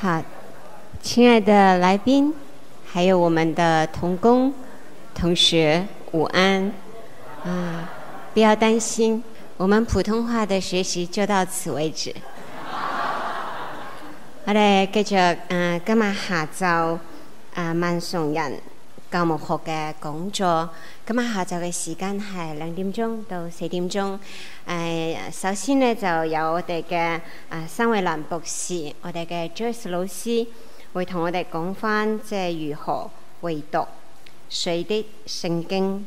好，親愛的來賓，還有我們的同工同學，午安。啊、呃，不要擔心，我們普通話的學習就到此為止。 好嘞，跟着嗯，今日下晝啊，萬崇仁教牧學嘅講座，今日下晝嘅時間係兩點鐘到四點鐘。誒、呃，首先呢，就有我哋嘅阿辛惠蘭博士，我哋嘅 Joyce 老師會同我哋講翻即係如何「惟獨」？誰的「聖經」？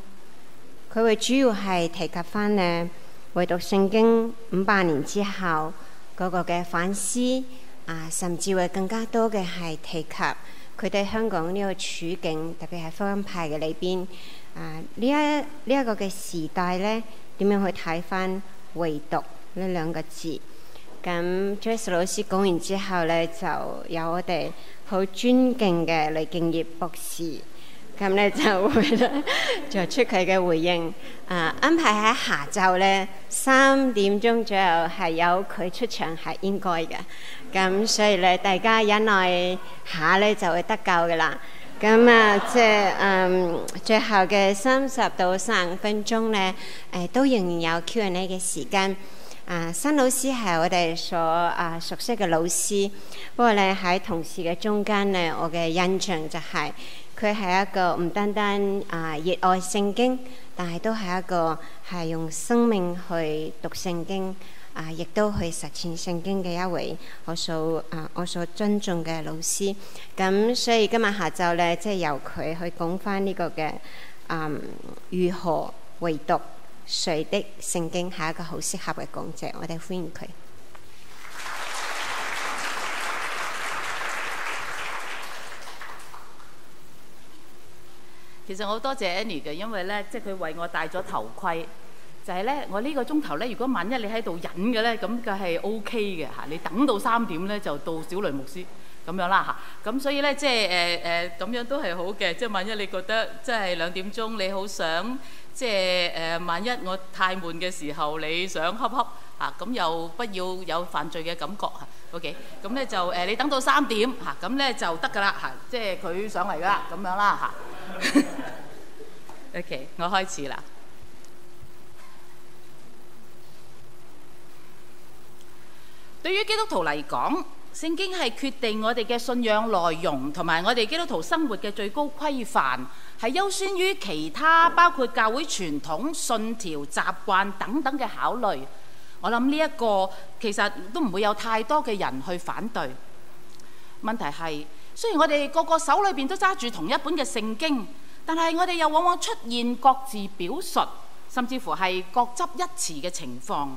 佢會主要係提及翻咧，惟讀聖經五百年之後嗰個嘅反思，啊、呃，甚至會更加多嘅係提及，佢哋香港呢個處境，特別係福音派嘅裏邊，啊，呢一呢一個嘅時代呢，點樣去睇翻唯獨呢兩個字？咁 Jesse 老師講完之後呢，就有我哋好尊敬嘅雷競業博士，咁呢就會咧作出佢嘅回應。啊，安排喺下晝呢，三點鐘左右係有佢出場係應該嘅。咁所以咧，大家忍耐下咧，就會得救嘅啦。咁啊，即係嗯，最後嘅三十到三十五分鐘咧，誒都仍然有 Q&A 嘅時間。啊，辛老師係我哋所啊熟悉嘅老師，不過咧喺同事嘅中間咧，我嘅印象就係佢係一個唔單單啊熱愛聖經，但係都係一個係用生命去讀聖經。啊，亦都去實踐聖經嘅一位，我所啊我所尊重嘅老師。咁所以今日下晝咧，即係由佢去講返呢個嘅，嗯，如何「惟獨」誰的聖經，係一個好適合嘅講者，我哋歡迎佢。其實我好多謝 Annie 嘅，因為咧，即係佢為我戴咗頭盔。就係咧，我這個呢個鐘頭咧，如果萬一你喺度忍嘅咧，咁佢係 O K 嘅嚇，你等到三點咧就到小雷牧師咁樣啦嚇。咁所以咧，即係誒誒咁樣都係好嘅，即係、呃呃、萬一你覺得即係兩點鐘你好想即係誒、呃，萬一我太悶嘅時候你想恰恰嚇，咁、啊、又不要有犯罪嘅感覺嚇。O K，咁咧就誒、呃、你等到三點嚇，咁、啊、咧就得㗎啦嚇，即係佢上嚟㗎啦，咁樣啦嚇。 O、okay、K，我開始啦。對於基督徒嚟講，聖經係決定我哋嘅信仰內容同埋我哋基督徒生活嘅最高規範，係優先於其他包括教會傳統、信條、習慣等等嘅考慮。我諗呢一個其實都唔會有太多嘅人去反對。問題係，雖然我哋個個手裏面都揸住同一本嘅聖經，但係我哋又往往出現各自表述，甚至乎係各執一詞嘅情況。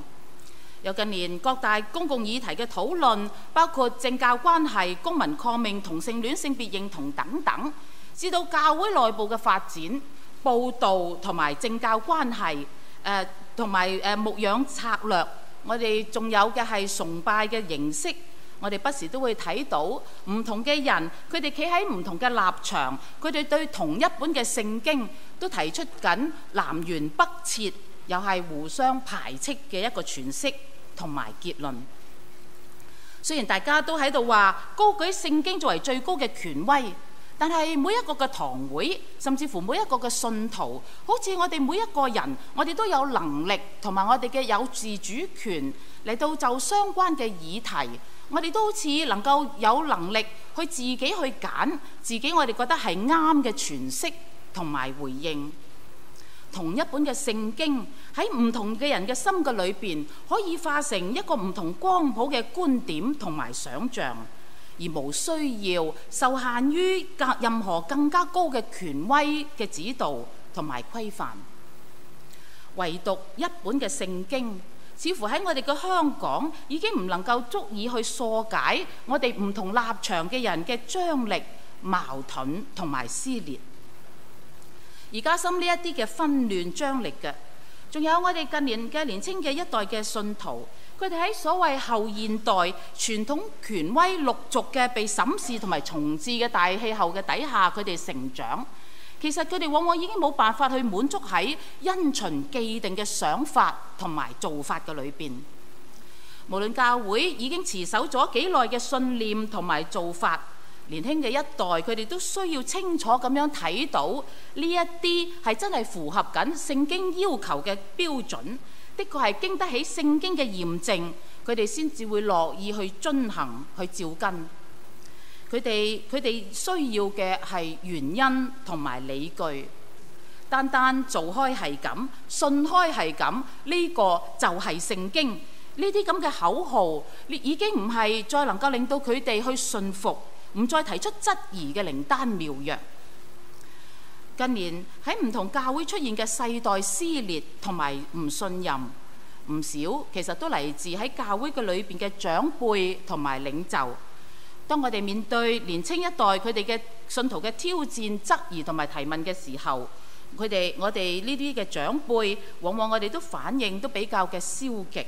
有近年各大公共議題嘅討論，包括政教關係、公民抗命、同性戀、性別認同等等，至到教會內部嘅發展報導同埋政教關係，誒同埋誒牧養策略，我哋仲有嘅係崇拜嘅形式，我哋不時都會睇到唔同嘅人，佢哋企喺唔同嘅立場，佢哋對同一本嘅聖經都提出緊南轅北轍，又係互相排斥嘅一個詮釋。同埋結論，雖然大家都喺度話高舉聖經作為最高嘅權威，但係每一個嘅堂會，甚至乎每一個嘅信徒，好似我哋每一個人，我哋都有能力同埋我哋嘅有自主權嚟到就相關嘅議題，我哋都好似能夠有能力去自己去揀自己，我哋覺得係啱嘅詮釋同埋回應。同一本嘅聖經喺唔同嘅人嘅心嘅裏邊，可以化成一個唔同光譜嘅觀點同埋想像，而無需要受限於任何更加高嘅權威嘅指導同埋規範。唯獨一本嘅聖經，似乎喺我哋嘅香港已經唔能夠足以去疏解我哋唔同立場嘅人嘅張力、矛盾同埋撕裂。而加深呢一啲嘅紛亂張力嘅，仲有我哋近年嘅年輕嘅一代嘅信徒，佢哋喺所謂後現代傳統權威陸續嘅被審視同埋重置嘅大氣候嘅底下，佢哋成長，其實佢哋往往已經冇辦法去滿足喺因循既定嘅想法同埋做法嘅裏邊，無論教會已經持守咗幾耐嘅信念同埋做法。年輕嘅一代，佢哋都需要清楚咁樣睇到呢一啲係真係符合緊聖經要求嘅標準，的確係經得起聖經嘅驗證，佢哋先至會樂意去遵行去照跟。佢哋佢哋需要嘅係原因同埋理據，單單做開係咁，信開係咁，呢個就係聖經。呢啲咁嘅口號，你已經唔係再能夠令到佢哋去信服，唔再提出質疑嘅靈丹妙藥。近年喺唔同教會出現嘅世代撕裂同埋唔信任，唔少其實都嚟自喺教會嘅裏邊嘅長輩同埋領袖。當我哋面對年青一代佢哋嘅信徒嘅挑戰、質疑同埋提問嘅時候，佢哋我哋呢啲嘅長輩，往往我哋都反應都比較嘅消極。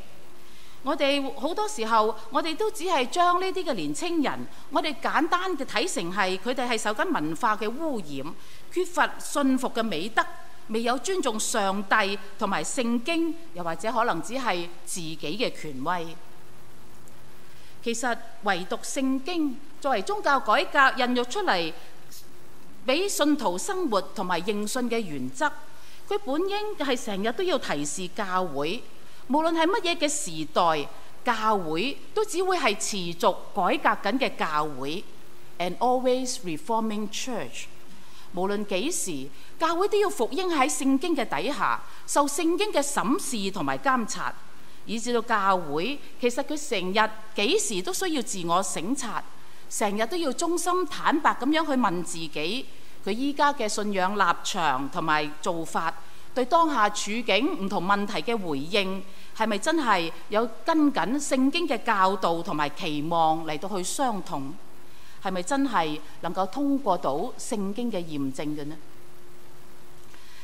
我哋好多時候，我哋都只係將呢啲嘅年青人，我哋簡單嘅睇成係佢哋係受緊文化嘅污染，缺乏信服嘅美德，未有尊重上帝同埋聖經，又或者可能只係自己嘅權威。其實唯獨聖經作為宗教改革孕育出嚟，俾信徒生活同埋認信嘅原則，佢本應係成日都要提示教會。無論係乜嘢嘅時代，教會都只會係持續改革緊嘅教會，and always reforming church。無論幾時，教會都要服膺喺聖經嘅底下，受聖經嘅審視同埋監察，以至到教會其實佢成日幾時都需要自我省察，成日都要忠心坦白咁樣去問自己，佢依家嘅信仰立場同埋做法。對當下處境唔同問題嘅回應係咪真係有跟緊聖經嘅教導同埋期望嚟到去相通？係咪真係能夠通過到聖經嘅驗證嘅呢？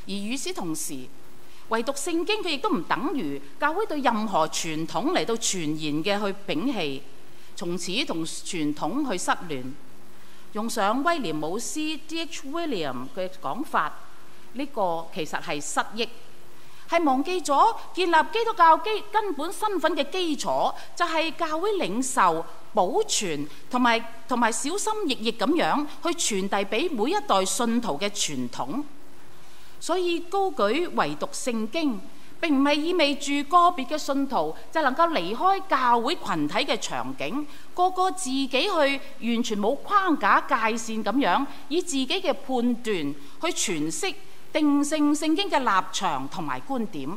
而與此同時，唯讀聖經佢亦都唔等於教會對任何傳統嚟到傳言嘅去摒棄，從此同傳統去失聯。用上威廉姆斯 D.H. William） 嘅講法。呢個其實係失憶，係忘記咗建立基督教基根本身份嘅基礎，就係教會領受、保存同埋同埋小心翼翼咁樣去傳遞俾每一代信徒嘅傳統。所以高舉唯獨聖經，並唔係意味住個別嘅信徒就能夠離開教會羣體嘅場景，個個自己去完全冇框架界線咁樣，以自己嘅判斷去詮釋。定性聖經嘅立場同埋觀點，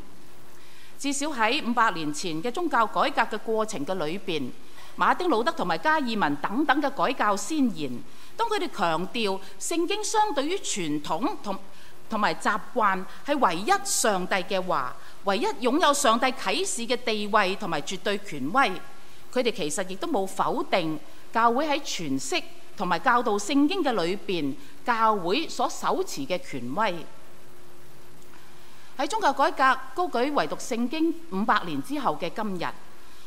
至少喺五百年前嘅宗教改革嘅過程嘅裏邊，馬丁路德同埋加爾文等等嘅改教先賢，當佢哋強調聖經相對於傳統同同埋習慣係唯一上帝嘅話，唯一擁有上帝啟示嘅地位同埋絕對權威，佢哋其實亦都冇否定教會喺詮釋同埋教導聖經嘅裏邊，教會所手持嘅權威。喺宗教改革高舉唯獨聖經五百年之後嘅今日，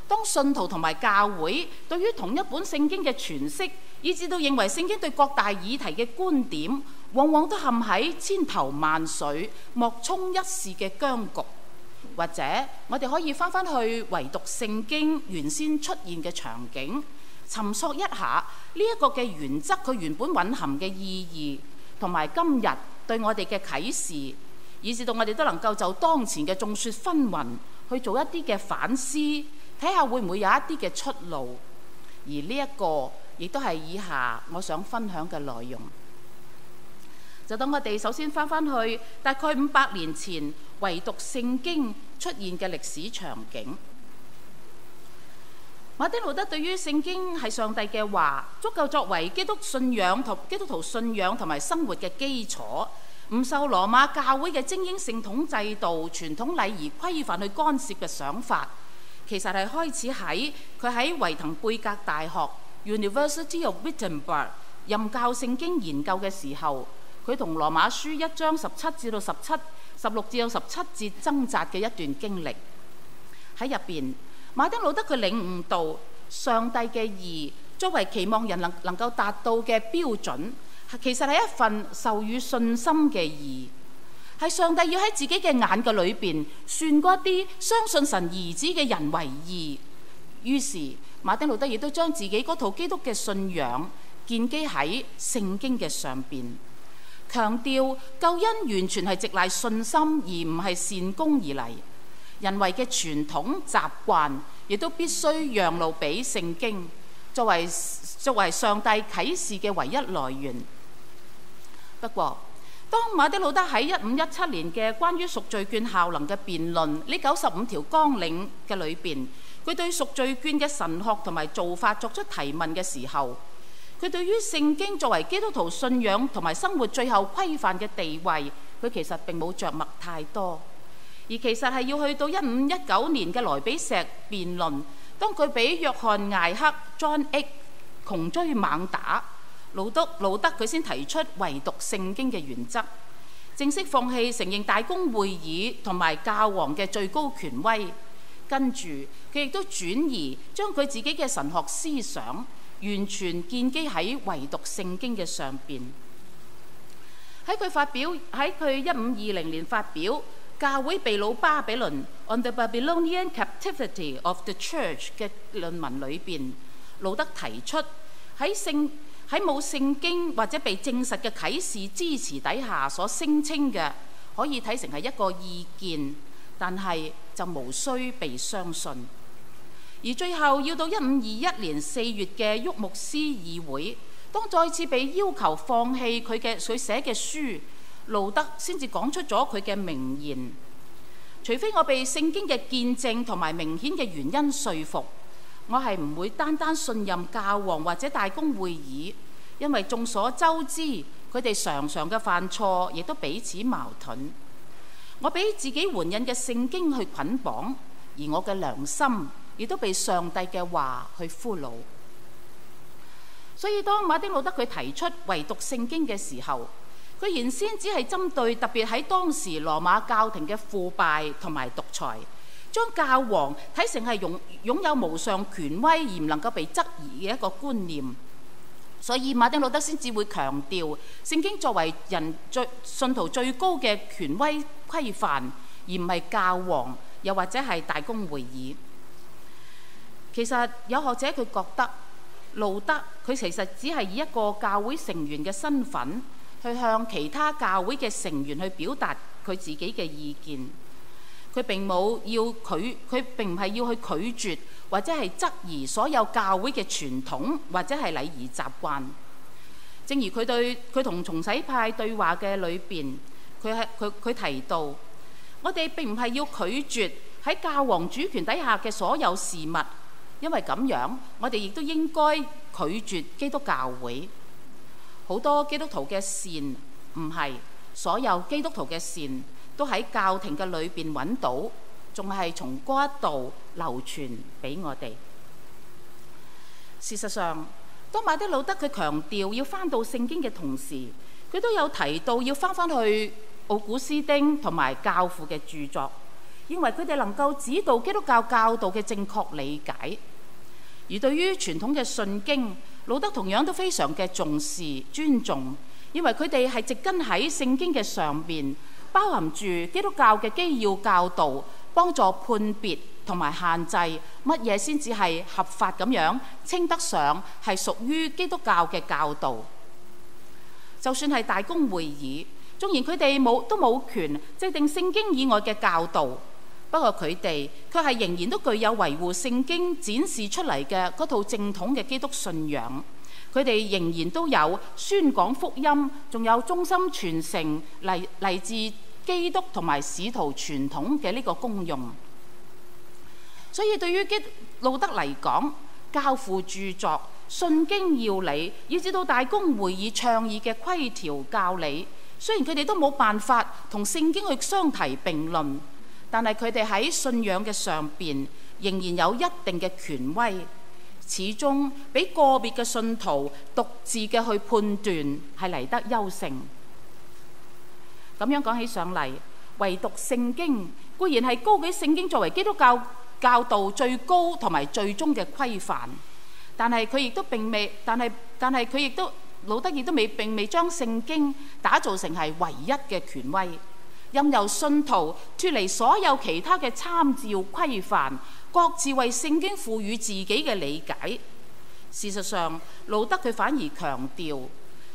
當信徒同埋教會對於同一本聖經嘅詮釋，以至到認為聖經對各大議題嘅觀點，往往都陷喺千頭萬緒、莫衷一是嘅僵局。或者我哋可以翻翻去唯獨聖經原先出現嘅場景，尋索一下呢一個嘅原則佢原本蘊含嘅意義，同埋今日對我哋嘅啟示。以至到我哋都能夠就當前嘅眾説紛紜去做一啲嘅反思，睇下會唔會有一啲嘅出路。而呢、這、一個亦都係以下我想分享嘅內容。就等我哋首先返返去大概五百年前，唯獨聖經出現嘅歷史場景。馬丁路德對於聖經係上帝嘅話，足夠作為基督信仰同基督徒信仰同埋生活嘅基礎。唔受羅馬教會嘅精英聖統制度、傳統禮儀規範去干涉嘅想法，其實係開始喺佢喺維滕貝格大學 （University of Wittenberg） 任教聖經研究嘅時候，佢同《羅馬書》一章十七至到十七、十六至到十七節掙扎嘅一段經歷。喺入邊，馬丁路德佢領悟到上帝嘅義作為期望人能能夠達到嘅標準。其實係一份授予信心嘅義，係上帝要喺自己嘅眼嘅裏邊算嗰一啲相信神兒子嘅人為義。於是馬丁路德亦都將自己嗰套基督嘅信仰建基喺聖經嘅上邊，強調救恩完全係直賴信心而唔係善功而嚟。人為嘅傳統習慣亦都必須讓路俾聖經作為作為上帝啟示嘅唯一來源。不過，當馬丁路德喺一五一七年嘅關於贖罪券效能嘅辯論，呢九十五條綱領嘅裏邊，佢對贖罪券嘅神學同埋做法作出提問嘅時候，佢對於聖經作為基督徒信仰同埋生活最後規範嘅地位，佢其實並冇着墨太多。而其實係要去到一五一九年嘅萊比錫辯論，當佢俾約翰艾克 John Eck 窮追猛打。路德路德，佢先提出唯獨聖經嘅原則，正式放棄承認大公會議同埋教皇嘅最高權威。跟住佢亦都轉移，將佢自己嘅神學思想完全建基喺唯獨聖經嘅上邊。喺佢發表喺佢一五二零年發表《教會被擄巴比倫 On the Babylonian Captivity of the Church》嘅論文裏邊，路德提出喺聖。喺冇聖經或者被證實嘅啟示支持底下所聲稱嘅，可以睇成係一個意見，但係就無需被相信。而最後要到一五二一年四月嘅沃木斯議會，當再次被要求放棄佢嘅佢寫嘅書，路德先至講出咗佢嘅名言：「除非我被聖經嘅見證同埋明顯嘅原因説服。我係唔會單單信任教皇或者大公會議，因為眾所周知佢哋常常嘅犯錯，亦都彼此矛盾。我俾自己援引嘅聖經去捆綁，而我嘅良心亦都被上帝嘅話去俘虜。所以當馬丁路德佢提出唯獨聖經嘅時候，佢原先只係針對特別喺當時羅馬教廷嘅腐敗同埋獨裁。將教皇睇成係擁擁有無上權威而唔能夠被質疑嘅一個觀念，所以馬丁路德先至會強調聖經作為人最信徒最高嘅權威規範，而唔係教皇，又或者係大公會議。其實有學者佢覺得路德佢其實只係以一個教會成員嘅身份去向其他教會嘅成員去表達佢自己嘅意見。佢並冇要拒，佢並唔係要去拒絕或者係質疑所有教會嘅傳統或者係禮儀習慣。正如佢對佢同重洗派對話嘅裏邊，佢係佢佢提到，我哋並唔係要拒絕喺教皇主權底下嘅所有事物，因為咁樣我哋亦都應該拒絕基督教會。好多基督徒嘅善唔係所有基督徒嘅善，都喺教廷嘅裏邊揾到，仲係從嗰一度流傳俾我哋。事實上，當馬丁路德佢強調要返到聖經嘅同時，佢都有提到要返返去奧古斯丁同埋教父嘅著作，認為佢哋能夠指導基督教教導嘅正確理解。而對於傳統嘅信經，路德同樣都非常嘅重視、尊重，認為佢哋係植根喺聖經嘅上面。包含住基督教嘅基要教導，幫助判別同埋限制乜嘢先至係合法咁樣，稱得上係屬於基督教嘅教導。就算係大公會議，縱然佢哋冇都冇權制定聖經以外嘅教導，不過佢哋卻係仍然都具有維護聖經展示出嚟嘅嗰套正統嘅基督信仰。佢哋仍然都有宣講福音，仲有忠心傳承嚟嚟自基督同埋使徒傳統嘅呢個功用。所以對於基路德嚟講，教父著作、信經要理，以至到大公會議倡議嘅規條教理，雖然佢哋都冇辦法同聖經去相提並論，但係佢哋喺信仰嘅上面仍然有一定嘅權威。始終俾個別嘅信徒獨自嘅去判斷係嚟得優勝。咁樣講起上嚟，唯獨聖經固然係高舉聖經作為基督教教導最高同埋最終嘅規範，但係佢亦都並未，但係但係佢亦都老得意都未並未將聖經打造成係唯一嘅權威。任由信徒脫離所有其他嘅參照規範，各自為聖經賦予自己嘅理解。事實上，路德佢反而強調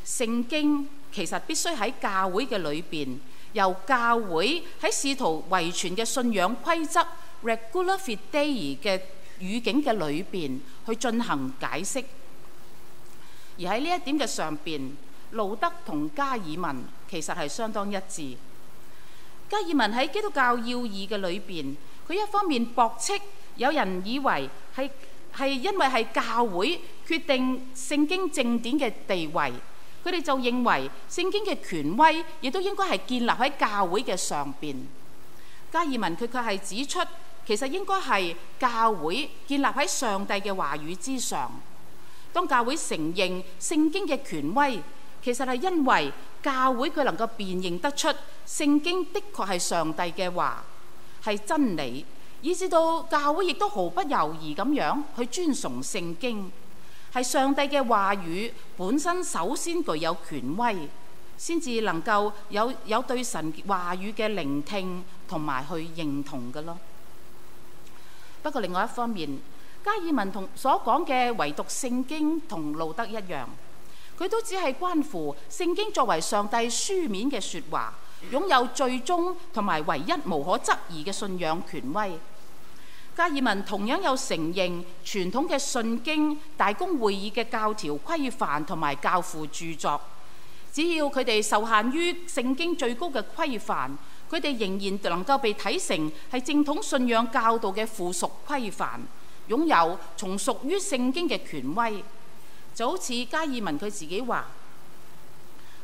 聖經其實必須喺教會嘅裏邊，由教會喺試圖遺傳嘅信仰規則 （regularity） 嘅語境嘅裏邊去進行解釋。而喺呢一點嘅上邊，路德同加爾文其實係相當一致。加爾文喺基督教要義嘅裏邊，佢一方面駁斥有人以為係係因為係教會決定聖經正典嘅地位，佢哋就認為聖經嘅權威亦都應該係建立喺教會嘅上邊。加爾文佢卻係指出，其實應該係教會建立喺上帝嘅話語之上。當教會承認聖經嘅權威。其實係因為教會佢能夠辨認得出聖經的確係上帝嘅話係真理，以至到教會亦都毫不猶豫咁樣去尊崇聖經，係上帝嘅話語本身首先具有權威，先至能夠有有對神話語嘅聆聽同埋去認同嘅咯。不過另外一方面，加爾文同所講嘅唯獨聖經同路德一樣。佢都只係關乎聖經作為上帝書面嘅説話，擁有最終同埋唯一無可質疑嘅信仰權威。加爾文同樣有承認傳統嘅信經、大公會議嘅教條規範同埋教父著作，只要佢哋受限於聖經最高嘅規範，佢哋仍然能夠被睇成係正統信仰教導嘅附屬規範，擁有從屬於聖經嘅權威。就好似加爾文佢自己話，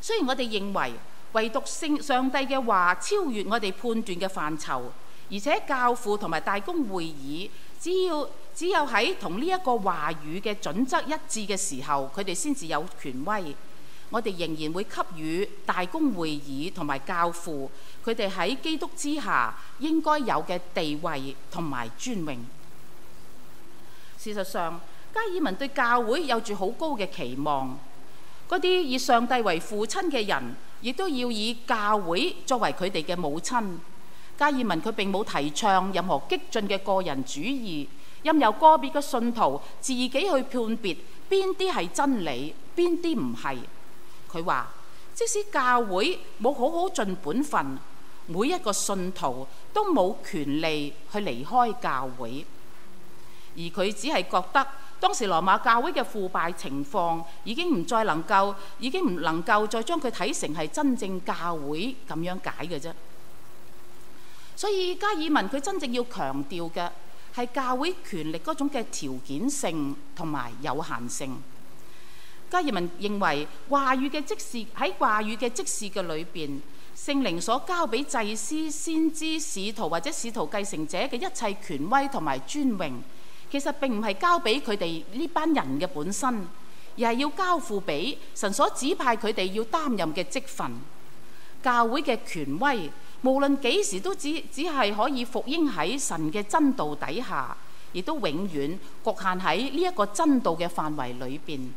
雖然我哋認為唯獨聖上帝嘅話超越我哋判斷嘅範疇，而且教父同埋大公會議只，只要只有喺同呢一個話語嘅準則一致嘅時候，佢哋先至有權威。我哋仍然會給予大公會議同埋教父佢哋喺基督之下應該有嘅地位同埋尊榮。事實上。加爾文對教會有住好高嘅期望，嗰啲以上帝為父親嘅人，亦都要以教會作為佢哋嘅母親。加爾文佢並冇提倡任何激進嘅個人主義，任由個別嘅信徒自己去判別邊啲係真理，邊啲唔係。佢話，即使教會冇好好盡本分，每一個信徒都冇權利去離開教會，而佢只係覺得。當時羅馬教會嘅腐敗情況已經唔再能夠，已經唔能夠再將佢睇成係真正教會咁樣解嘅啫。所以加爾文佢真正要強調嘅係教會權力嗰種嘅條件性同埋有限性。加爾文認為，話語嘅即時喺話語嘅即時嘅裏邊，聖靈所交俾祭司先知使徒或者使徒繼承者嘅一切權威同埋尊榮。其實並唔係交俾佢哋呢班人嘅本身，而係要交付俾神所指派佢哋要擔任嘅職份。教會嘅權威，無論幾時都只只係可以服膺喺神嘅真道底下，亦都永遠局限喺呢一個真道嘅範圍裏邊。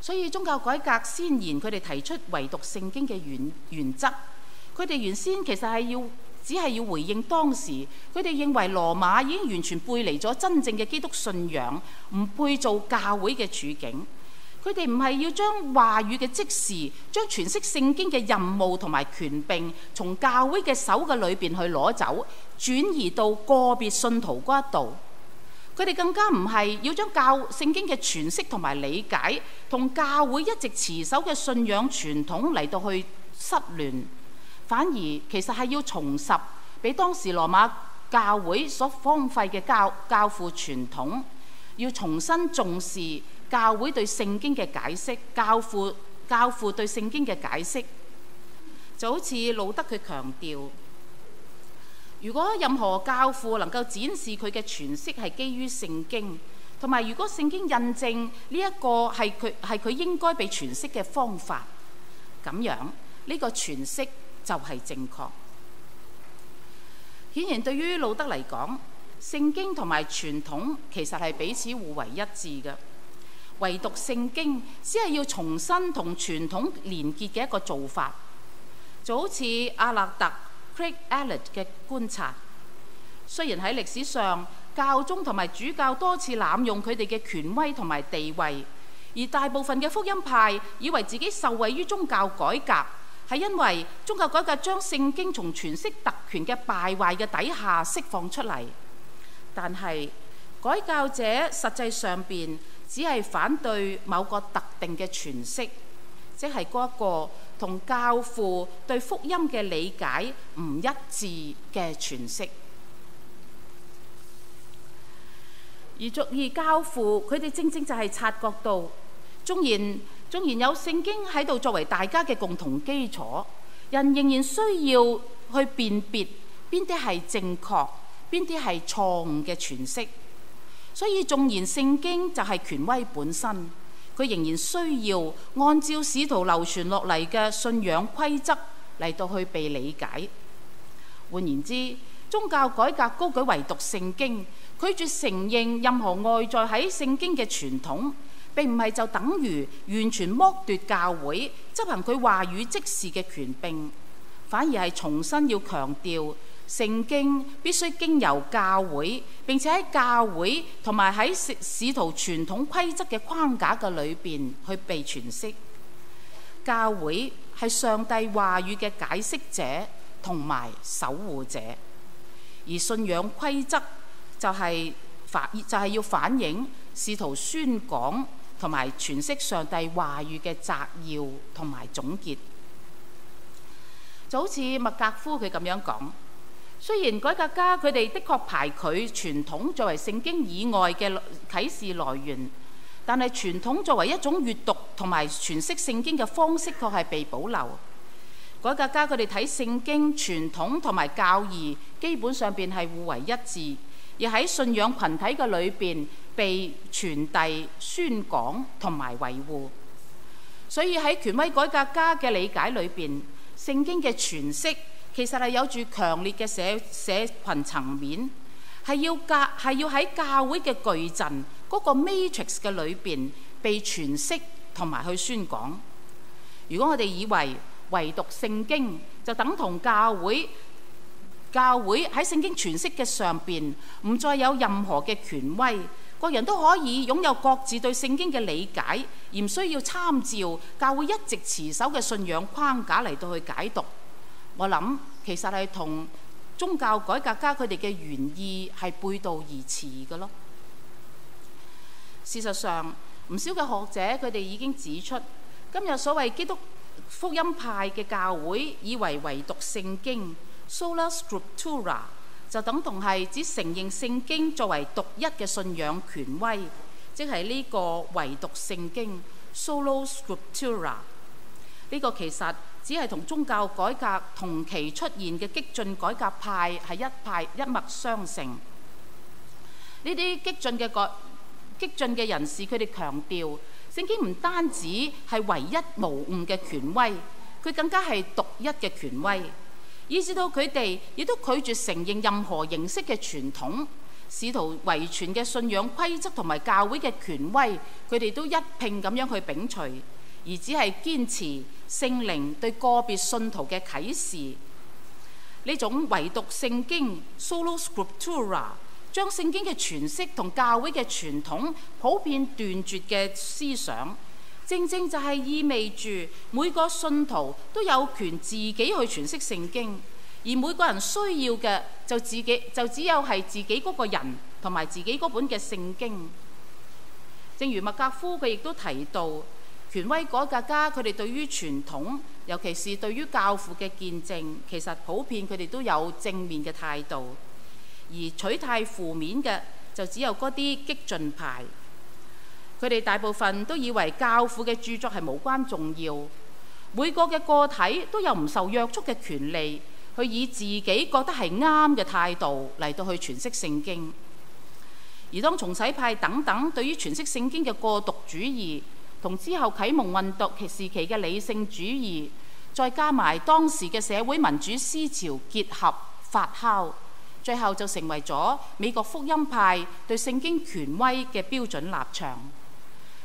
所以宗教改革先賢，佢哋提出唯獨聖經嘅原原則，佢哋原先其實係要。只係要回應當時佢哋認為羅馬已經完全背離咗真正嘅基督信仰，唔配做教會嘅處境。佢哋唔係要將話語嘅即時，將詮釋聖經嘅任務同埋權柄，從教會嘅手嘅裏邊去攞走，轉移到個別信徒嗰一度。佢哋更加唔係要將教聖經嘅詮釋同埋理解，同教會一直持守嘅信仰傳統嚟到去失聯。反而其實係要重拾俾當時羅馬教會所荒廢嘅教教父傳統，要重新重視教會對聖經嘅解釋，教父教父對聖經嘅解釋，就好似路德佢強調，如果任何教父能夠展示佢嘅詮釋係基於聖經，同埋如果聖經印證呢一個係佢係佢應該被詮釋嘅方法，咁樣呢個詮釋，就係正確。顯然，對於路德嚟講，聖經同埋傳統其實係彼此互為一致嘅。唯獨聖經只係要重新同傳統連結嘅一個做法。就好似阿勒特 （Craig Allert）、e、嘅觀察，雖然喺歷史上，教宗同埋主教多次濫用佢哋嘅權威同埋地位，而大部分嘅福音派以為自己受惠於宗教改革。係因為宗教改革將聖經從詮釋特權嘅敗壞嘅底下釋放出嚟，但係改教者實際上邊只係反對某個特定嘅詮釋，即係嗰個同教父對福音嘅理解唔一致嘅詮釋。而俗意教父，佢哋正正就係察覺到，縱然。縱然有聖經喺度作為大家嘅共同基礎，人仍然需要去辨別邊啲係正確，邊啲係錯誤嘅詮釋。所以縱然聖經就係權威本身，佢仍然需要按照使徒流傳落嚟嘅信仰規則嚟到去被理解。換言之，宗教改革高舉唯獨聖經，拒絕承認任何外在喺聖經嘅傳統。並唔係就等於完全剝奪教會執行佢話語即時嘅權柄，反而係重新要強調聖經必須經由教會，並且喺教會同埋喺使使徒傳統規則嘅框架嘅裏邊去被詮釋。教會係上帝話語嘅解釋者同埋守護者，而信仰規則就係、是、反就係、是、要反映使徒宣講。同埋詮釋上帝話語嘅摘要同埋總結，就好似麥格夫佢咁樣講。雖然改革家佢哋的確排拒傳統作為聖經以外嘅啟示來源，但係傳統作為一種閲讀同埋詮釋聖經嘅方式，確係被保留。改革家佢哋睇聖經、傳統同埋教義，基本上邊係互為一致，而喺信仰群體嘅裏邊，被傳遞、宣講同埋維護，所以喺權威改革家嘅理解裏邊，聖經嘅詮釋其實係有住強烈嘅社社群層面，係要教，係要喺教會嘅矩陣嗰個 matrix 嘅裏邊被詮釋同埋去宣講。如果我哋以為唯獨聖經就等同教會，教會喺聖經詮釋嘅上邊唔再有任何嘅權威，各人都可以擁有各自對聖經嘅理解，而唔需要參照教會一直持守嘅信仰框架嚟到去解讀。我諗其實係同宗教改革家佢哋嘅原意係背道而馳嘅咯。事實上，唔少嘅學者佢哋已經指出，今日所謂基督福音派嘅教會以為唯獨聖經 （sola scriptura）。就等同係只承認聖經作為唯一嘅信仰權威，即係呢個唯獨聖經 s o l o scriptura）。呢 Script 個其實只係同宗教改革同期出現嘅激進改革派係一派一脈相承。呢啲激進嘅個激進嘅人士，佢哋強調聖經唔單止係唯一無誤嘅權威，佢更加係獨一嘅權威。意識到佢哋亦都拒絕承認任何形式嘅傳統，使徒遺傳嘅信仰規則同埋教會嘅權威，佢哋都一拼咁樣去摒除，而只係堅持聖靈對個別信徒嘅啟示。呢種唯獨聖經 （Solo Scriptura） 將聖經嘅詮釋同教會嘅傳統普遍斷絕嘅思想。正正就係意味住每個信徒都有權自己去詮釋聖經，而每個人需要嘅就自己就只有係自己嗰個人同埋自己嗰本嘅聖經。正如麥格夫佢亦都提到，權威改革家佢哋對於傳統，尤其是對於教父嘅見證，其實普遍佢哋都有正面嘅態度，而取態負面嘅就只有嗰啲激進派。佢哋大部分都以為教父嘅著作係無關重要，每個嘅個體都有唔受約束嘅權利，去以自己覺得係啱嘅態度嚟到去詮釋聖經。而當重洗派等等對於詮釋聖經嘅過獨主義，同之後啟蒙運動其時期嘅理性主義，再加埋當時嘅社會民主思潮結合發酵，最後就成為咗美國福音派對聖經權威嘅標準立場。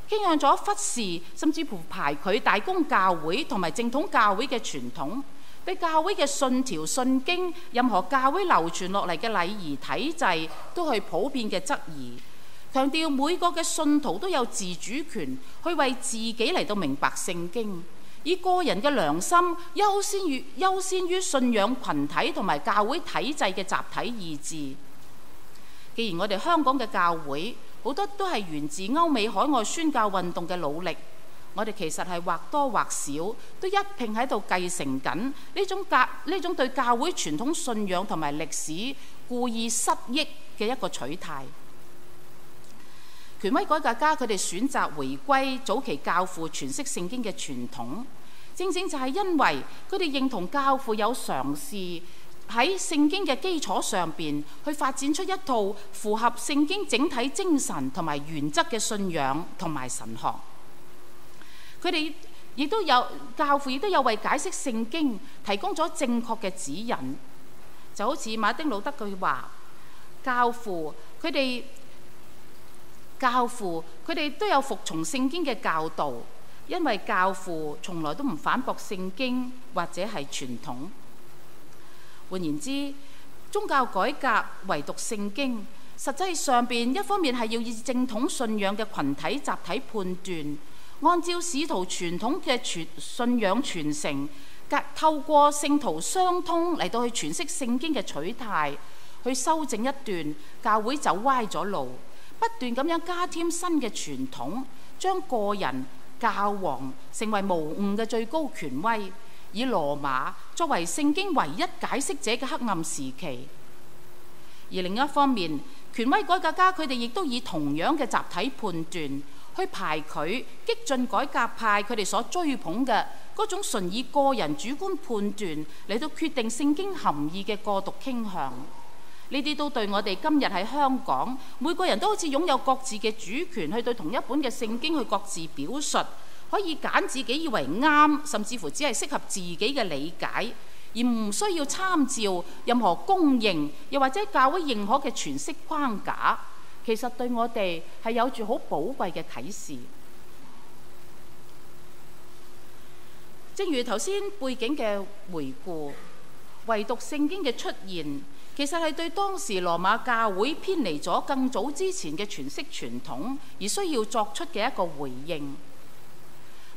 傾向咗忽視甚至乎排拒大公教會同埋正統教會嘅傳統，對教會嘅信條、信經、任何教會流傳落嚟嘅禮儀體制，都係普遍嘅質疑。強調每個嘅信徒都有自主權，去為自己嚟到明白聖經，以個人嘅良心優先於優先於信仰群體同埋教會體制嘅集體意志。既然我哋香港嘅教會，好多都係源自歐美海外宣教運動嘅努力，我哋其實係或多或少都一並喺度繼承緊呢種教呢種對教會傳統信仰同埋歷史故意失憶嘅一個取態。權威改革家佢哋選擇回歸早期教父詮釋聖經嘅傳統，正正就係因為佢哋認同教父有嘗試。喺聖經嘅基礎上面，去發展出一套符合聖經整體精神同埋原則嘅信仰同埋神學。佢哋亦都有教父，亦都有為解釋聖經提供咗正確嘅指引。就好似馬丁路德佢話，教父佢哋教父佢哋都有服從聖經嘅教導，因為教父從來都唔反駁聖經或者係傳統。換言之，宗教改革唯獨聖經，實際上邊一方面係要以正統信仰嘅群體集體判斷，按照使徒傳統嘅傳信仰傳承，透過聖徒相通嚟到去詮釋聖經嘅取態，去修正一段教會走歪咗路，不斷咁樣加添新嘅傳統，將個人教皇成為無誤嘅最高權威，以羅馬作為聖經唯一解釋者嘅黑暗時期，而另一方面，權威改革家佢哋亦都以同樣嘅集體判斷去排拒激進改革派佢哋所追捧嘅嗰種純以個人主觀判斷嚟到決定聖經含義嘅過度傾向。呢啲都對我哋今日喺香港每個人都好似擁有各自嘅主權，去對同一本嘅聖經去各自表述。可以揀自己以為啱，甚至乎只係適合自己嘅理解，而唔需要參照任何公認又或者教會認可嘅詮釋框架。其實對我哋係有住好寶貴嘅啟示。正如頭先背景嘅回顧，唯獨聖經嘅出現，其實係對當時羅馬教會偏離咗更早之前嘅詮釋傳統而需要作出嘅一個回應。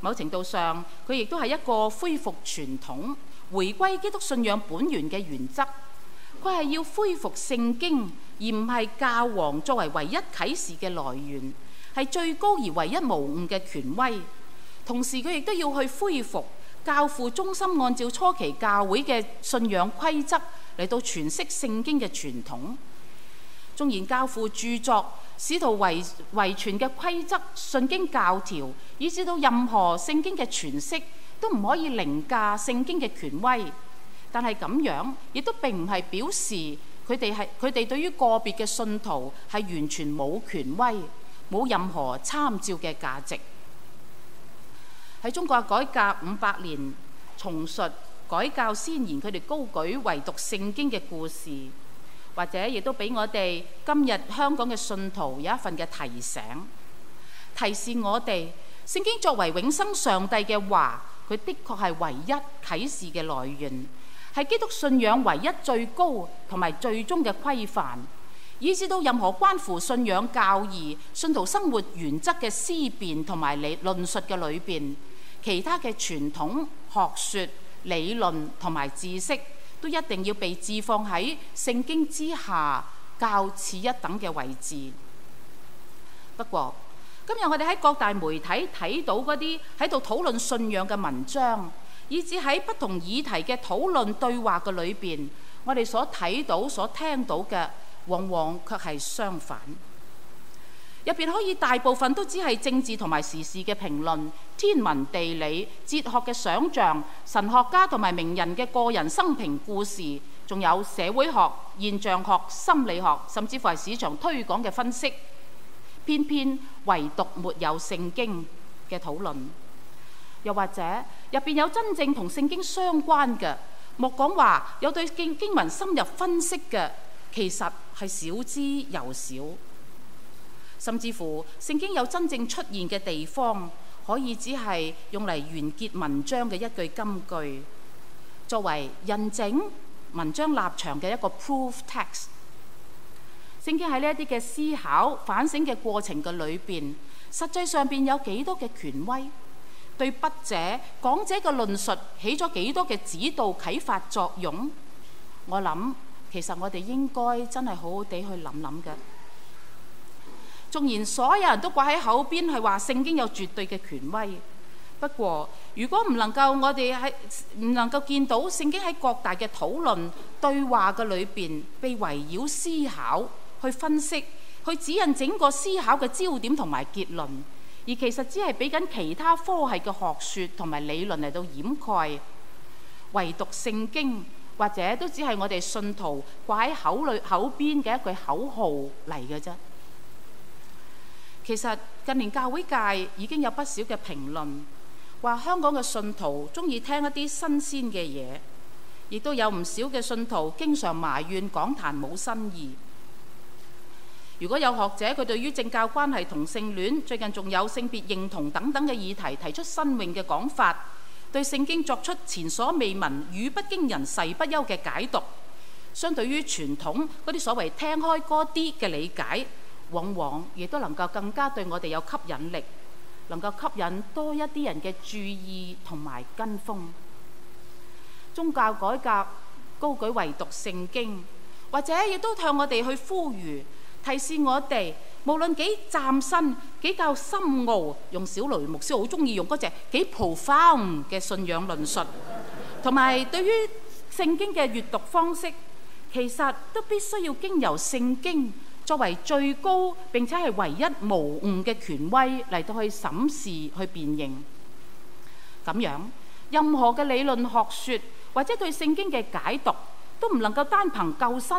某程度上，佢亦都係一個恢復傳統、回歸基督信仰本源嘅原則。佢係要恢復聖經，而唔係教皇作為唯一啟示嘅來源，係最高而唯一無誤嘅權威。同時，佢亦都要去恢復教父中心，按照初期教會嘅信仰規則嚟到詮釋聖經嘅傳統。縱然教父著作、試圖遺遺傳嘅規則、信經教條，以至到任何聖經嘅詮釋都唔可以凌駕聖經嘅權威。但係咁樣，亦都並唔係表示佢哋係佢哋對於個別嘅信徒係完全冇權威、冇任何參照嘅價值。喺中國改革五百年，重述改教先賢，佢哋高舉唯獨聖經嘅故事。或者亦都俾我哋今日香港嘅信徒有一份嘅提醒，提示我哋聖經作為永生上帝嘅話，佢的確係唯一啟示嘅來源，係基督信仰唯一最高同埋最終嘅規範，以至到任何關乎信仰教義、信徒生活原則嘅思辨同埋理論述嘅裏邊，其他嘅傳統學説理論同埋知識。都一定要被置放喺聖經之下較次一等嘅位置。不過，今日我哋喺各大媒體睇到嗰啲喺度討論信仰嘅文章，以至喺不同議題嘅討論對話嘅裏邊，我哋所睇到、所聽到嘅，往往卻係相反。入邊可以大部分都只係政治同埋時事嘅評論、天文、地理、哲學嘅想像、神學家同埋名人嘅個人生平故事，仲有社會學、現象學、心理學，甚至乎係市場推廣嘅分析。偏偏唯獨沒有聖經嘅討論。又或者入邊有真正同聖經相關嘅，莫講話有對經經文深入分析嘅，其實係少之又少。甚至乎聖經有真正出現嘅地方，可以只係用嚟完結文章嘅一句金句，作為印證文章立場嘅一個 proof text。聖經喺呢一啲嘅思考反省嘅過程嘅裏邊，實際上邊有幾多嘅權威對筆者講者嘅論述起咗幾多嘅指導啟發作用？我諗其實我哋應該真係好好地去諗諗嘅。縱然所有人都掛喺口邊，係話聖經有絕對嘅權威，不過，如果唔能夠我，我哋喺唔能夠見到聖經喺各大嘅討論對話嘅裏邊被圍繞思考、去分析、去指引整個思考嘅焦點同埋結論，而其實只係俾緊其他科系嘅學說同埋理論嚟到掩蓋，唯獨聖經或者都只係我哋信徒掛喺口裏口邊嘅一句口號嚟嘅啫。其實近年教會界已經有不少嘅評論，話香港嘅信徒中意聽一啲新鮮嘅嘢，亦都有唔少嘅信徒經常埋怨講壇冇新意。如果有學者佢對於政教關係、同性戀，最近仲有性別認同等等嘅議題提出新穎嘅講法，對聖經作出前所未聞、語不驚人、誓不休嘅解讀，相對於傳統嗰啲所謂聽開歌啲嘅理解。往往亦都能夠更加對我哋有吸引力，能夠吸引多一啲人嘅注意同埋跟風。宗教改革高舉唯獨聖經，或者亦都向我哋去呼籲、提示我哋，無論幾湛深、幾較深奧，用小雷牧師好中意用嗰隻幾 profound 嘅信仰論述，同埋對於聖經嘅閱讀方式，其實都必須要經由聖經。作為最高並且係唯一無誤嘅權威嚟到去審視去辨認咁樣，任何嘅理論學說或者對聖經嘅解讀都唔能夠單憑夠新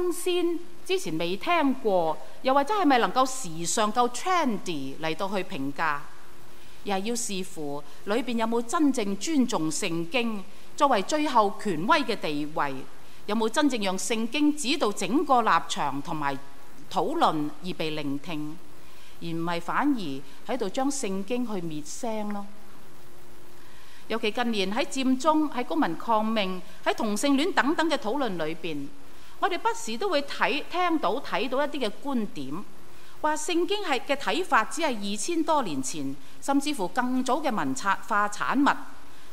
鮮，之前未聽過，又或者係咪能夠時尚夠 trendy 嚟到去評價，而係要視乎裏邊有冇真正尊重聖經作為最後權威嘅地位，有冇真正讓聖經指導整個立場同埋討論而被聆聽，而唔係反而喺度將聖經去滅聲咯。尤其近年喺佔中、喺公民抗命、喺同性戀等等嘅討論裏邊，我哋不時都會睇聽到睇到一啲嘅觀點，話聖經係嘅睇法只係二千多年前甚至乎更早嘅文化產物，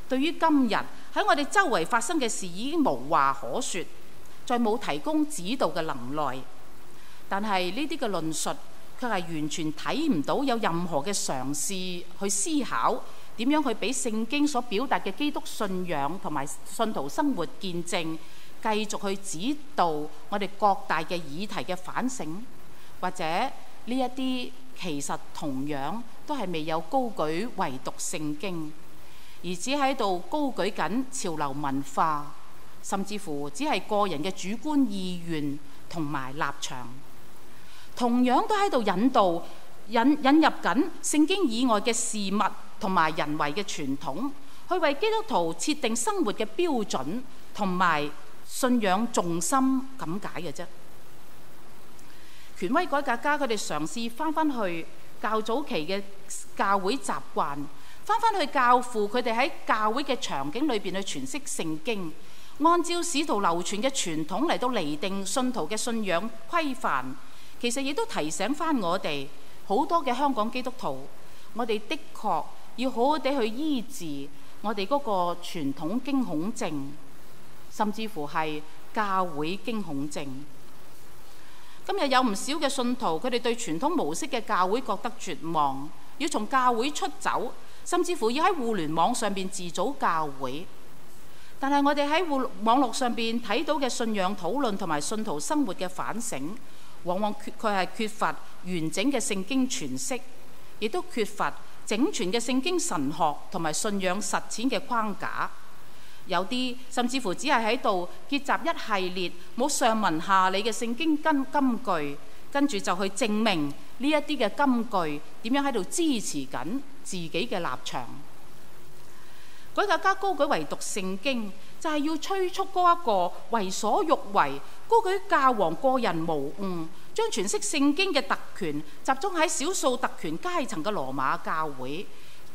對於今日喺我哋周圍發生嘅事已經無話可說，再冇提供指導嘅能耐。但係呢啲嘅論述，卻係完全睇唔到有任何嘅嘗試去思考點樣去俾聖經所表達嘅基督信仰同埋信徒生活見證，繼續去指導我哋各大嘅議題嘅反省，或者呢一啲其實同樣都係未有高舉唯獨聖經，而只喺度高舉緊潮流文化，甚至乎只係個人嘅主觀意願同埋立場。同樣都喺度引導引引入緊聖經以外嘅事物同埋人為嘅傳統，去為基督徒設定生活嘅標準同埋信仰重心咁解嘅啫。權威改革家佢哋嘗試返返去較早期嘅教會習慣，返返去教父佢哋喺教會嘅場景裏邊去詮釋聖經，按照使徒流傳嘅傳統嚟到釐定信徒嘅信仰規範。其實亦都提醒翻我哋好多嘅香港基督徒，我哋的確要好好地去醫治我哋嗰個傳統驚恐症，甚至乎係教會驚恐症。今日有唔少嘅信徒，佢哋對傳統模式嘅教會覺得絕望，要從教會出走，甚至乎要喺互聯網上邊自組教會。但係我哋喺互網絡上邊睇到嘅信仰討論同埋信徒生活嘅反省。往往佢係缺乏完整嘅聖經詮釋，亦都缺乏整全嘅聖經神學同埋信仰實踐嘅框架。有啲甚至乎只係喺度結集一系列冇上文下理嘅聖經根金句，跟住就去證明呢一啲嘅金句點樣喺度支持緊自己嘅立場。改革家高舉唯獨聖經，就係要催促嗰一個為所欲為、高舉教皇個人無誤、將詮釋聖經嘅特權集中喺少數特權階層嘅羅馬教會，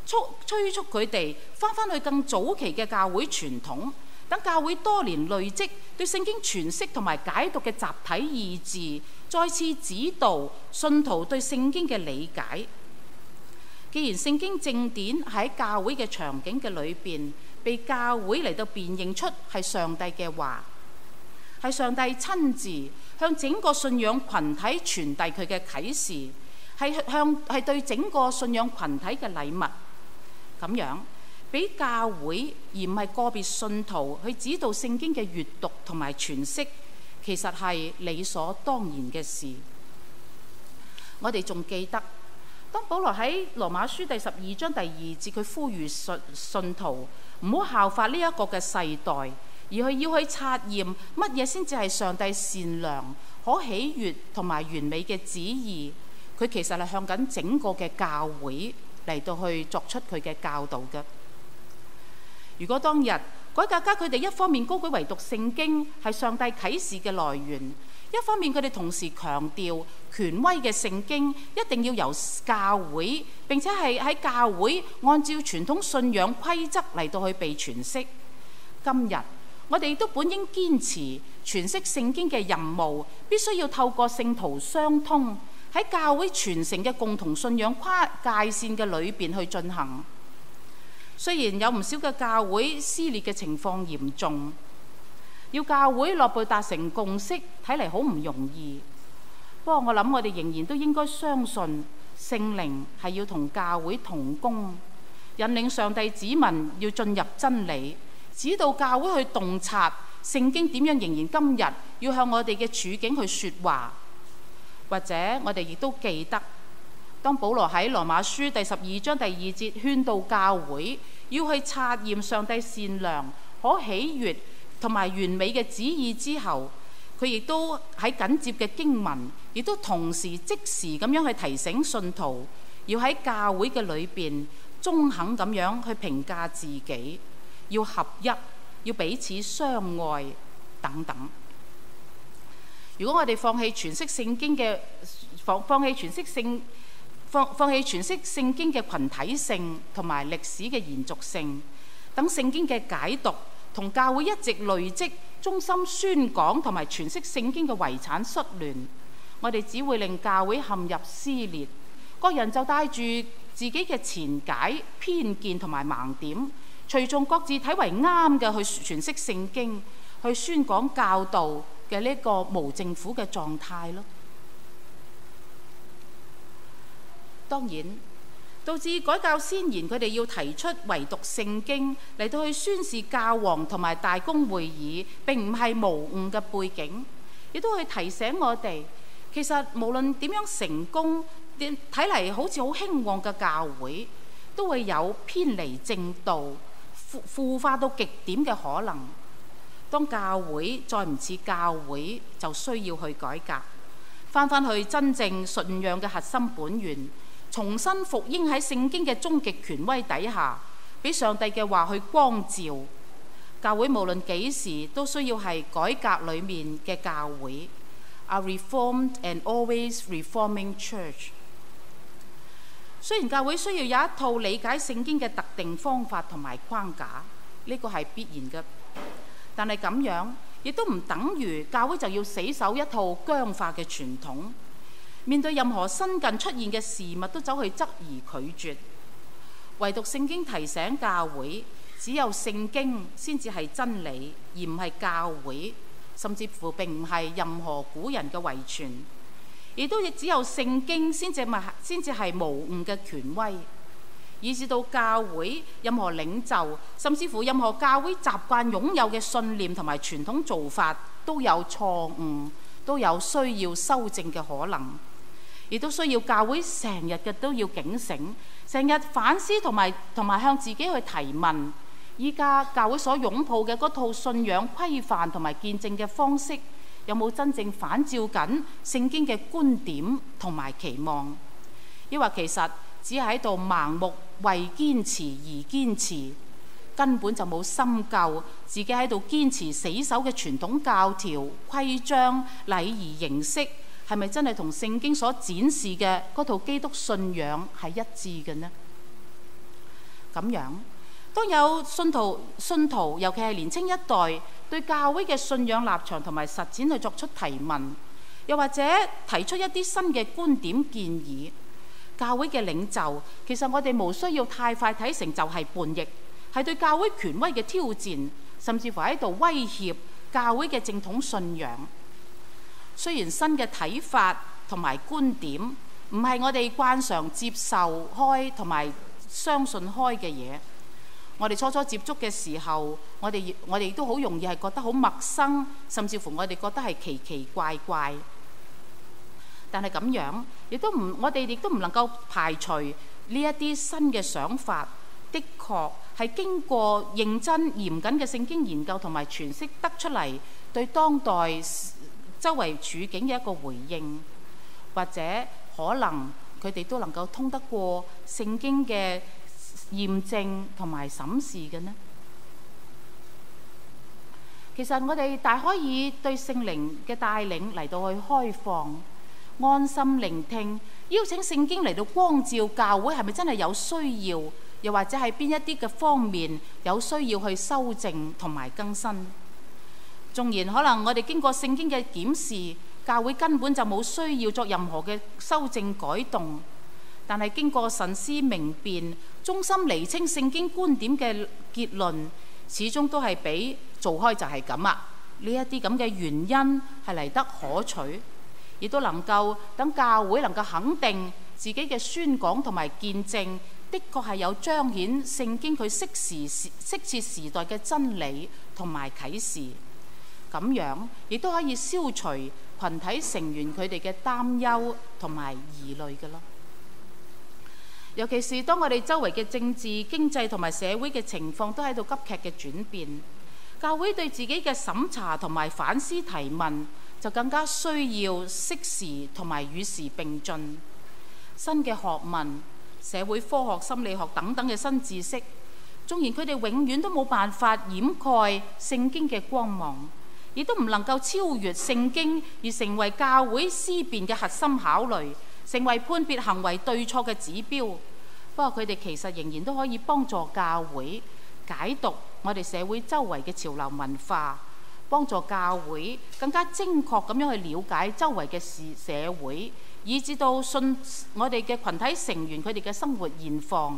催催促佢哋翻返去更早期嘅教會傳統，等教會多年累積對聖經詮釋同埋解讀嘅集體意志，再次指導信徒對聖經嘅理解。既然聖經正典喺教會嘅場景嘅裏邊。被教會嚟到辨認出係上帝嘅話，係上帝親自向整個信仰群體傳遞佢嘅啟示，係向係對整個信仰群體嘅禮物咁樣，俾教會而唔係個別信徒去指導聖經嘅閱讀同埋詮釋，其實係理所當然嘅事。我哋仲記得當保羅喺羅馬書第十二章第二節，佢呼籲信信徒。唔好效法呢一個嘅世代，而佢要去察驗乜嘢先至係上帝善良、可喜悅同埋完美嘅旨意。佢其實係向緊整個嘅教會嚟到去作出佢嘅教導嘅。如果當日改革家佢哋一方面高舉唯獨聖經係上帝啟示嘅來源。一方面，佢哋同時強調權威嘅聖經一定要由教會，並且係喺教會按照傳統信仰規則嚟到去被詮釋。今日我哋都本應堅持詮釋聖經嘅任務必須要透過聖徒相通喺教會傳承嘅共同信仰跨界線嘅裏邊去進行。雖然有唔少嘅教會撕裂嘅情況嚴重。要教會內部達成共識，睇嚟好唔容易。不過我諗，我哋仍然都應該相信聖靈係要同教會同工，引領上帝子民要進入真理，指導教會去洞察聖經點樣仍然今日要向我哋嘅處境去説話，或者我哋亦都記得，當保羅喺羅馬書第十二章第二節勸導教會要去察驗上帝善良，可喜悦。同埋完美嘅旨意之後，佢亦都喺緊接嘅經文，亦都同時即時咁樣去提醒信徒，要喺教會嘅裏邊中肯咁樣去評價自己，要合一，要彼此相愛等等。如果我哋放棄詮釋聖經嘅放放棄詮釋聖放放棄詮釋聖經嘅羣體性同埋歷史嘅延續性等聖經嘅解讀，同教會一直累積忠心宣講同埋詮釋聖經嘅遺產失聯，我哋只會令教會陷入撕裂。各人就帶住自己嘅前解、偏見同埋盲點，隨眾各自睇為啱嘅去詮釋聖經、去宣講教導嘅呢個無政府嘅狀態咯。當然。導致改教先賢，佢哋要提出唯獨聖經嚟到去宣示教皇同埋大公會議，並唔係無誤嘅背景，亦都去提醒我哋，其實無論點樣成功，點睇嚟好似好興旺嘅教會，都會有偏離正道、腐腐化到極點嘅可能。當教會再唔似教會，就需要去改革，返返去真正信仰嘅核心本源。重新服膺喺聖經嘅終極權威底下，俾上帝嘅話去光照教會。教會，無論幾時都需要係改革裏面嘅教會。A reformed and always reforming church。雖然教會需要有一套理解聖經嘅特定方法同埋框架，呢個係必然嘅，但係咁樣亦都唔等於教會就要死守一套僵化嘅傳統。面對任何新近出現嘅事物，都走去質疑拒絕。唯獨聖經提醒教會，只有聖經先至係真理，而唔係教會，甚至乎並唔係任何古人嘅遺傳。亦都亦只有聖經先至係先至係無誤嘅權威。以至到教會任何領袖，甚至乎任何教會習慣擁有嘅信念同埋傳統做法，都有錯誤，都有需要修正嘅可能。亦都需要教會成日嘅都要警醒，成日反思同埋同埋向自己去提問。依家教會所擁抱嘅嗰套信仰規範同埋見證嘅方式，有冇真正反照緊聖經嘅觀點同埋期望？抑或其實只係喺度盲目為堅持而堅持，根本就冇深究自己喺度堅持死守嘅傳統教條、規章、禮儀形式。係咪真係同聖經所展示嘅嗰套基督信仰係一致嘅呢？咁樣當有信徒信徒，尤其係年輕一代，對教會嘅信仰立場同埋實踐去作出提問，又或者提出一啲新嘅觀點建議，教會嘅領袖，其實我哋無需要太快睇成就係叛逆，係對教會權威嘅挑戰，甚至乎喺度威脅教會嘅正統信仰。雖然新嘅睇法同埋觀點唔係我哋慣常接受開同埋相信開嘅嘢，我哋初初接觸嘅時候，我哋我哋亦都好容易係覺得好陌生，甚至乎我哋覺得係奇奇怪怪。但係咁樣亦都唔，我哋亦都唔能夠排除呢一啲新嘅想法。的確係經過認真嚴謹嘅聖經研究同埋詮釋得出嚟，對當代周圍處境嘅一個回應，或者可能佢哋都能夠通得過聖經嘅驗證同埋審視嘅呢？其實我哋大可以對聖靈嘅帶領嚟到去開放、安心聆聽，邀請聖經嚟到光照教會，係咪真係有需要？又或者係邊一啲嘅方面有需要去修正同埋更新？縱然可能我哋經過聖經嘅檢視，教會根本就冇需要作任何嘅修正改動。但係經過神思明辨、忠心釐清聖經觀點嘅結論，始終都係俾做開就係咁啊！呢一啲咁嘅原因係嚟得可取，亦都能夠等教會能夠肯定自己嘅宣講同埋見證，的確係有彰顯聖經佢適時時適切時代嘅真理同埋啟示。咁樣亦都可以消除群體成員佢哋嘅擔憂同埋疑慮嘅咯。尤其是當我哋周圍嘅政治、經濟同埋社會嘅情況都喺度急劇嘅轉變，教會對自己嘅審查同埋反思提問就更加需要適時同埋與時並進。新嘅學問、社會科學、心理學等等嘅新知識，縱然佢哋永遠都冇辦法掩蓋聖經嘅光芒，亦都唔能夠超越聖經而成為教會思辨嘅核心考慮，成為判別行為對錯嘅指標。不過，佢哋其實仍然都可以幫助教會解讀我哋社會周圍嘅潮流文化，幫助教會更加精確咁樣去了解周圍嘅事社會，以至到信我哋嘅群體成員佢哋嘅生活現況，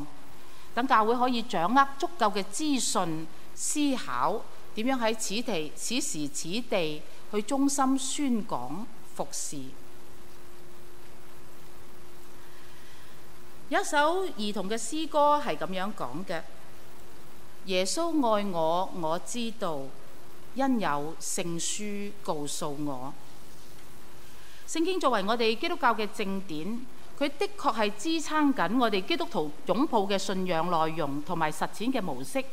等教會可以掌握足夠嘅資訊思考。點樣喺此地、此時、此地去忠心宣講服侍？有一首兒童嘅詩歌係咁樣講嘅：耶穌愛我，我知道，因有聖書告訴我。聖經作為我哋基督教嘅正典，佢的確係支撐緊我哋基督徒擁抱嘅信仰內容同埋實踐嘅模式。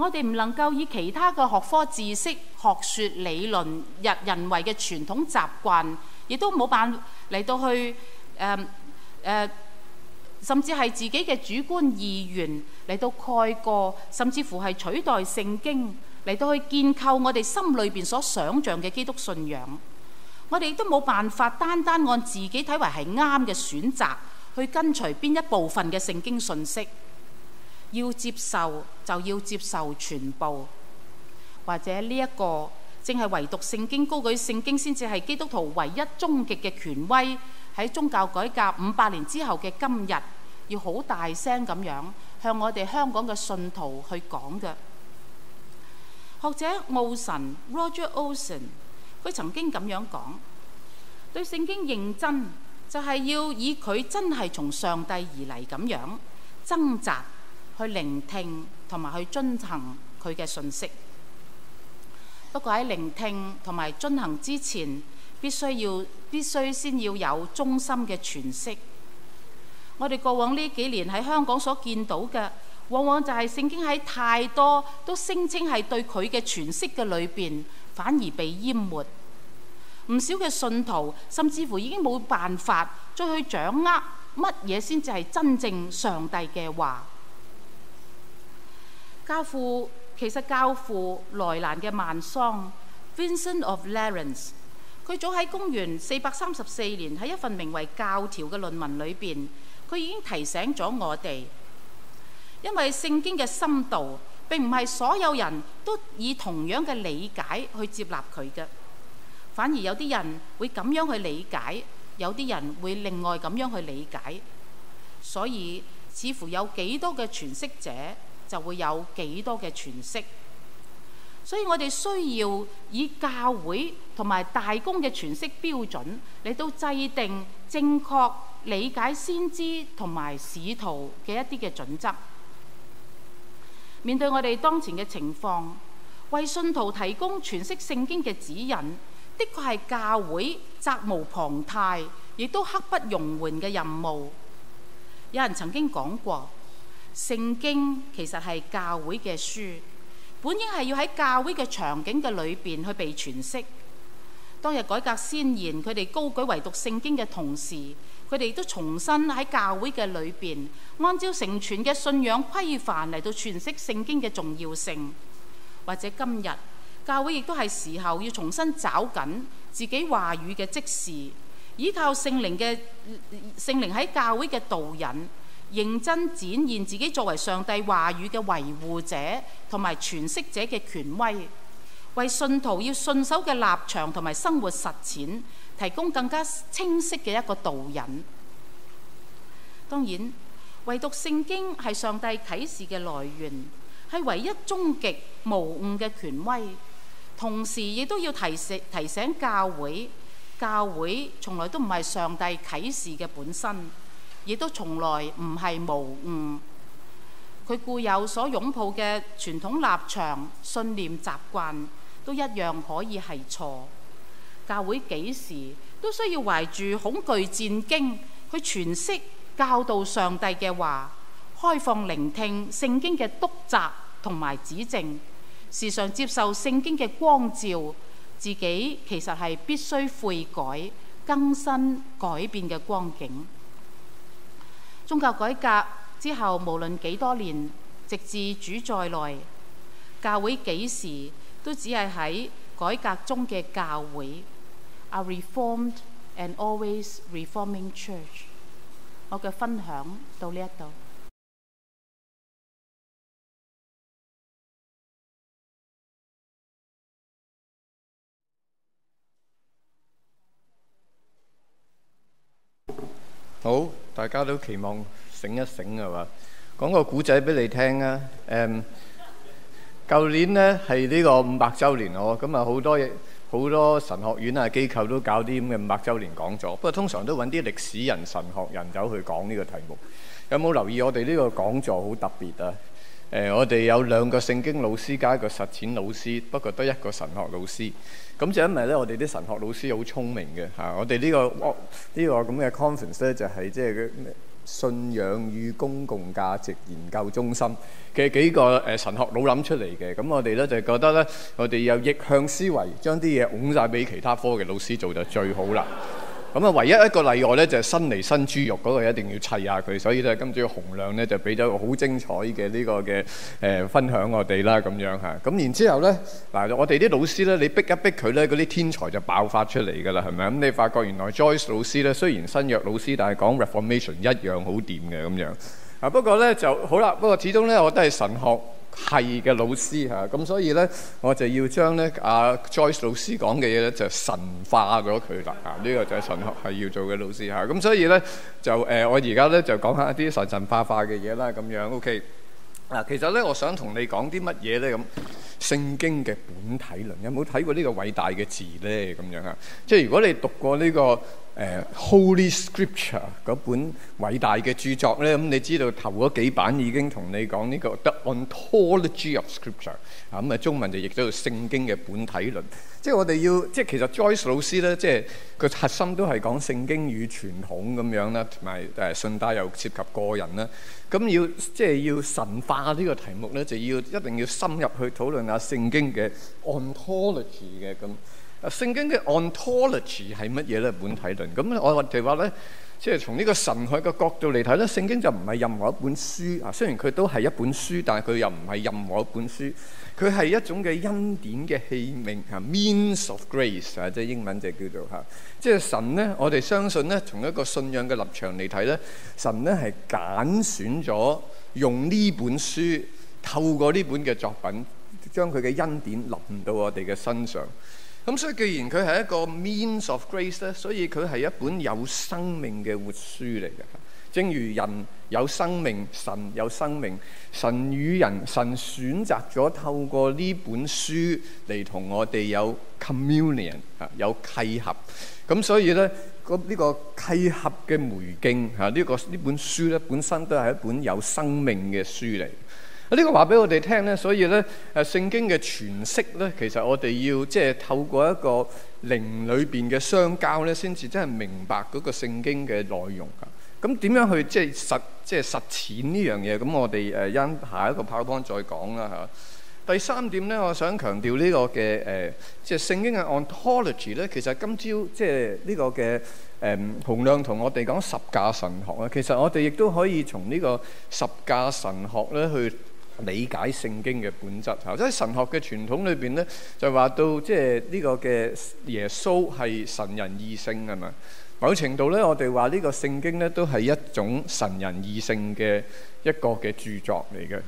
我哋唔能夠以其他嘅學科知識、學説理論、人、人為嘅傳統習慣，亦都冇辦嚟到去誒誒、呃呃，甚至係自己嘅主觀意願嚟到蓋過，甚至乎係取代聖經嚟到去建構我哋心裏邊所想像嘅基督信仰。我哋亦都冇辦法單單按自己睇為係啱嘅選擇去跟隨邊一部分嘅聖經信息。要接受就要接受全部，或者呢一個正係唯獨聖經、高舉聖經，先至係基督徒唯一終極嘅權威。喺宗教改革五百年之後嘅今日，要好大聲咁樣向我哋香港嘅信徒去講嘅學者奧神 Roger Olson，佢曾經咁樣講：對聖經認真，就係要以佢真係從上帝而嚟咁樣掙扎，去聆聽同埋去遵行佢嘅信息。不過喺聆聽同埋遵行之前，必須要，必須先要有忠心嘅詮釋。我哋過往呢幾年喺香港所見到嘅，往往就係聖經喺太多都聲稱係對佢嘅詮釋嘅裏邊，反而被淹沒。唔少嘅信徒甚至乎已經冇辦法再去掌握乜嘢先至係真正上帝嘅話。教父，其實教父萊蘭嘅萬桑 Vincent of Lérins，佢早喺公元四百三十四年喺一份名為教條嘅論文裏邊，佢已經提醒咗我哋，因為聖經嘅深度並唔係所有人都以同樣嘅理解去接納佢嘅，反而有啲人會咁樣去理解，有啲人會另外咁樣去理解，所以似乎有幾多嘅詮釋者，就會有幾多嘅詮釋，所以我哋需要以教會同埋大公嘅詮釋標準嚟到制定正確理解先知同埋使徒嘅一啲嘅準則。面對我哋當前嘅情況，為信徒提供詮釋聖經嘅指引，的確係教會責無旁貸，亦都刻不容緩嘅任務。有人曾經講過。聖經其實係教會嘅書，本應係要喺教會嘅場景嘅裏邊去被詮釋。當日改革先賢，佢哋高舉唯獨聖經嘅同時，佢哋都重新喺教會嘅裏邊，按照成全嘅信仰規範嚟到詮釋聖經嘅重要性。或者今日教會亦都係時候要重新找緊自己話語嘅即時，依靠聖靈嘅聖靈喺教會嘅導引。認真展現自己作為上帝話語嘅維護者同埋詮釋者嘅權威，為信徒要信守嘅立場同埋生活實踐提供更加清晰嘅一個導引。當然，唯獨聖經係上帝啟示嘅來源，係唯一終極無誤嘅權威。同時，亦都要提醒提醒教會，教會從來都唔係上帝啟示嘅本身。亦都從來唔係無誤，佢固有所擁抱嘅傳統立場、信念、習慣，都一樣可以係錯。教會幾時都需要懷住恐懼戰兢去詮釋教導上帝嘅話，開放聆聽聖經嘅督責同埋指正，時常接受聖經嘅光照，自己其實係必須悔改、更新、改變嘅光景。宗教改革之後，無論幾多年，直至主再來，教會幾時都只係喺改革中嘅教會，a reformed and always reforming church。我嘅分享到呢一度。好。大家都期望醒一醒係嘛？講個古仔俾你聽啊！誒、嗯，舊年呢係呢個五百週年哦，咁啊好多好多神學院啊，機構都搞啲咁嘅五百週年講座，不過通常都揾啲歷史人、神學人走去講呢個題目。有冇留意我哋呢個講座好特別啊？誒、呃，我哋有兩個聖經老師加一個實踐老師，不過得一個神學老師。咁就因為咧，我哋啲神學老師好聰明嘅嚇、啊，我哋、這個這個、呢個呢個咁嘅 conference 咧就係即係信仰與公共價值研究中心嘅幾個誒、呃、神學佬諗出嚟嘅。咁我哋咧就覺得咧，我哋有逆向思維，將啲嘢擁晒俾其他科嘅老師做就最好啦。 咁啊，唯一一個例外咧，就係、是、新嚟新豬肉嗰、那個一定要砌下佢，所以咧今朝洪亮咧就俾咗個好精彩嘅呢個嘅誒、呃、分享我哋啦，咁樣嚇。咁然之後咧，嗱我哋啲老師咧，你逼一逼佢咧，嗰啲天才就爆發出嚟噶啦，係咪啊？咁、嗯、你發覺原來 Joyce 老師咧，雖然新約老師，但係講 Reformation 一樣好掂嘅咁樣。啊不過咧就好啦，不過始終咧我都係神學。係嘅老師嚇，咁所以呢，我就要將呢阿、啊、Joyce 老師講嘅嘢呢，就是、神化咗佢啦啊！呢、這個就係神學係係要做嘅老師嚇，咁所以呢，就誒、呃、我而家呢，就講下一啲神神化化嘅嘢啦咁樣 OK 嗱，其實呢，我想同你講啲乜嘢呢？咁？聖經嘅本體論有冇睇過呢個偉大嘅字呢？咁樣啊？即係如果你讀過呢、這個。誒《uh, Holy Scripture》嗰本偉大嘅著作咧，咁、嗯、你知道頭嗰幾版已經同你講呢、呢個《The Ontology of Scripture、嗯》啊，咁啊中文就亦都叫做《聖經嘅本體論》，即係我哋要，即係其實 Joyce 老師咧，即係個核心都係講聖經與傳統咁樣啦，同埋誒順帶又涉及個人啦。咁要即係要神化呢個題目咧，就要一定要深入去討論下聖經嘅 ontology 嘅咁。啊！聖經嘅 ontology 係乜嘢咧？本體論。咁我我哋話咧，即係從呢個神學嘅角度嚟睇咧，聖經就唔係任何一本書啊。雖然佢都係一本書，但係佢又唔係任何一本書。佢係一種嘅恩典嘅器皿嚇 （means of grace） 啊，即係英文就叫做嚇。即係神咧，我哋相信咧，從一個信仰嘅立場嚟睇咧，神咧係揀選咗用呢本書，透過呢本嘅作品，將佢嘅恩典臨到我哋嘅身上。咁所以既然佢係一個 means of grace 咧，所以佢係一本有生命嘅活書嚟嘅。正如人有生命，神有生命，神與人，神選擇咗透過呢本書嚟同我哋有 communion 啊，有契合。咁所以咧，個、這、呢個契合嘅媒介吓，呢個呢本書咧本身都係一本有生命嘅書嚟。呢個話俾我哋聽咧，所以咧，誒聖經嘅詮釋咧，其實我哋要即係透過一個靈裏邊嘅相交咧，先至真係明白嗰個聖經嘅內容㗎。咁、嗯、點樣去即係實即係實踐呢樣嘢？咁、嗯、我哋誒因下一個 powerpoint 再講啦嚇。第三點咧，我想強調呢個嘅誒、呃，即係聖經嘅 ontology 咧，其實今朝即係呢個嘅誒洪亮同我哋講十架神學啊。其實我哋亦都可以從呢個十架神學咧去。理解聖經嘅本質啊，即係神學嘅傳統裏邊咧，就話到即係呢個嘅耶穌係神人二性係嘛。某程度咧，我哋話呢個聖經咧都係一種神人二性嘅一個嘅著作嚟嘅。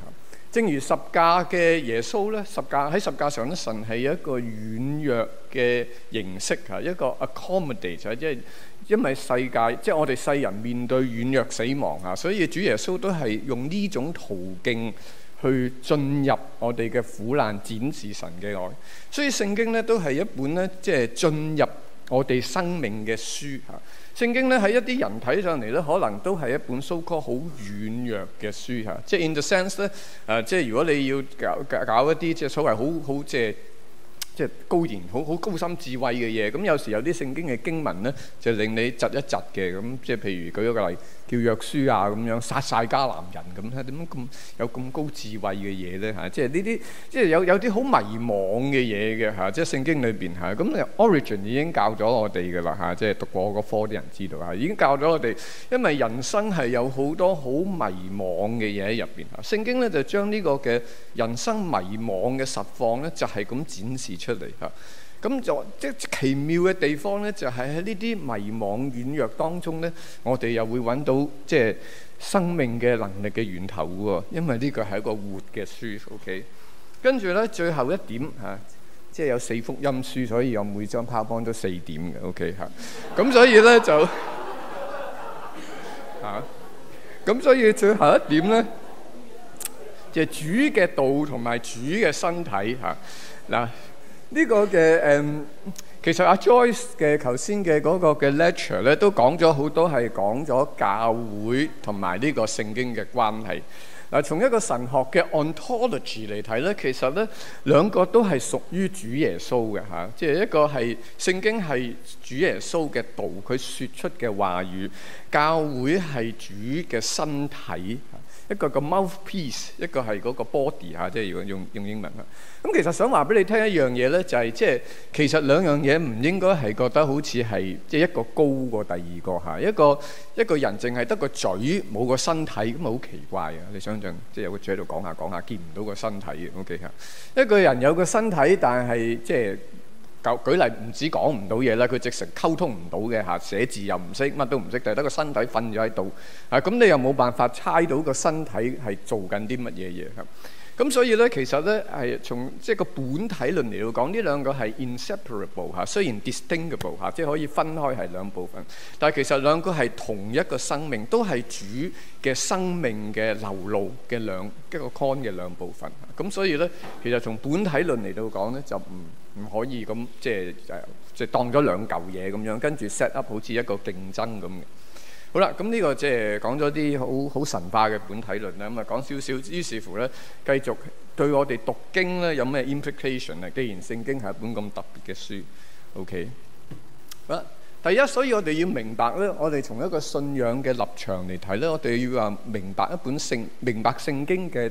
正如十架嘅耶穌咧，十架喺十架上咧，神係一個軟弱嘅形式啊，一個 accommodate 啊，即係因為世界即係、就是、我哋世人面對軟弱死亡啊，所以主耶穌都係用呢種途徑。去進入我哋嘅苦難，展示神嘅愛。所以聖經咧都係一本咧，即係進入我哋生命嘅書嚇。聖經咧喺一啲人睇上嚟咧，可能都係一本 so called 好軟弱嘅書嚇。即係 in the sense 咧，誒，即係如果你要搞搞一啲即係所謂好好即係即係高言好好高深智慧嘅嘢，咁有時有啲聖經嘅經文咧就令你窒一窒嘅。咁即係譬如舉一個例。要約書亞，咁樣殺晒迦南人咁咧，點解咁有咁高智慧嘅嘢咧？嚇，即係呢啲即係有有啲好迷惘嘅嘢嘅嚇，即係聖經裏邊嚇咁。Origin 已經教咗我哋嘅啦嚇，即係讀過嗰科啲人知道啊，已經教咗我哋，因為人生係有好多好迷惘嘅嘢喺入邊嚇。聖經咧就將呢個嘅人生迷惘嘅實況咧就係咁展示出嚟嚇。咁就即係奇妙嘅地方咧，就係喺呢啲迷惘軟弱當中咧，我哋又會揾到即係生命嘅能力嘅源頭喎、哦。因為呢個係一個活嘅書。OK，跟住咧最後一點嚇、啊，即係有四福音書，所以我每張 PowerPoint 都四點嘅。OK 嚇、啊，咁所以咧就嚇，咁、 啊、所以最後一點咧就係、主嘅道同埋主嘅身體嚇嗱。啊啊呢個嘅誒、嗯，其實阿 Joyce 嘅頭先嘅嗰個嘅 lecture 咧，都講咗好多係講咗教會同埋呢個聖經嘅關係。嗱，從一個神學嘅 ontology 嚟睇咧，其實咧兩個都係屬於主耶穌嘅嚇，即係一個係聖經係主耶穌嘅道，佢説出嘅話語，教會係主嘅身體。一個個 mouthpiece，一個係嗰個 body 嚇，即係如果用用英文嚇，咁其實想話俾你聽一樣嘢咧，就係即係其實兩樣嘢唔應該係覺得好似係即係一個高過第二個嚇。一個一個人淨係得個嘴，冇個身體咁咪好奇怪啊！你想像即係有個嘴喺度講下講下見唔到個身體 O.K. 嚇。一個人有個身體，但係即係。就舉例，唔止講唔到嘢啦，佢直成溝通唔到嘅嚇，寫字又唔識，乜都唔識，就係得個身體瞓咗喺度啊！咁你又冇辦法猜到個身體係做緊啲乜嘢嘢嚇。咁所以咧，其實咧係從即係個本體論嚟到講，呢兩個係 inseparable 嚇，雖然 distinguishable 嚇，即係可以分開係兩部分，但係其實兩個係同一個生命，都係主嘅生命嘅流露嘅兩即係個 coin 嘅兩部分。咁所以咧，其實從本體論嚟到講咧，就唔。唔可以咁即係誒，即係當咗兩嚿嘢咁樣，跟住 set up 好似一個競爭咁嘅。好啦，咁呢個即係講咗啲好好神化嘅本體論啦。咁、嗯、啊，講少少，於是乎咧，繼續對我哋讀經咧有咩 implication 啊？既然聖經係一本咁特別嘅書，OK？第一，所以我哋要明白咧，我哋從一個信仰嘅立場嚟睇咧，我哋要話明白一本聖明白聖經嘅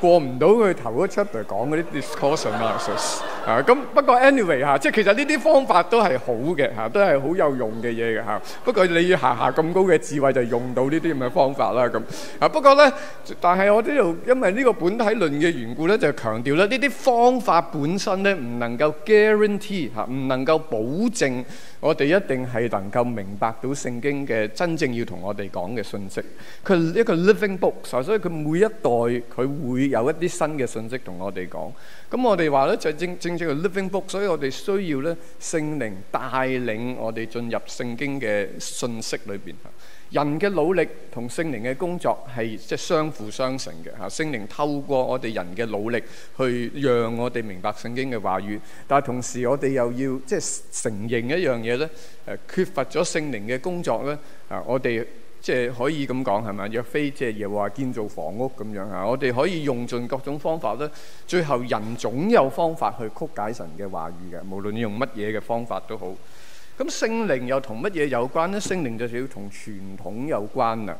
過唔到佢頭一出就講嗰啲 discussion 啊咁，不過 anyway 嚇、啊，即係其實呢啲方法都係好嘅嚇、啊，都係好有用嘅嘢嘅嚇。不過你要下下咁高嘅智慧就用到呢啲咁嘅方法啦咁。啊不過咧，但係我呢度因為呢個本體論嘅緣故咧，就強調咧呢啲方法本身咧唔能夠 guarantee 嚇、啊，唔能夠保證。我哋一定係能夠明白到聖經嘅真正要同我哋講嘅信息，佢係一個 living book，所以佢每一代佢會有一啲新嘅信息同我哋講。咁我哋話咧就正正正係 living book，所以我哋需要咧聖靈帶領我哋進入聖經嘅信息裏邊。人嘅努力同聖靈嘅工作係即係相輔相成嘅嚇。聖靈透過我哋人嘅努力去讓我哋明白聖經嘅話語，但係同時我哋又要即係、就是、承認一樣嘢咧，誒缺乏咗聖靈嘅工作咧，啊我哋即係可以咁講係咪啊？若非即係又話建造房屋咁樣嚇，我哋可以用盡各種方法咧，最後人總有方法去曲解神嘅話語嘅，無論你用乜嘢嘅方法都好。咁聖靈又同乜嘢有關咧？聖靈就少要同傳統有關啊。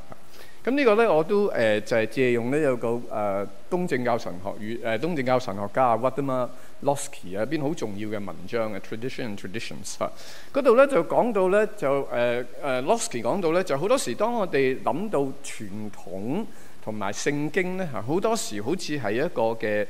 咁呢個咧，我都誒、呃、就係、是、借用咧有個誒、呃、東正教神學與誒、呃、東正教神學家 Vladimir Lossky 啊邊好重要嘅文章嘅 Tradition and Traditions 嗰度、啊、咧就講到咧就、呃呃、Lossky 講到咧就好多時當我哋諗到傳統同埋聖經咧嚇好多時好似係一個嘅。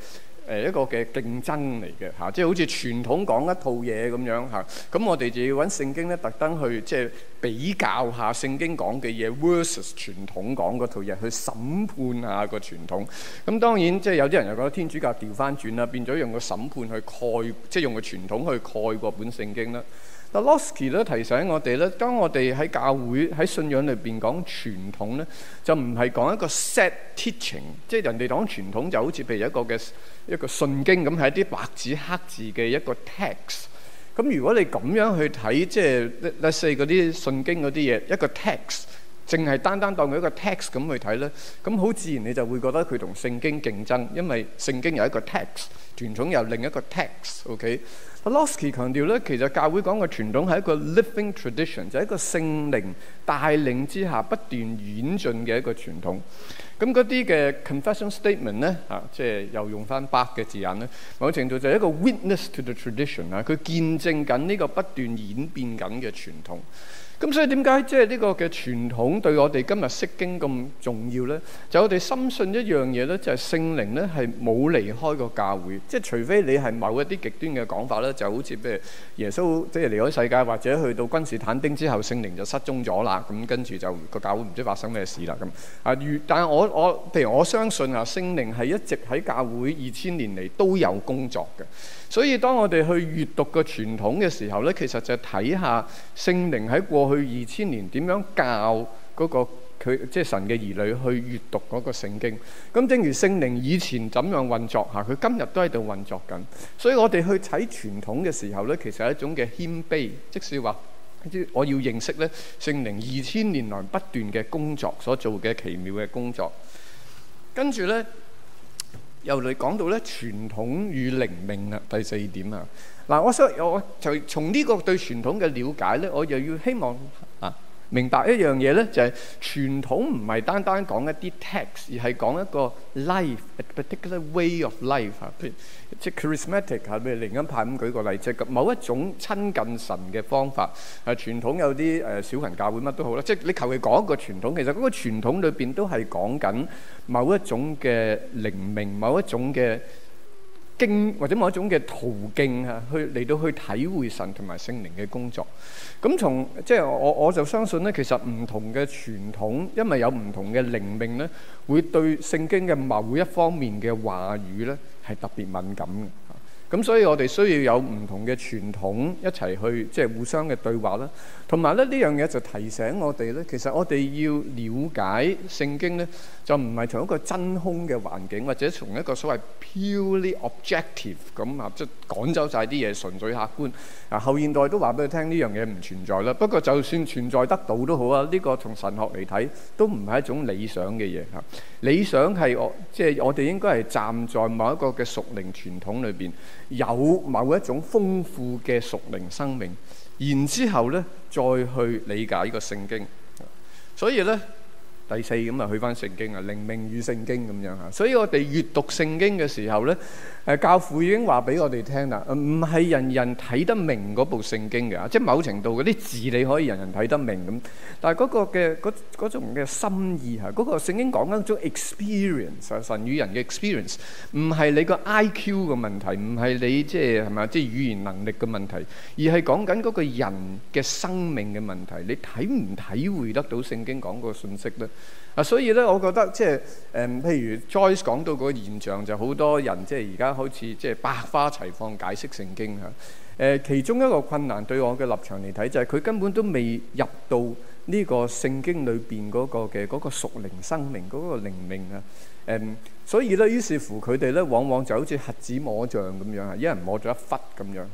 誒一個嘅競爭嚟嘅嚇，即係好似傳統講一套嘢咁樣嚇。咁我哋就要搵聖經咧，特登去即係、就是、比較下聖經講嘅嘢 versus 傳統講嗰套嘢，去審判下個傳統。咁當然即係、就是、有啲人又覺得天主教調翻轉啦，變咗用個審判去蓋，即、就、係、是、用個傳統去蓋過本聖經啦。Lowski 都提醒我哋咧，當我哋喺教會喺信仰裏面講傳統咧，就唔係講一個 set teaching，即係人哋講傳統就好似譬如一個嘅一個信經咁，係一啲白紙黑字嘅一個 text。咁如果你咁樣去睇，即係那四嗰啲信經嗰啲嘢，一個 text，淨係單單當佢一個 text 咁去睇咧，咁好自然你就會覺得佢同聖經競爭，因為聖經有一個 text，傳統有另一個 text，OK？、Okay? 阿 Laski 強調咧，其實教會講嘅傳統係一個 living tradition，就係一個聖靈帶領之下不斷演進嘅一個傳統。咁嗰啲嘅 confession statement 咧，啊，即係又用翻 Barth 嘅字眼咧，某程度就係一個 witness to the tradition 啊，佢見證緊呢個不斷演變緊嘅傳統。咁所以點解即係呢個嘅傳統對我哋今日釋經咁重要呢？就我哋深信一樣嘢呢，就係聖靈呢係冇離開過教會。即係除非你係某一啲極端嘅講法呢，就好似譬如耶穌即係離開世界，或者去到君士坦丁之後，聖靈就失蹤咗啦。咁跟住就個教會唔知發生咩事啦。咁啊如，但係我我譬如我相信啊，聖靈係一直喺教會二千年嚟都有工作嘅。所以當我哋去閲讀個傳統嘅時候咧，其實就睇下聖靈喺過去二千年點樣教嗰個佢，即係神嘅兒女去閲讀嗰個聖經。咁正如聖靈以前怎樣運作嚇，佢今日都喺度運作緊。所以我哋去睇傳統嘅時候咧，其實係一種嘅謙卑，即係話我要認識咧聖靈二千年來不斷嘅工作所做嘅奇妙嘅工作。跟住咧。又嚟講到咧傳統與靈命啊。第四點啊，嗱，我想我就從呢個對傳統嘅了解咧，我又要希望啊。明白一樣嘢咧，就係傳統唔係單單講一啲 text，而係講一個 life，a particular way of life 啊，譬如即 charismatic 係咪靈恩派咁舉個例，即某一種親近神嘅方法。啊，傳統有啲誒小群教會乜都好啦，即你求其講一個傳統，其實嗰個傳統裏邊都係講緊某一種嘅靈命，某一種嘅。徑或者某一種嘅途徑啊，去嚟到去體會神同埋聖靈嘅工作。咁從即係我我就相信咧，其實唔同嘅傳統，因為有唔同嘅靈命咧，會對聖經嘅某一方面嘅話語咧係特別敏感嘅。咁所以我哋需要有唔同嘅傳統一齊去，即係互相嘅對話啦。同埋咧，呢樣嘢就提醒我哋咧，其實我哋要了解聖經咧，就唔係從一個真空嘅環境，或者從一個所謂 purely objective 咁啊，即係講走晒啲嘢純粹客觀。啊，後現代都話俾你聽呢樣嘢唔存在啦。不過就算存在得到都好啊，呢個從神學嚟睇都唔係一種理想嘅嘢嚇。理想係我即係我哋應該係站在某一個嘅屬靈傳統裏邊。有某一種豐富嘅屬靈生命，然之後呢，再去理解個聖經，所以呢。第四，咁啊，去翻聖經啊，靈命與聖經咁樣嚇。所以我哋閲讀聖經嘅時候咧，誒教父已經話俾我哋聽啦，唔係人人睇得明嗰部聖經嘅，即係某程度嗰啲字你可以人人睇得明咁，但係嗰個嘅嗰嗰種嘅心意嚇，嗰個聖經講緊嗰種 experience 啊，神與人嘅 experience，唔係你個 IQ 嘅問題，唔係你即係係咪即係語言能力嘅問題，而係講緊嗰個人嘅生命嘅問題，你體唔體會得到聖經講個信息咧？啊，所以咧，我覺得即係誒，譬如 Joyce 講到嗰個現象，就好多人即係而家開始即係百花齊放解釋聖經啊。誒，其中一個困難對我嘅立場嚟睇，就係、是、佢根本都未入到呢個聖經裏邊嗰個嘅嗰個屬靈生命嗰、那個靈命啊。誒，所以咧，於是乎佢哋咧，往往就好似核子摸象咁樣啊，一人摸咗一忽咁樣。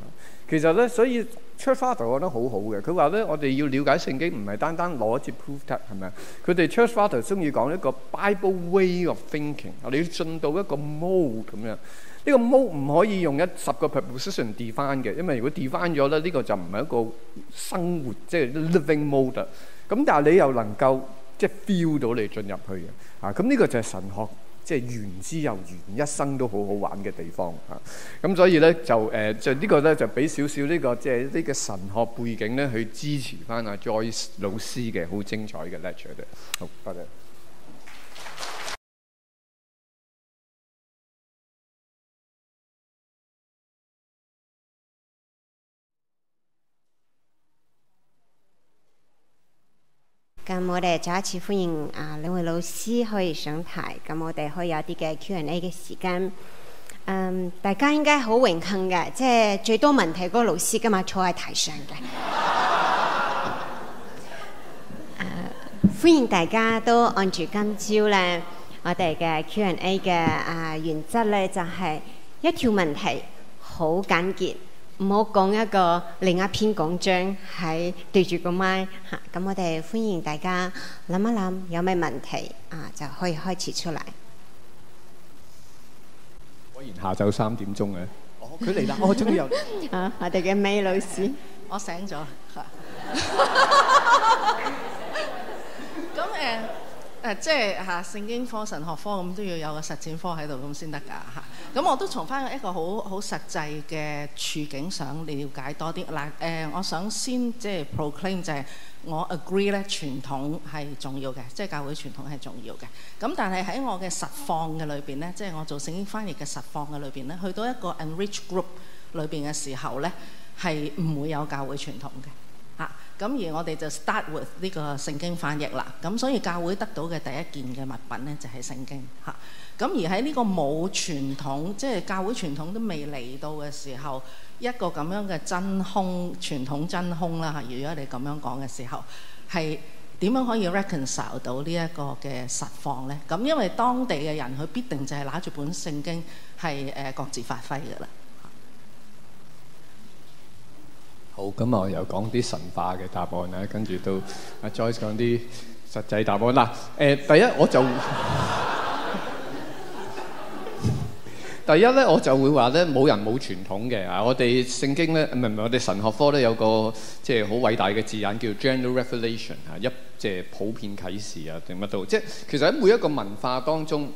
其實咧，所以。Church Father 我覺得好好嘅，佢話咧，我哋要了解聖經唔係單單攞一隻 proof text 係咪啊？佢哋 Church Father 中意講一個 Bible way of thinking，你要進到一個 mode 咁樣，呢個 mode 唔可以用一十個 proposition define 嘅，因為如果 define 咗咧，呢個就唔係一個生活，即係 living mode。咁但係你又能夠即係 feel 到你進入去嘅，啊，咁呢個就係神學。即係緣之又緣，一生都好好玩嘅地方吓咁。 所以咧就誒，就、呃、就呢個呢就、呢個咧就俾少少呢個即係呢個神學背景咧，去支持翻阿 Joyce 老師嘅好精彩嘅 lecture。 好，多謝，謝。咁我哋再一次歡迎啊、呃、兩位老師可以上台，咁我哋可以有啲嘅 Q&A 嘅時間，嗯，大家應該好榮幸嘅，即係最多問題嗰個老師今日坐喺台上嘅、 呃。歡迎大家都按住今朝呢，我哋嘅 Q&A 嘅啊原則呢就係、是、一條問題好簡潔。唔好講一個另一篇講章喺對住個麥嚇。咁我哋歡迎大家諗一諗有咩問題啊，就可以開始出嚟。果然下晝三點鐘嘅，佢嚟啦，我、哦、終於有 啊，我哋嘅美女士， 我醒咗咁誒。 啊、即係嚇、啊，聖經科、神學科咁都要有個實踐科喺度咁先得㗎嚇。咁、啊、我都從翻一個好好實際嘅處境想了解多啲嗱。誒、啊呃，我想先即係 proclaim 就係、是、我 agree 咧，傳統係重要嘅，即係教會傳統係重要嘅。咁但係喺我嘅實況嘅裏邊咧，即係我做聖經翻譯嘅實況嘅裏邊咧，去到一個 unreached group 裏邊嘅時候咧，係唔會有教會傳統嘅。咁而我哋就 start with 呢個聖經翻譯啦，咁所以教會得到嘅第一件嘅物品呢，就係、是、聖經嚇。咁、啊、而喺呢個冇傳統，即係教會傳統都未嚟到嘅時候，一個咁樣嘅真空傳統真空啦嚇、啊，如果你咁樣講嘅時候，係點樣可以 reconcile 到呢一個嘅實況呢？咁、啊、因為當地嘅人佢必定就係揦住本聖經係誒各自發揮噶啦。好，咁啊，我又講啲神化嘅答案啦，跟住到阿 Joyce 講啲實際答案啦。誒、呃，第一我就， 第一咧，我就會話咧，冇人冇傳統嘅啊。我哋聖經咧，唔係唔係，我哋神學科咧有個即係好偉大嘅字眼叫 General Revelation 嚇，一即係普遍啟示啊，定乜度？即係其實喺每一個文化當中。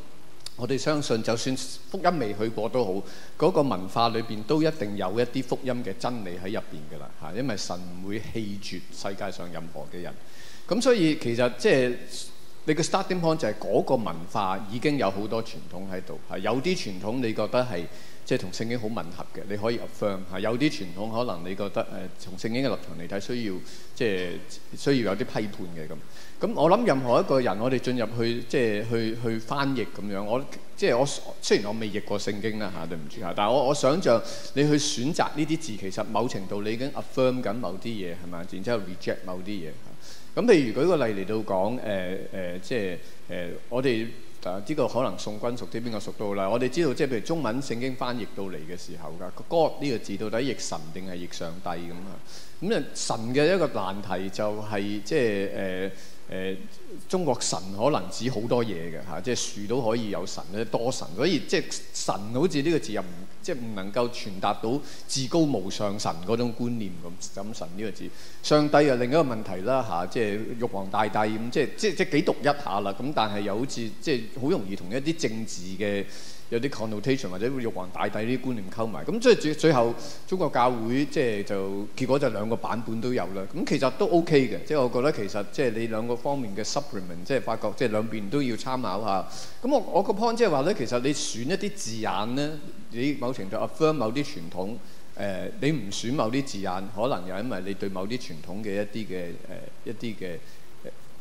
我哋相信，就算福音未去過都好，嗰、那個文化裏邊都一定有一啲福音嘅真理喺入邊㗎啦嚇。因為神唔會棄絕世界上任何嘅人。咁所以其實即係你個 starting point 就係嗰個文化已經有好多傳統喺度嚇。有啲傳統你覺得係即係同聖經好吻合嘅，你可以入 fun 嚇。有啲傳統可能你覺得誒，從、呃、聖經嘅立場嚟睇、就是，需要即係需要有啲批判嘅咁。咁我諗任何一個人，我哋進入去即係、就是、去去翻譯咁樣，我即係我雖然我未譯過聖經啦嚇、啊，對唔住嚇，但係我我想像你去選擇呢啲字，其實某程度你已經 affirm 緊某啲嘢係咪？然之後 reject 某啲嘢嚇。咁譬如舉個例嚟到講，誒、呃、誒、呃、即係誒、呃，我哋知道，這個、可能宋君熟啲，邊個熟到啦？我哋知道即係譬如中文聖經翻譯到嚟嘅時候㗎，個 God 呢個字到底譯神定係譯上帝咁啊？咁啊神嘅一個難題就係、是、即係誒。呃誒，中國神可能指好多嘢嘅嚇，即係樹都可以有神咧，多神，所以即係神好似呢個字又唔即係唔能夠傳達到至高無上神嗰種觀念咁咁神呢個字，上帝又另一個問題啦吓、啊，即係玉皇大帝咁即係即即幾讀一下啦，咁但係又好似即係好容易同一啲政治嘅。有啲 connotation 或者玉皇大帝啲觀念溝埋，咁即係最最後中國教會即係就結果就兩個版本都有啦。咁其實都 OK 嘅，即係我覺得其實即係你兩個方面嘅 supplement，即係發覺，即係兩邊都要參考下。咁我我個 point 即係話咧，其實你選一啲字眼咧，你某程度 affirm 某啲傳統。誒，你唔選某啲字眼，可能又因為你對某啲傳統嘅一啲嘅誒一啲嘅。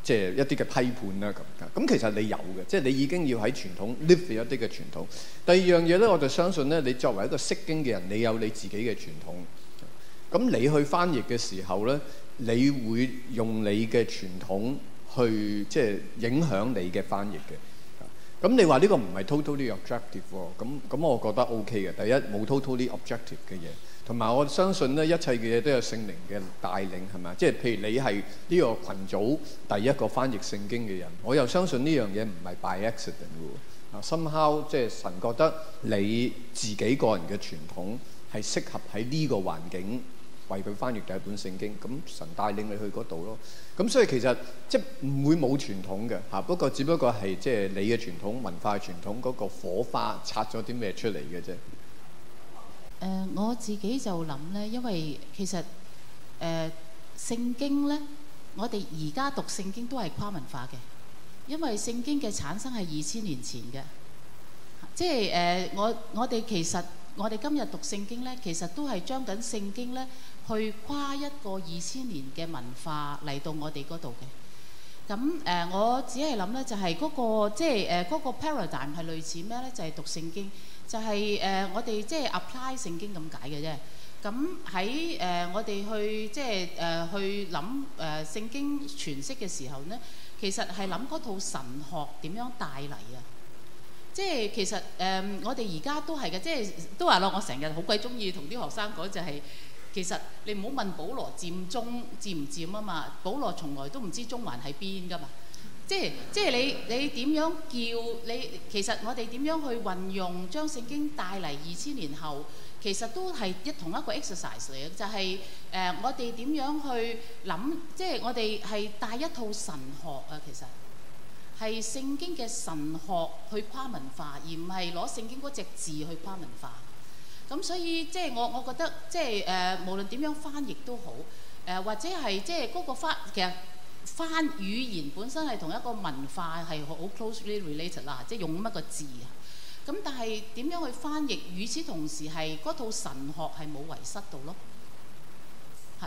即係一啲嘅批判啦，咁咁其實你有嘅，即係你已經要喺傳統 lift 一啲嘅傳統。第二樣嘢咧，我就相信咧，你作為一個識經嘅人，你有你自己嘅傳統。咁你去翻譯嘅時候咧，你會用你嘅傳統去即係影響你嘅翻譯嘅。咁你話呢個唔係 totally objective 喎？咁咁我覺得 OK 嘅。第一冇 totally objective 嘅嘢。同埋我相信咧，一切嘅嘢都有聖靈嘅帶領，係咪？即係譬如你係呢個群組第一個翻譯聖經嘅人，我又相信呢樣嘢唔係 by accident 嘅喎。啊，somehow 即係神覺得你自己個人嘅傳統係適合喺呢個環境為佢翻譯第一本聖經，咁神帶領你去嗰度咯。咁所以其實即係唔會冇傳統嘅嚇，不過只不過係即係你嘅傳統文化傳統嗰個火花擦咗啲咩出嚟嘅啫。誒、呃、我自己就諗咧，因為其實誒聖、呃、經咧，我哋而家讀聖經都係跨文化嘅，因為聖經嘅產生係二千年前嘅，即係誒、呃、我我哋其實我哋今日讀聖經咧，其實都係將緊聖經咧去跨一個二千年嘅文化嚟到我哋嗰度嘅。咁誒、呃，我只係諗咧，就係、是、嗰、呃那個即係誒嗰個 paradigm 係類似咩咧？就係、是、讀聖經。就係、是、誒、呃，我哋即係 apply 聖經咁解嘅啫。咁喺誒，我哋去即係誒、呃，去諗誒、呃、聖經詮釋嘅時候咧，其實係諗嗰套神學點樣帶嚟啊！即係其實誒、呃，我哋而家都係嘅，即係都話咯，我成日好鬼中意同啲學生講就係、是，其實你唔好問保羅佔中佔唔佔啊嘛，保羅從來都唔知中環喺邊噶嘛。即係，即係你你點樣叫你，其實我哋點樣去運用將聖經帶嚟二千年後，其實都係一同一個 exercise 嚟嘅，就係、是、誒、呃、我哋點樣去諗，即係我哋係帶一套神學啊，其實係聖經嘅神學去跨文化，而唔係攞聖經嗰隻字去跨文化。咁所以即係我我覺得即係誒、呃、無論點樣翻譯都好，誒、呃、或者係即係嗰個翻其實。翻語言本身係同一個文化係好 closely related 啦，即係用一個字啊？咁但係點樣去翻譯？與此同時係嗰套神學係冇遺失到咯。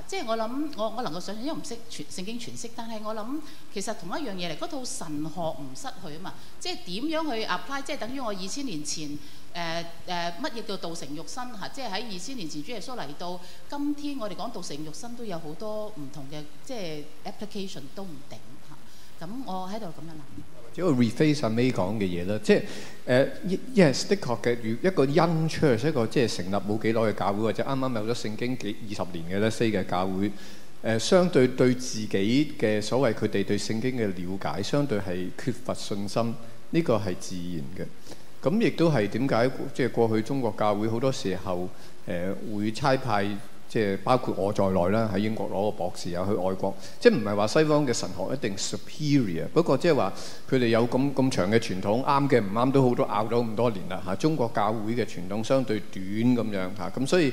即係我諗，我我能夠想像，因為唔識傳聖經詮釋，但係我諗其實同一樣嘢嚟，嗰套神學唔失去啊嘛！即係點樣去 apply？即係等於我二千年前誒誒乜嘢叫道成肉身嚇？即係喺二千年前，呃呃、年前主耶穌嚟到，今天我哋講道成肉身都有好多唔同嘅，即係 application 都唔定嚇。咁、啊、我喺度咁樣諗。只個 reface 阿 May 講嘅嘢啦，即係誒 yes 的確嘅，如一個 young church，一個即係成立冇幾耐嘅教會，或者啱啱有咗聖經幾二十年嘅咧，say 嘅教會誒、呃，相對對自己嘅所謂佢哋對聖經嘅了解，相對係缺乏信心，呢個係自然嘅。咁亦都係點解即係過去中國教會好多時候誒、呃、會差派？即係包括我在內啦，喺英國攞個博士啊，去外國，即係唔係話西方嘅神學一定是 superior，不過即係話佢哋有咁咁長嘅傳統，啱嘅唔啱都好多拗咗咁多年啦嚇。中國教會嘅傳統相對短咁樣嚇，咁所以。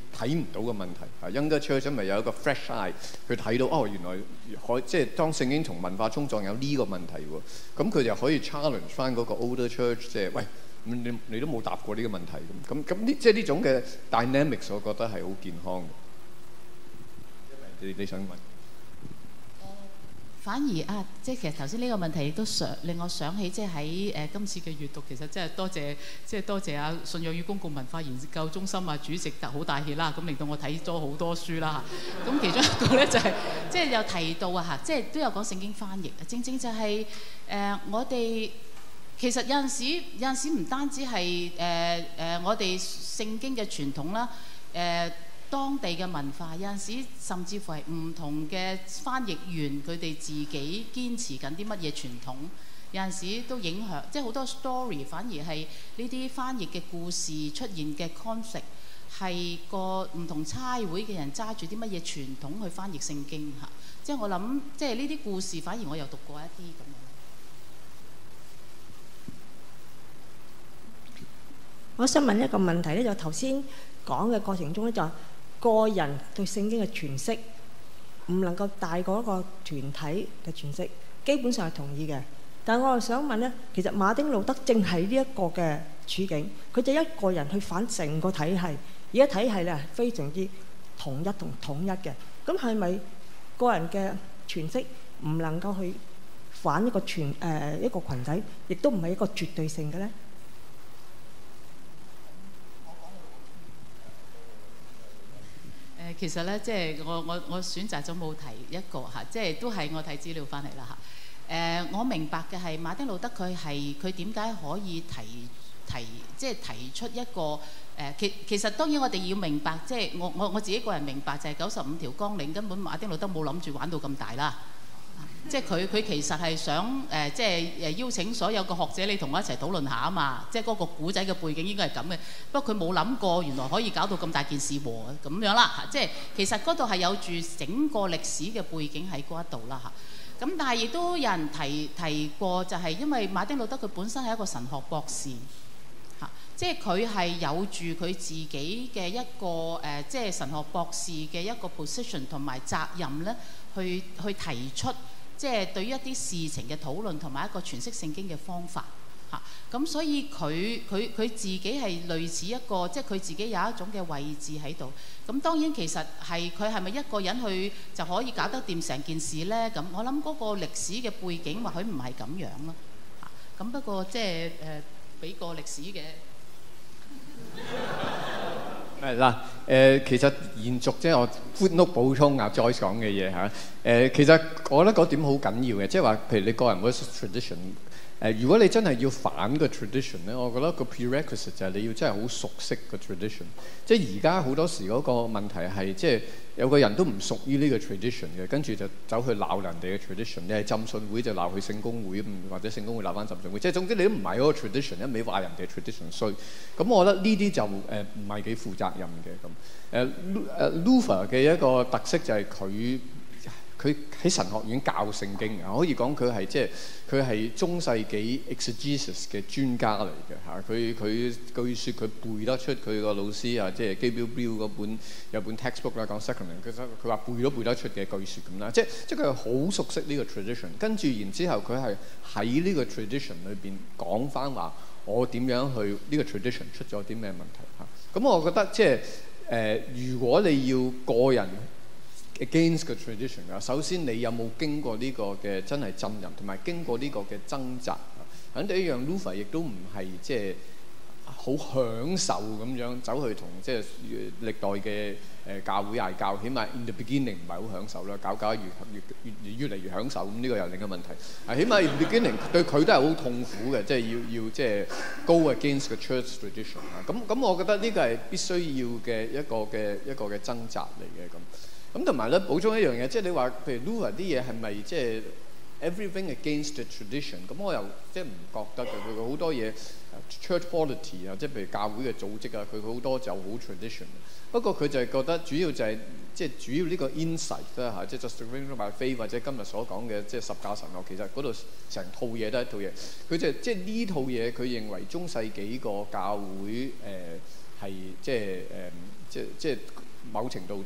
睇唔到嘅問題，啊，younger church 咪有一個 fresh eye，佢睇到哦，原來可即係當聖經同文化衝撞有呢個問題喎，咁佢就可以 challenge 翻嗰個 older church，即係喂，你你都冇答過呢個問題咁，咁咁呢即係呢種嘅 dynamics，我覺得係好健康嘅。有有你你想問？反而啊，即係其實頭先呢個問題亦都想令我想起，即係喺誒今次嘅閱讀，其實真係多謝，即係多謝啊！信仰與公共文化研究中心啊主席好大熱啦，咁令到我睇咗好多書啦。咁 其中一個咧就係、是，即、就、係、是、有提到啊，吓，即係都有講聖經翻譯啊，正正就係、是、誒、呃、我哋其實有陣時，有陣時唔單止係誒誒我哋聖經嘅傳統啦誒。呃當地嘅文化，有陣時甚至乎係唔同嘅翻譯員佢哋自己堅持緊啲乜嘢傳統，有陣時都影響，即係好多 story 反而係呢啲翻譯嘅故事出現嘅 conflict 係個唔同差會嘅人揸住啲乜嘢傳統去翻譯聖經嚇，即係我諗，即係呢啲故事反而我又讀過一啲咁樣。我想問一個問題咧，就頭先講嘅過程中咧就是。個人對聖經嘅詮釋唔能夠大過一個團體嘅詮釋，基本上係同意嘅。但係我係想問咧，其實馬丁路德正係呢一個嘅處境，佢就一個人去反成個體系，而家體系咧非常之統一同統一嘅。咁係咪個人嘅詮釋唔能夠去反一個全誒一個羣體，亦都唔係一個絕對性嘅咧？其實咧，即係我我我選擇咗冇提一個嚇，即係都係我睇資料翻嚟啦嚇。誒，我明白嘅係馬丁路德佢係佢點解可以提提即係提出一個誒，其其實當然我哋要明白，即係我我我自己個人明白就係九十五條綱領根本馬丁路德冇諗住玩到咁大啦。 即係佢佢其實係想誒、呃、即係誒邀請所有嘅學者你同我一齊討論下啊嘛！即係嗰個古仔嘅背景應該係咁嘅，不過佢冇諗過原來可以搞到咁大件事喎咁樣啦！即係其實嗰度係有住整個歷史嘅背景喺嗰一度啦嚇。咁、啊、但係亦都有人提提過，就係因為馬丁路德佢本身係一個神學博士嚇、啊，即係佢係有住佢自己嘅一個誒、呃，即係神學博士嘅一個 position 同埋責任咧，去去提出。即係對於一啲事情嘅討論同埋一個詮釋聖經嘅方法嚇，咁所以佢佢佢自己係類似一個，即係佢自己有一種嘅位置喺度。咁當然其實係佢係咪一個人去就可以搞得掂成件事呢？咁我諗嗰個歷史嘅背景或許唔係咁樣咯。咁不過即係誒，俾、呃、過歷史嘅。 誒嗱，誒、嗯，其實延續即係我 footnote 補充啊，再講嘅嘢吓。誒，其實我覺得嗰點好緊要嘅，即係話譬如你個人嗰個 tradition。誒，如果你真係要反個 tradition 咧，我覺得個 prerequisite 就係你要真係好熟悉個 tradition。即係而家好多時嗰個問題係，即有個人都唔屬於呢個 tradition 嘅，跟住就走去鬧人哋嘅 tradition。你係浸信會就鬧去聖公會，或者聖公會鬧翻浸信會。即係總之你都唔係嗰個 tradition，一味話人哋 tradition 衰。咁我覺得呢啲就誒唔係幾負責任嘅咁。呃呃，Luther 嘅一個特色就係佢。佢喺神學院教聖經，可以講佢係即係佢係中世紀 exegesis 嘅專家嚟嘅嚇。佢佢據説佢背得出佢個老師啊，即係基比標嗰本有本 textbook 啦，講 secondary 佢話背都背得出嘅據説咁啦。即即係佢好熟悉呢個 tradition，跟住然之後佢係喺呢個 tradition 裏邊講翻話，我點樣去呢個 tradition 出咗啲咩問題啊？咁我覺得即係誒、呃，如果你要個人，Against the tradition 啊，首先你有冇經過呢個嘅真係浸淫，同埋經過呢個嘅掙扎，肯定一樣 Luther 亦都唔係即係好享受咁樣走去同即係歷代嘅誒教會嗌交。起碼 in the beginning 唔係好享受啦，搞搞越越越嚟越，越享受咁呢個又另一個問題。起碼 in the beginning 對佢都係好痛苦嘅，即係要要即係 go against the church tradition 啊。咁咁，我覺得呢個係必須要嘅一個嘅一個嘅掙扎嚟嘅咁。咁同埋咧，補充一樣嘢，即係你話譬如 Luther 啲嘢係咪即係 everything against the tradition？咁我又即係唔覺得嘅。佢好多嘢 church quality 啊，即係譬如教會嘅組織啊，佢好多就好 tradition。不過佢就係覺得主要就係即係主要呢個 insight 啦嚇，即係 justifying by faith 或者今日所講嘅即係十架神學，其實嗰度成套嘢都係一套嘢。佢就即係呢套嘢，佢認為中世紀個教會誒係、呃即係呃即係、即係誒即即某程度。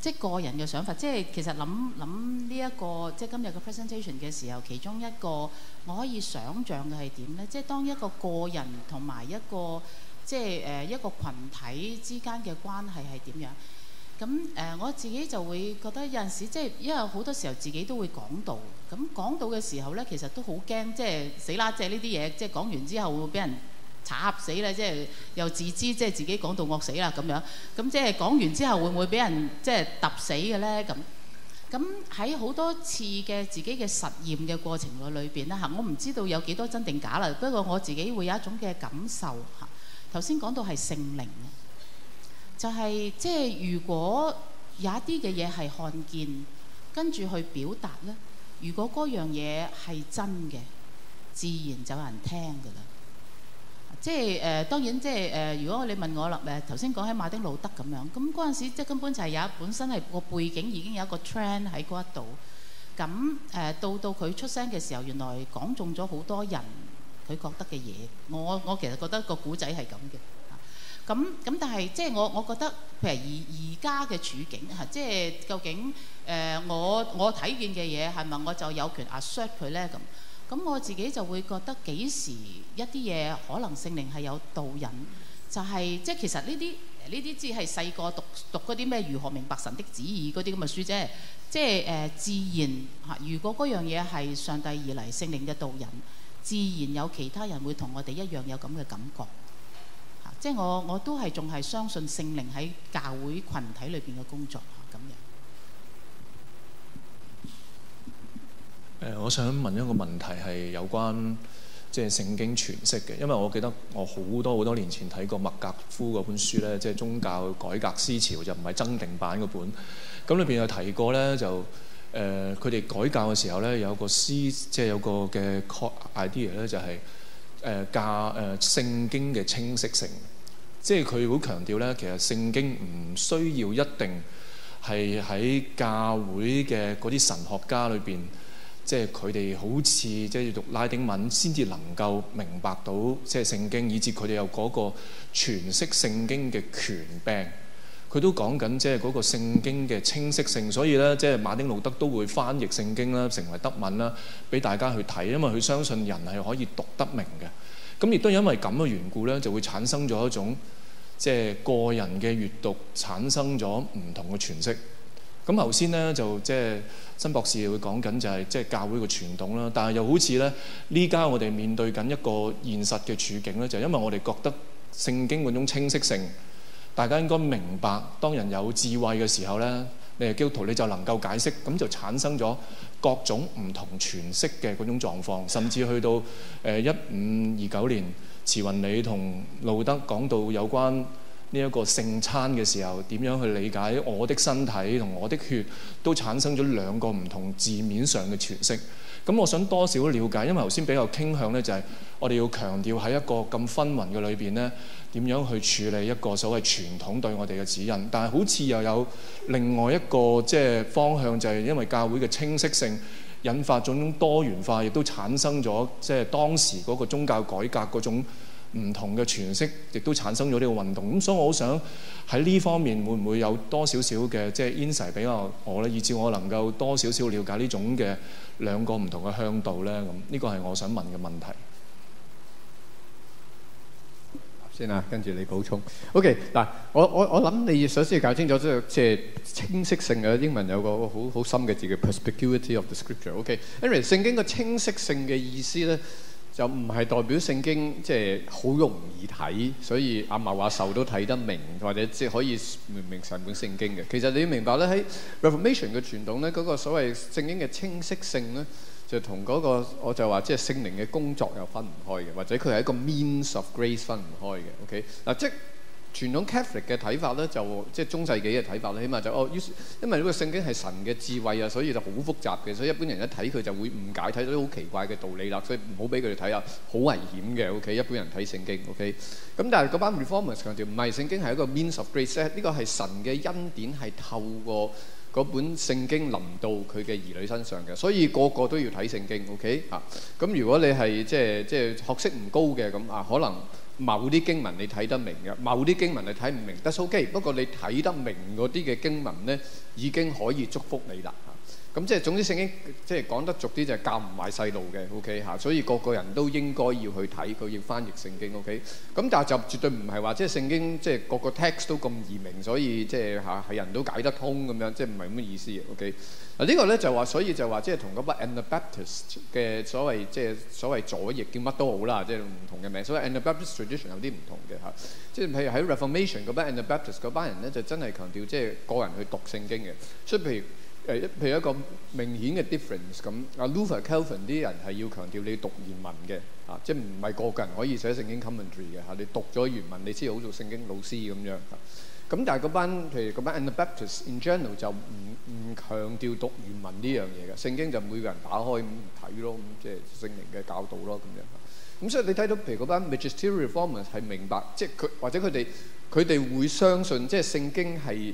即係個人嘅想法，即係其實諗諗呢一個，即係今日嘅 presentation 嘅時候，其中一個我可以想像嘅係點呢？即係當一個個人同埋一個即係誒一個群體之間嘅關係係點樣？咁誒，我自己就會覺得有陣時即係因為好多時候自己都會講到，咁講到嘅時候呢，其實都好驚，即係死啦！即係呢啲嘢，即係講完之後會俾人。嚇死啦！即係又自知，即係自己講到惡死啦咁樣。咁即係講完之後會會，會唔會俾人即係揼死嘅咧？咁咁喺好多次嘅自己嘅實驗嘅過程裏邊咧嚇，我唔知道有幾多真定假啦。不過我自己會有一種嘅感受嚇。頭先講到係聖靈，就係、是、即係如果有一啲嘅嘢係看見，跟住去表達咧。如果嗰樣嘢係真嘅，自然就有人聽㗎啦。即係誒、呃，當然即係誒、呃。如果你問我啦，誒頭先講起馬丁路德咁樣，咁嗰陣時候即係根本就係有本身係個背景已經有一個 trend 喺嗰一度，咁誒、呃、到到佢出聲嘅時候，原來講中咗好多人佢覺得嘅嘢。我我其實覺得個古仔係咁嘅。咁、啊、咁，但係即係我我覺得譬如而而家嘅處境嚇、啊，即係究竟誒、呃、我我睇見嘅嘢係咪我就有權 assert 佢咧咁？咁我自己就會覺得幾時一啲嘢可能聖靈係有導引，就係、是、即係其實呢啲呢啲只係細個讀讀嗰啲咩如何明白神的旨意嗰啲咁嘅書啫，即係誒自然嚇。如果嗰樣嘢係上帝而嚟聖靈嘅導引，自然有其他人會同我哋一樣有咁嘅感覺，即係我我都係仲係相信聖靈喺教會群體裏邊嘅工作。誒、呃，我想問一個問題係有關即係聖經詮釋嘅，因為我記得我好多好多年前睇過麥格夫嗰本書咧，即係宗教改革思潮就唔係增訂版嗰本。咁裏邊有提過咧，就誒佢哋改教嘅時候咧，有個思即係有個嘅 idea 咧、就是，就係誒教誒聖、呃、經嘅清晰性，即係佢好強調咧，其實聖經唔需要一定係喺教會嘅嗰啲神學家裏邊。即係佢哋好似即係要讀拉丁文先至能夠明白到即係聖經，以至佢哋有嗰個詮釋聖經嘅權柄。佢都講緊即係嗰個聖經嘅清晰性，所以咧即係馬丁路德都會翻譯聖經啦，成為德文啦，俾大家去睇，因為佢相信人係可以讀得明嘅。咁亦都因為咁嘅緣故咧，就會產生咗一種即係、就是、個人嘅閱讀，產生咗唔同嘅詮釋。咁頭先咧就即係、就是、辛博士會講緊就係即係教會個傳統啦，但係又好似咧呢家我哋面對緊一個現實嘅處境咧，就是、因為我哋覺得聖經嗰種清晰性，大家應該明白，當人有智慧嘅時候咧，你係基督徒你就能夠解釋，咁就產生咗各種唔同詮釋嘅嗰種狀況，甚至去到誒一五二九年，慈運理同路德講到有關，呢一個聖餐嘅時候，點樣去理解我的身體同我的血，都產生咗兩個唔同字面上嘅詮釋。咁我想多少了解，因為頭先比較傾向咧，就係我哋要強調喺一個咁紛紜嘅裏邊咧，點樣去處理一個所謂傳統對我哋嘅指引。但係好似又有另外一個即係方向，就係、是、因為教會嘅清晰性，引發種種多元化，亦都產生咗即係當時嗰個宗教改革嗰種。唔同嘅詮釋，亦都產生咗呢個運動。咁所以我好想喺呢方面，會唔會有多少少嘅即係 insight 俾我我咧，以至我能夠多少少了解呢種嘅兩個唔同嘅向度咧。咁呢個係我想問嘅問題。先啊，跟住你補充。OK，嗱，我我我諗你首先要搞清楚即係即係清晰性嘅英文有個好好深嘅字叫 perspicuity of the scripture。OK，Aaron，anyway, 聖經嘅清晰性嘅意思咧。就唔係代表聖經即係好容易睇，所以阿茂阿壽都睇得明，或者即係可以明明神本聖經嘅。其實你要明白咧，喺 Reformation 嘅傳統咧，嗰個所謂聖經嘅清晰性咧，就同嗰個我就話即係聖靈嘅工作又分唔開嘅，或者佢係一個 means of grace 分唔開嘅。OK，嗱即傳統 Catholic 嘅睇法咧，就即係中世紀嘅睇法咧，起碼就哦，因為呢個聖經係神嘅智慧啊，所以就好複雜嘅，所以一般人一睇佢就會誤解，睇到啲好奇怪嘅道理啦，所以唔好俾佢哋睇啊，好危險嘅。OK，一般人睇聖經。OK，咁但係嗰班 Reformers 強調，唔係聖經係一個 Means of Grace，呢個係神嘅恩典係透過嗰本聖經臨到佢嘅兒女身上嘅，所以個個都要睇聖經。OK，啊，咁如果你係即係即係學識唔高嘅咁啊，可能。某啲經文你睇得明嘅，某啲經文你睇唔明。OK，不過你睇得明嗰啲嘅經文呢，已經可以祝福你啦。咁即係總之聖經，即係講得俗啲就係教唔壞細路嘅，OK 嚇，所以個個人都應該要去睇佢，要翻譯聖經，OK。咁但係就絕對唔係話即係聖經，即係個個 text 都咁易明，所以即係嚇係人都解得通咁樣，即係唔係咁嘅意思，OK。嗱呢個咧就話所以就話即係同嗰班 Anabaptist 嘅所謂即係所謂左翼叫乜都好啦，即係唔同嘅名，所以 Anabaptist tradition 有啲唔同嘅嚇，即係譬如喺 Reformation 嗰班 Anabaptist 嗰班人咧就真係強調即係個人去讀聖經嘅，所以譬如。誒，譬如一個明顯嘅 difference 咁，阿 Luther Calvin 啲人係要強調你讀原文嘅，啊，即係唔係個個人可以寫聖經 commentary 嘅，嚇你讀咗原文，你先好似聖經老師咁樣。咁但係嗰班譬如嗰班 Anabaptists in general 就唔唔強調讀原文呢樣嘢嘅，聖經就每個人打開咁睇咯，咁即係聖靈嘅教導咯咁樣。咁所以你睇到譬如嗰班 Magisterial Reformers 係明白，即係佢或者佢哋佢哋會相信即係聖經係。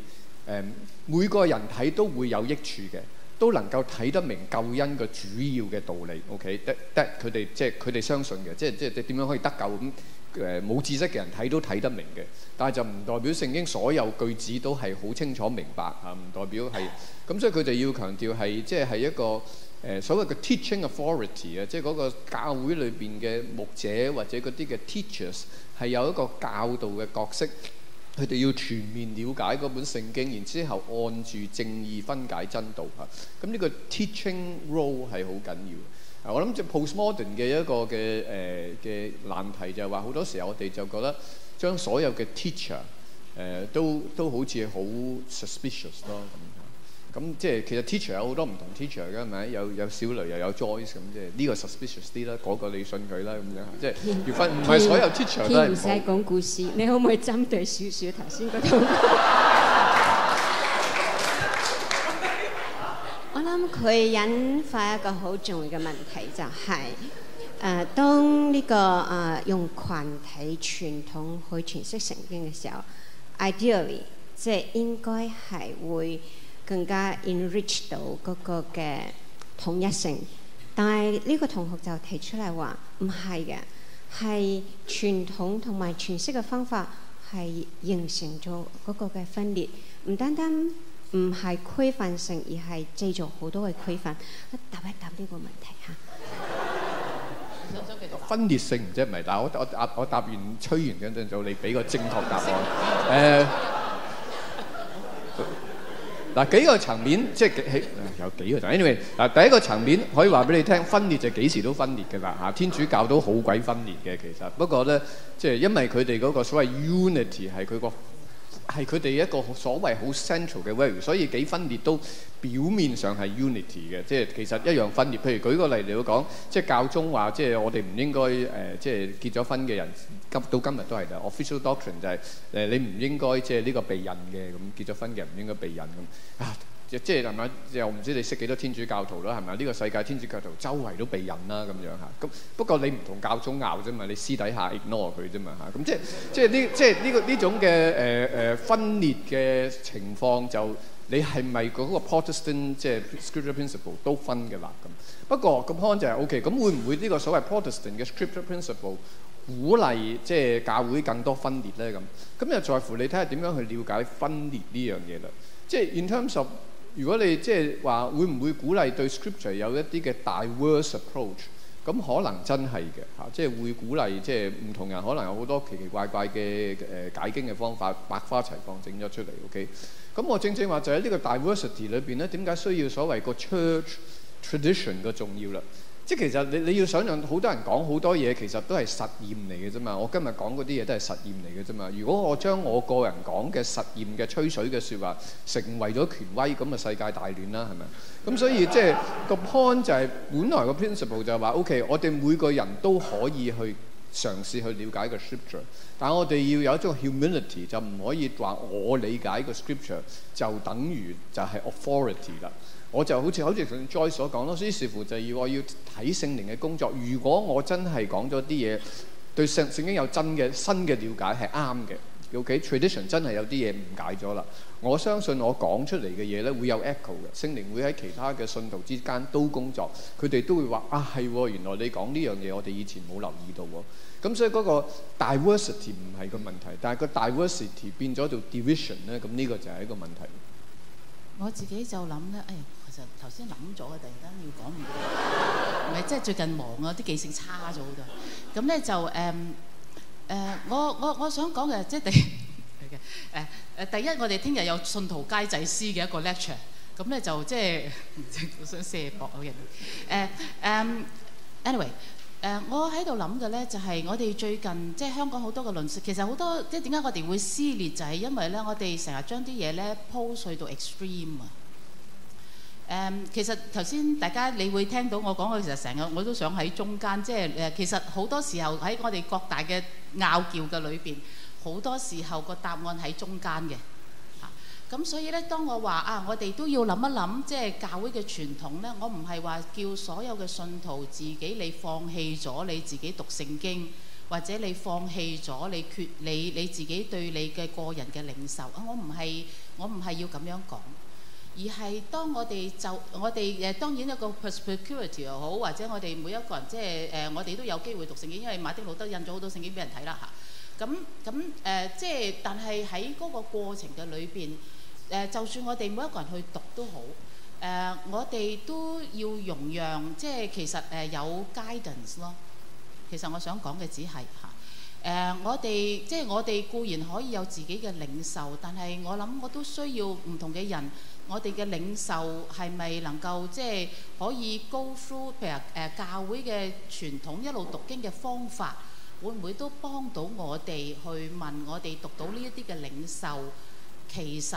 誒，每個人睇都會有益處嘅，都能夠睇得明救恩嘅主要嘅道理。OK，得得佢哋即係佢哋相信嘅，即係即係點樣可以得救咁，誒、嗯、冇知識嘅人睇都睇得明嘅，但係就唔代表聖經所有句子都係好清楚明白啊，唔代表係。咁所以佢哋要強調係即係一個誒所謂嘅 teaching authority 啊，即係嗰個教會裏邊嘅牧者或者嗰啲嘅 teachers 係有一個教導嘅角色。佢哋要全面了解嗰本聖經，然之後按住正義分解真道吓，咁、嗯、呢個 teaching role 係好緊要嘅。我諗即係 postmodern 嘅一個嘅誒嘅難題就係話好多時候我哋就覺得將所有嘅 teacher 誒、呃、都都好似好 suspicious 咯。嗯咁即係其實 teacher 有好多唔同 teacher 㗎，係咪有有小雷又有 Joyce，咁即係呢個 suspicious 啲啦，嗰個你信佢啦咁樣。即係月份唔係所有 teacher 都係。唔使講故事，你可唔可以針對少少頭先嗰個？我諗佢引發一個好重要嘅問題，就係誒當呢個誒用羣體傳統去詮釋《聖經》嘅時候，ideally 即係應該係會。更加 enrich 到嗰個嘅統一性，但係呢個同學就提出嚟話唔係嘅，係傳統同埋詮釋嘅方法係形成咗嗰個嘅分裂，唔單單唔係規範性，而係製造好多嘅規範。答一答呢個問題嚇。分裂性唔知係咪？嗱，我我答我，我答完吹完嗰陣就你俾個正確答案。嗱，幾個層面，即係幾起有幾個層。anyway，嗱，第一個層面可以話俾你聽，分裂就幾時都分裂嘅啦。吓，天主教都好鬼分裂嘅。其實不過咧，即係因為佢哋嗰個所謂 unity 係佢個。係佢哋一個所謂好 central 嘅 value，所以幾分裂都表面上係 unity 嘅，即係其實一樣分裂。譬如舉個例子，呃就是呃，你要講即係教宗話，即係我哋唔應該誒，即係結咗婚嘅人今到今日都係嘅 official doctrine 就係誒，你唔應該即係呢個避孕嘅，咁結咗婚嘅唔應該避孕咁啊。即係係咪又唔知你識幾多天主教徒啦？係咪呢個世界天主教徒周圍都被人啦咁樣嚇。咁不過你唔同教宗拗啫嘛，你私底下 ignore 佢啫嘛嚇。咁即係即係呢、呢個、即係呢、呢個呢種嘅誒誒分裂嘅情況就，就你係咪嗰個 Protestant 即係 Scripture Principle 都分嘅啦？咁不過個 point 就係、係、OK。咁會唔會呢個所謂 Protestant 嘅 Scripture Principle 鼓勵即係教會更多分裂咧？咁咁又在乎你睇下點樣去了解分裂呢樣嘢啦。即係 In terms of 如果你即係話會唔會鼓勵對 scripture 有一啲嘅 diverse approach，咁可能真係嘅嚇，即、就、係、是、會鼓勵即係唔同人可能有好多奇奇怪怪嘅誒解經嘅方法，百花齊放整咗出嚟。OK，咁我正正話就喺呢個 diversity 裏面咧，點解需要所謂個 church tradition 嘅重要嘞？即係其實你你要想像，好多人講好多嘢，其實都係實驗嚟嘅啫嘛。我今日講嗰啲嘢都係實驗嚟嘅啫嘛。如果我將我個人講嘅實驗嘅吹水嘅説話成為咗權威，咁啊世界大亂啦，係咪啊？咁所以即係個 point 就係，本來個 principle 就係話，OK，我哋每個人都可以去。嘗試去了解個 scripture，但係我哋要有一種 humility，就唔可以話我理解個 scripture 就等於就係 authority 啦。我就好似好似 Joy 所講咯，於是乎就要我要睇聖靈嘅工作。如果我真係講咗啲嘢對聖聖經有真嘅新嘅了解係啱嘅。OK，tradition、okay? 真係有啲嘢誤解咗啦。我相信我講出嚟嘅嘢咧會有 echo 嘅，聖靈會喺其他嘅信徒之間都工作，佢哋都會話啊，係喎，原來你講呢樣嘢，我哋以前冇留意到喎。咁所以嗰個 diversity 唔係個問題，但係個 diversity 變咗做 division 咧，咁呢個就係一個問題。我自己就諗咧，哎，其實頭先諗咗嘅，突然間要講唔到，唔係 即係最近忙啊，啲記性差咗㗎。咁咧就誒。嗯誒、uh, 我我我想講嘅即係第嘅誒、 uh, 第一，我哋聽日有信徒皆祭司嘅一個 lecture，咁咧就即係唔想卸好的、uh, um, anyway, uh, 我想卸膊啊人誒 anyway 誒我喺度諗嘅咧就係我哋最近即係、就是、香港好多嘅論述，其實好多即係點解我哋會撕裂就係因為咧我哋成日將啲嘢咧鋪碎到 extreme 啊！誒，其實頭先大家你會聽到我講嘅，其實成日我都想喺中間，即係誒，其實好多時候喺我哋各大嘅拗撬嘅裏邊，好多時候個答案喺中間嘅。嚇，咁所以咧，當我話啊，我哋都要諗一諗，即係教會嘅傳統咧，我唔係話叫所有嘅信徒自己你放棄咗你自己讀聖經，或者你放棄咗你決你你自己對你嘅個人嘅領受啊，我唔係我唔係要咁樣講。而係當我哋就我哋誒，當然一個 perspicuity 又好，或者我哋每一個人即係誒，我哋都有機會讀聖經，因為馬丁路德印咗好多聖經俾人睇啦嚇。咁咁誒，即、啊、係、啊啊、但係喺嗰個過程嘅裏邊誒、啊，就算我哋每一個人去讀都好誒、啊，我哋都要容讓，即、啊、係其實誒有 guidance 咯。其實我想講嘅只係嚇誒，我哋即係我哋固然可以有自己嘅領受，但係我諗我都需要唔同嘅人。我哋嘅領受係咪能夠即係可以 go through，譬如誒、呃、教會嘅傳統一路讀經嘅方法，會唔會都幫到我哋去問我哋讀到呢一啲嘅領受？其實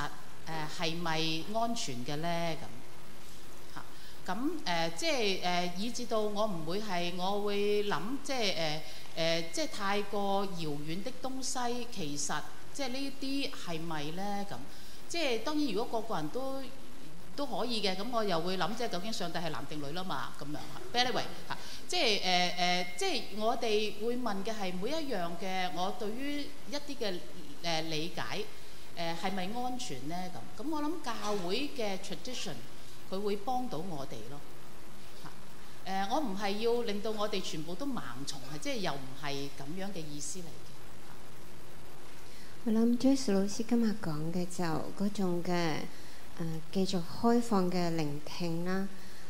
誒係咪安全嘅呢？咁咁誒，即係誒、呃，以致到我唔會係，我會諗即係誒誒，即係、呃、太過遙遠的東西，其實即係呢啲係咪呢？咁。即係當然，如果個個人都都可以嘅，咁我又會諗，即係究竟上帝係男定女啦嘛？咁樣，But anyway，嚇、呃呃，即係誒誒，即係我哋會問嘅係每一樣嘅，我對於一啲嘅誒理解誒係咪安全咧？咁，咁我諗教會嘅 tradition 佢會幫到我哋咯。嚇，誒，我唔係要令到我哋全部都盲從，係即係又唔係咁樣嘅意思嚟。我諗 Joyce 老師今日講嘅就嗰種嘅誒、呃、繼續開放嘅聆聽啦，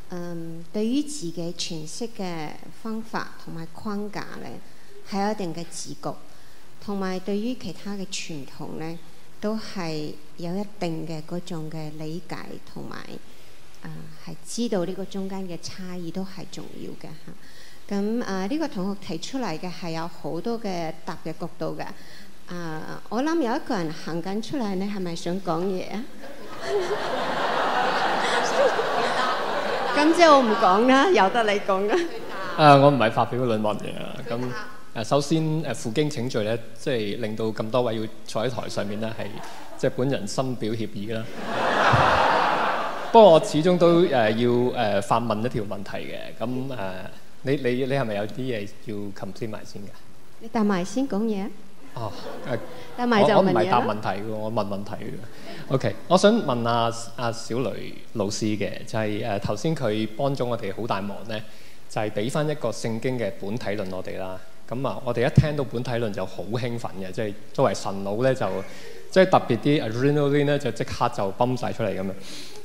嗯、呃，對於自己詮釋嘅方法同埋框架咧，係有一定嘅自覺，同埋對於其他嘅傳統咧，都係有一定嘅嗰種嘅理解同埋誒，係、呃、知道呢個中間嘅差異都係重要嘅嚇。咁啊，呢、呃呢個同學提出嚟嘅係有好多嘅答嘅角度嘅。啊！我諗有一個人行緊出嚟，你係咪想講嘢啊？咁即係我唔講啦，由得你講啦。誒，我唔係發表論文嘅咁誒。首先誒，負荊請罪咧，即係令到咁多位要坐喺台上面咧，係即係本人深表歉意啦。不過我始終都誒要誒發問一條問題嘅咁誒，你你你係咪有啲嘢要琴先埋先㗎？你但埋先講嘢。哦，啊、但誒，我唔係答問題嘅，了我問問題嘅。OK，我想問下阿小雷老師嘅，就係誒頭先佢幫咗我哋好大忙咧，就係俾翻一個聖經嘅本體論我哋啦。咁啊，我哋一聽到本體論就好興奮嘅，即、就、係、是、作為神腦咧就，即、就、係、是、特別啲阿瑞納咧就即刻就崩晒出嚟咁樣！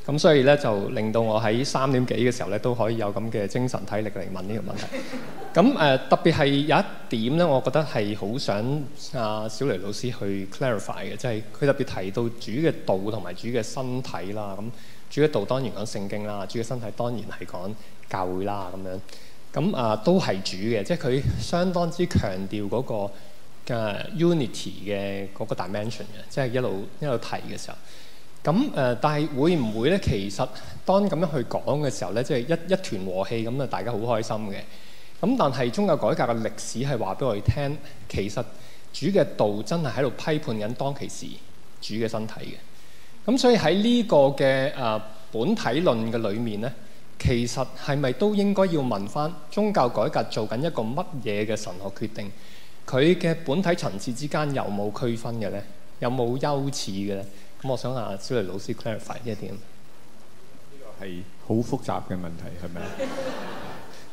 咁所以咧就令到我喺三點幾嘅時候咧都可以有咁嘅精神體力嚟問呢個問題。咁、 呃、特別係有一點咧，我覺得係好想阿小雷老師去 clarify 嘅，即係佢特別提到主嘅道同埋主嘅身體啦。咁、啊、主嘅道當然講聖經啦，主嘅身體當然係講教會啦咁樣。咁啊、啊都係主嘅，即係佢相當之強調嗰個嘅 unity 嘅嗰個 dimension 嘅，即係一路一路提嘅時候。咁、嗯、但係會唔會咧？其實當咁樣去講嘅時候咧，即、就、係、是、一一團和氣咁啊，大家好開心嘅。咁但係宗教改革嘅歷史係話俾我哋聽，其實主嘅道真係喺度批判緊當其時主嘅身體嘅。咁所以喺呢個嘅、呃、本體論嘅裏面咧，其實係咪都應該要問翻宗教改革做緊一個乜嘢嘅神學決定？佢嘅本體層次之間有冇區分嘅咧？有冇優次嘅咧？嗯、我想啊，小雷老師 clarify 一點，呢個係好複雜嘅問題，係咪 啊？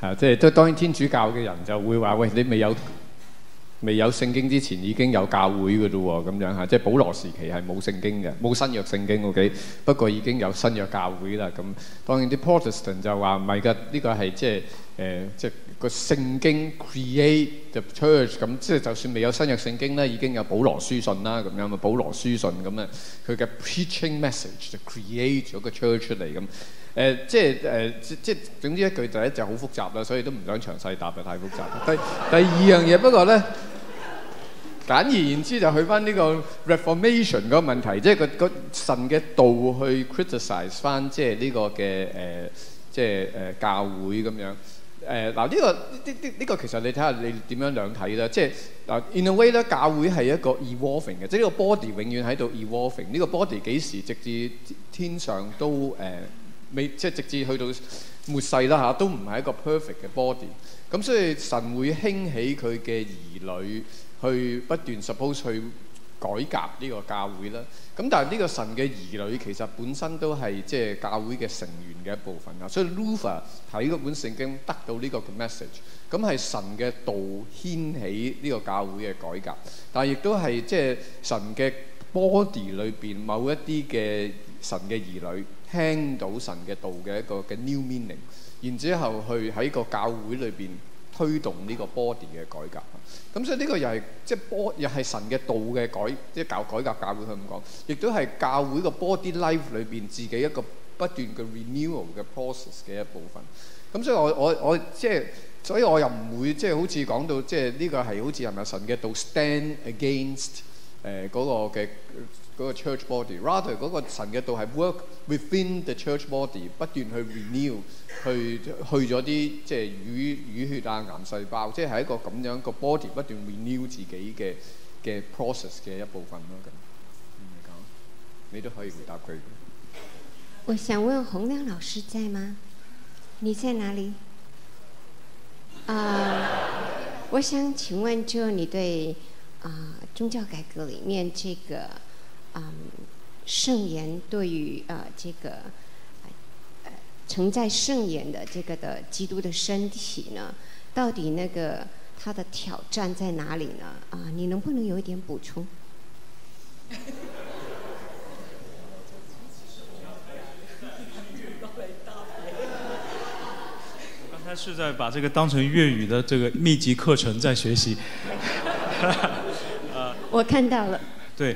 啊、就是，即係都當然天主教嘅人就會話：喂，你未有未有聖經之前已經有教會嘅啫喎，咁樣嚇。即、就、係、是、保羅時期係冇聖經嘅，冇新約聖經 OK，不過已經有新約教會啦。咁當然啲 Protestant 就話唔係㗎，呢、這個係即係。就是誒即係個聖經 create the church 咁，即係就算未有新約聖經咧，已經有保羅書信啦咁樣嘛。保羅書信咁啊，佢嘅 preaching message 就 create 咗個 church 出嚟咁。誒即係誒即係總之一句就係就好複雜啦，所以都唔想詳細答啊，太複雜。第 第二樣嘢不過咧，簡而言之就去翻呢個 reformation 個問題，即係個個神嘅道去 criticise 翻、這個呃、即係呢個嘅誒即係誒教會咁樣。誒嗱呢個呢、這個這個其實你睇下你點樣兩睇啦，即係嗱、呃，in a way 咧，教會係一個 evolving 嘅，即係呢個 body 永遠喺度 evolving。呢、這個 body 幾時直至天上都未、呃，即係直至去到末世啦吓都唔係一個 perfect 嘅 body。咁所以神會興起佢嘅兒女去不斷 suppose 去。改革呢個教會啦，咁但係呢個神嘅兒女其實本身都係即係教會嘅成員嘅一部分啊，所以 Luther 睇嗰本聖經得到呢個 message，咁係神嘅道掀起呢個教會嘅改革，但係亦都係即係神嘅 body 裏邊某一啲嘅神嘅兒女聽到神嘅道嘅一個嘅 new meaning，然之後去喺個教會裏邊，推動呢個 body 嘅改革，咁所以呢個又係即係 body 又係神嘅道嘅改，即係教改革教會佢咁講，亦都係教會個 body life 裏邊自己一個不斷嘅 renewal 嘅 process 嘅一部分。咁所以我我我即係、就是，所以我又唔會即係、就是、好似講到即係呢個係好似係咪神嘅道 stand against 誒、呃、嗰、那個嘅。嗰個 church body，rather 嗰個神嘅道係 work within the church body，不斷去 renew，去去咗啲即係淤淤血啊、癌細胞，即係一個咁樣個 body 不斷 renew 自己嘅嘅 process 嘅一部分咯。咁你都可以回答佢。我想問洪亮老師在嗎？你在哪裏？啊、uh,，我想請問就你對啊、uh, 宗教改革裡面這個。嗯，聖言對於呃這個承載、呃、聖言的這個的基督的身體呢，到底那個他的挑戰在哪裡呢？啊、呃，你能不能有一點補充？ 剛才是在把這個當成粵語的這個密集課程在學習。 呃、我看到了。對。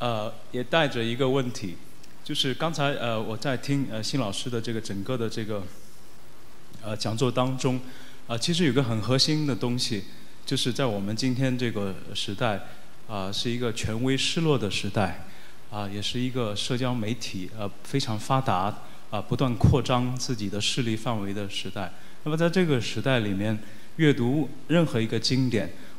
呃，也帶着一個問題，就是剛才呃，我在聽呃，辛老師的這個整個的這個，呃，講座當中，啊、呃，其實有個很核心的東西，就是在我們今天這個時代，啊、呃，是一個權威失落的時代，啊、呃，也是一個社交媒體呃非常發達，啊、呃，不斷擴張自己的勢力範圍的時代。那麼在這個時代裏面，閱讀任何一個經典。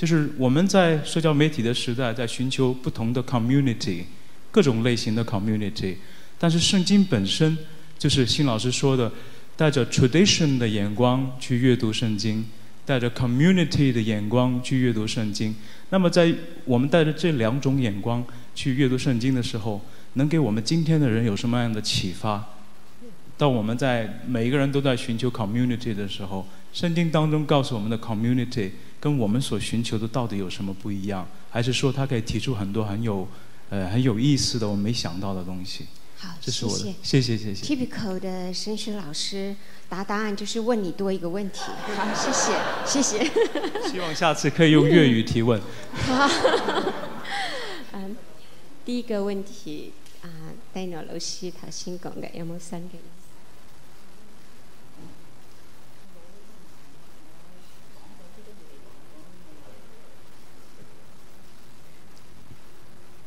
就是我們在社交媒體的時代，在尋求不同的 community，各種類型的 community，但是聖經本身，就是辛老師說的，帶着 tradition 的眼光去閱讀聖經，帶着 community 的眼光去閱讀聖經。那麼在我們帶着這兩種眼光去閱讀聖經的時候，能給我們今天的人有什麼樣的啟發？當我們在每一個人都在尋求 community 的時候。聖經當中告訴我們的 community 跟我們所尋求的到底有什麼不一樣，還是說他可以提出很多很有，呃很有意思的我沒想到的東西？好，這是我的。謝謝謝謝。Typical 的神學老師答答案就是問你多一個問題。 好，謝謝 謝謝。希望下次可以用粵語提問。好，嗯，第一個問題，啊、呃，戴耀老師頭先講嘅有冇新嘅？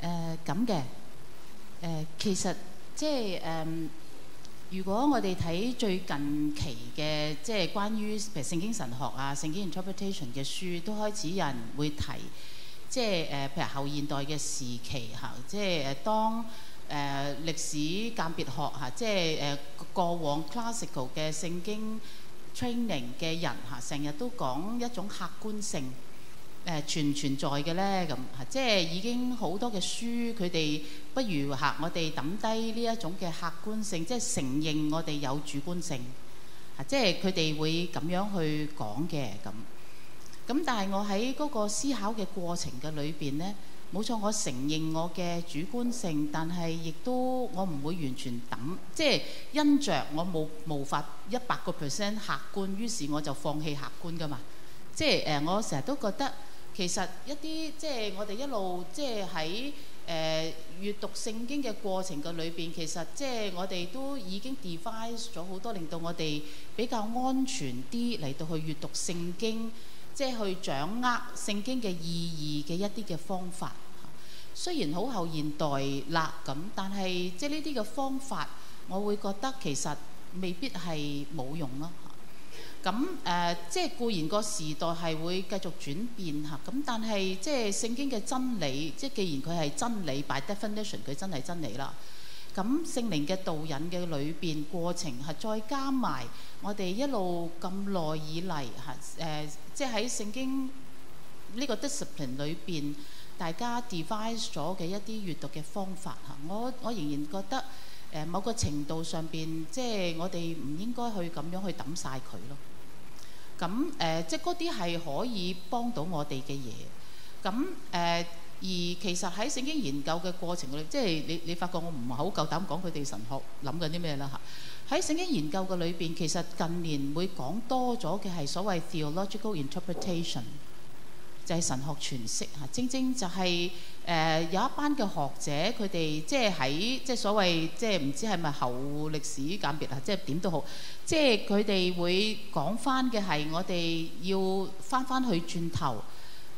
誒咁嘅，誒、呃呃、其實即係誒、呃，如果我哋睇最近期嘅即係關於譬如聖經神學啊、聖經 interpretation 嘅書，都開始有人會提，即係誒、呃、譬如後現代嘅時期嚇、啊，即係當誒、呃、歷史鑑別學嚇、啊，即係誒過往 classical 嘅聖經 training 嘅人嚇，成、啊、日都講一種客觀性。誒存唔存在嘅咧咁，即係已經好多嘅書，佢哋不如我下我哋抌低呢一種嘅客觀性，即係承認我哋有主觀性，啊，即係佢哋會咁樣去講嘅咁。咁但係我喺嗰個思考嘅過程嘅裏邊咧，冇錯，我承認我嘅主觀性，但係亦都我唔會完全抌，即係因着我冇無，無法一百個 percent 客觀，於是我就放棄客觀噶嘛。即係誒，我成日都覺得。其實一啲，即係我哋一路，即係喺誒閱讀聖經嘅過程嘅裏邊，其實即係我哋都已經 devise 咗好多，令到我哋比較安全啲嚟到去閱讀聖經，即係去掌握聖經嘅意義嘅一啲嘅方法。雖然好後現代啦咁，但係即係呢啲嘅方法，我會覺得其實未必係冇用囉。咁誒、呃，即係固然個時代係會繼續轉變嚇，咁但係即係聖經嘅真理，即係既然佢係真理，by definition 佢真係真理啦。咁聖靈嘅導引嘅裏邊過程係再加埋我哋一路咁耐以嚟嚇誒，即係喺聖經呢個 discipline 裏邊，大家 d e v i s e 咗嘅一啲閲讀嘅方法嚇，我我仍然覺得誒、呃、某個程度上邊，即係我哋唔應該去咁樣去抌晒佢咯。咁誒、呃，即係嗰啲係可以幫到我哋嘅嘢。咁誒、呃，而其實喺聖經研究嘅過程裏，即係你你發覺我唔係好夠膽講佢哋神學諗緊啲咩啦吓。喺聖經研究嘅裏邊，其實近年會講多咗嘅係所謂 theological interpretation。就係神學詮釋嚇，正正就係、是、誒、呃、有一班嘅學者，佢哋即係喺即係所謂即係唔知係咪後歷史鑑別啊，即係點都好，即係佢哋會講翻嘅係我哋要翻翻去轉頭誒誒、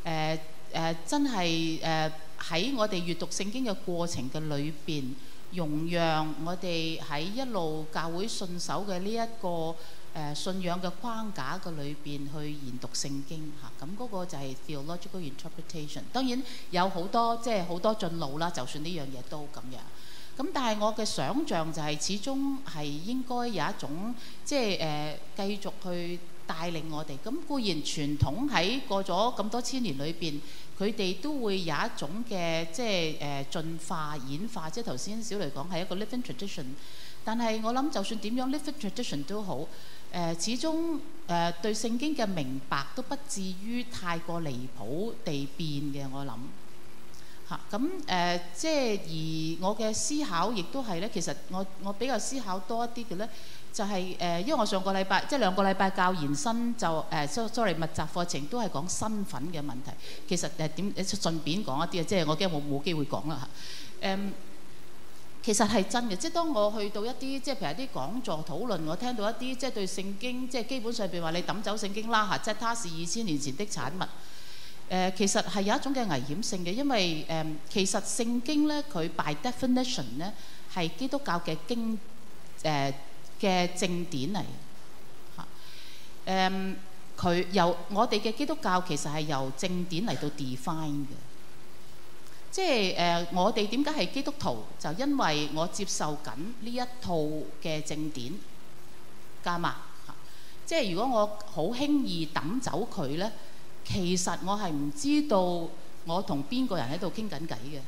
呃呃，真係誒喺我哋閱讀聖經嘅過程嘅裏邊。容讓我哋喺一路教會信守嘅呢一個誒信仰嘅框架嘅裏面去研讀聖經嚇，咁、那、嗰個就係 theological interpretation。當然有好多即係好多進路啦，就算呢樣嘢都咁樣。咁但係我嘅想像就係始終係應該有一種即係誒繼續去帶領我哋。咁固然傳統喺過咗咁多千年裏面。佢哋都會有一種嘅即係、呃、進化演化，即係頭先小雷講係一個 living tradition。但係我諗，就算點樣 living tradition 都好，呃、始終誒、呃、對聖經嘅明白都不至於太過離譜地變嘅。我諗咁、啊嗯呃、即係而我嘅思考亦都係呢，其實我我比較思考多一啲嘅呢。就係、是、誒，因為我上個禮拜即兩個禮拜教延伸就誒、啊、sorry 密集課程都係講身份嘅問題。其實誒點誒順便講一啲啊，即係我驚冇冇機會講啦嚇誒。其實係真嘅，即當我去到一啲即係譬如啲講座討論，我聽到一啲即係對聖經即係基本上邊話你揼走聖經啦嚇，即係它是二千年前的產物誒、呃。其實係有一種嘅危險性嘅，因為誒、呃、其實聖經咧佢 by definition 咧係基督教嘅經誒，呃嘅正典嚟，佢、嗯、由我哋嘅基督教其實係由正典嚟到 define 嘅，即係、呃、我哋點解係基督徒？就因為我接受緊呢一套嘅正典，加嘛，即係如果我好輕易抌走佢呢，其實我係唔知道我同邊個人喺度傾緊偈嘅，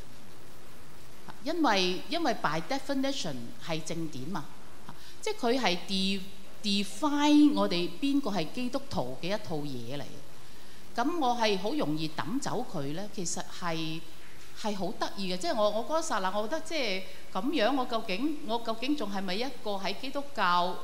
因為因為 by definition 係正典嘛。即係佢係 define 我哋邊個係基督徒嘅一套嘢嚟，咁我係好容易抌走佢咧。其實係係好得意嘅，即係、就是、我我嗰一剎那，我覺得即係咁樣我，我究竟我究竟仲係咪一個喺基督教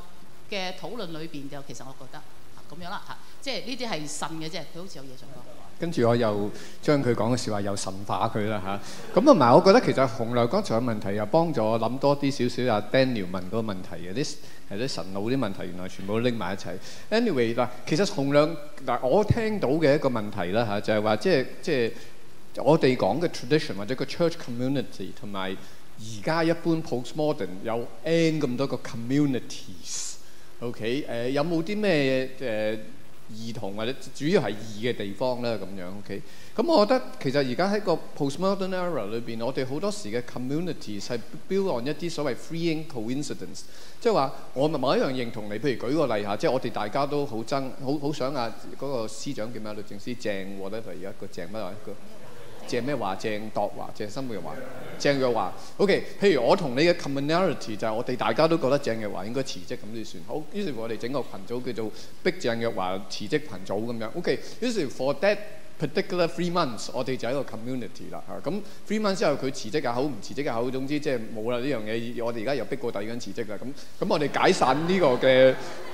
嘅討論裏邊，就其實我覺得咁樣啦，嚇、就是，即係呢啲係信嘅啫，佢好似有嘢想講。跟住我又將佢講嘅説話又神化佢啦，吓，咁同埋我覺得其實洪亮剛才嘅問題又幫咗我諗多啲少少，阿 Daniel 問嗰個問題啲係啲神腦啲問題，原來全部拎埋一齊。Anyway 嗱，其實洪亮嗱，我聽到嘅一個問題啦，吓，就係話即係即係我哋講嘅 tradition 或者個 church community 同埋而家一般 postmodern 有 n 咁多個 communities。OK 誒，有冇啲咩誒異同或者主要係異嘅地方啦咁樣，OK？咁我覺得其實而家喺個 postmodern era 裏邊，我哋好多時嘅 community 係 build on 一啲所謂 freeing coincidence，即係話我咪某一樣認同你，譬如舉個例下，即係我哋大家都好憎，好好想啊嗰個司長叫咩律政司鄭，佢而家個鄭乜話一個。一個鄭咩華、鄭駁華、鄭心慧華、鄭若華，OK。譬如我同你嘅 commonality 就係我哋大家都覺得鄭若華應該辭職咁就算好。好，於是乎我哋整個群組叫做逼鄭若華辭職群組咁樣。OK。於是乎 for that particular three months，我哋就係一個 community 啦嚇。咁 three months 之後佢辭職啊好，唔辭職啊好，總之即係冇啦呢樣嘢。我哋而家又逼過第二個人辭職啦。咁咁我哋解散呢個嘅。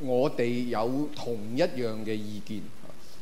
我哋有同一樣嘅意見，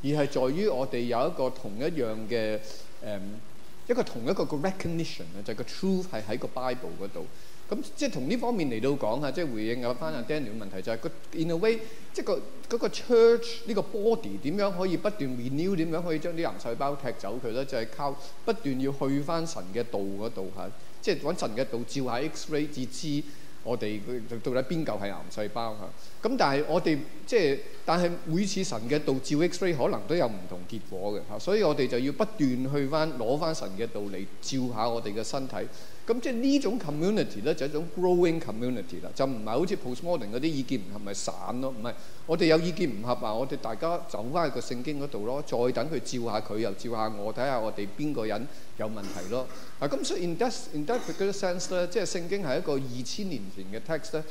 而係在於我哋有一個同一樣嘅誒、嗯、一個同一個嘅 recognition 啊，就係個 truth 係喺個 Bible 度。咁即係從呢方面嚟到講啊，即係回應翻阿 Daniel 問題，就係、是、個 in a way 即係、這個咁、這個 church 呢個 body 點樣可以不斷 renew？點樣可以將啲癌細胞踢走佢咧？就係、是、靠不斷要去翻神嘅道嗰度嚇，即係揾神嘅道照喺 X-ray 至知。我哋到底邊嚿係癌細胞吓？咁但係我哋即係，但係每次神嘅道照 X-ray 可能都有唔同結果嘅吓，所以我哋就要不斷去翻攞翻神嘅道嚟照一下我哋嘅身體。咁即係呢種 community 咧，就係一種 growing community 啦，就唔係好似 postmodern 嗰啲意見唔合咪散咯，唔係我哋有意見唔合啊，我哋大家走翻去個聖經嗰度咯，再等佢照下佢又照下我，睇下我哋邊個人有問題咯。啊，咁所以 in that in that particular sense 咧，即係聖經係一個二千年前嘅 text 咧，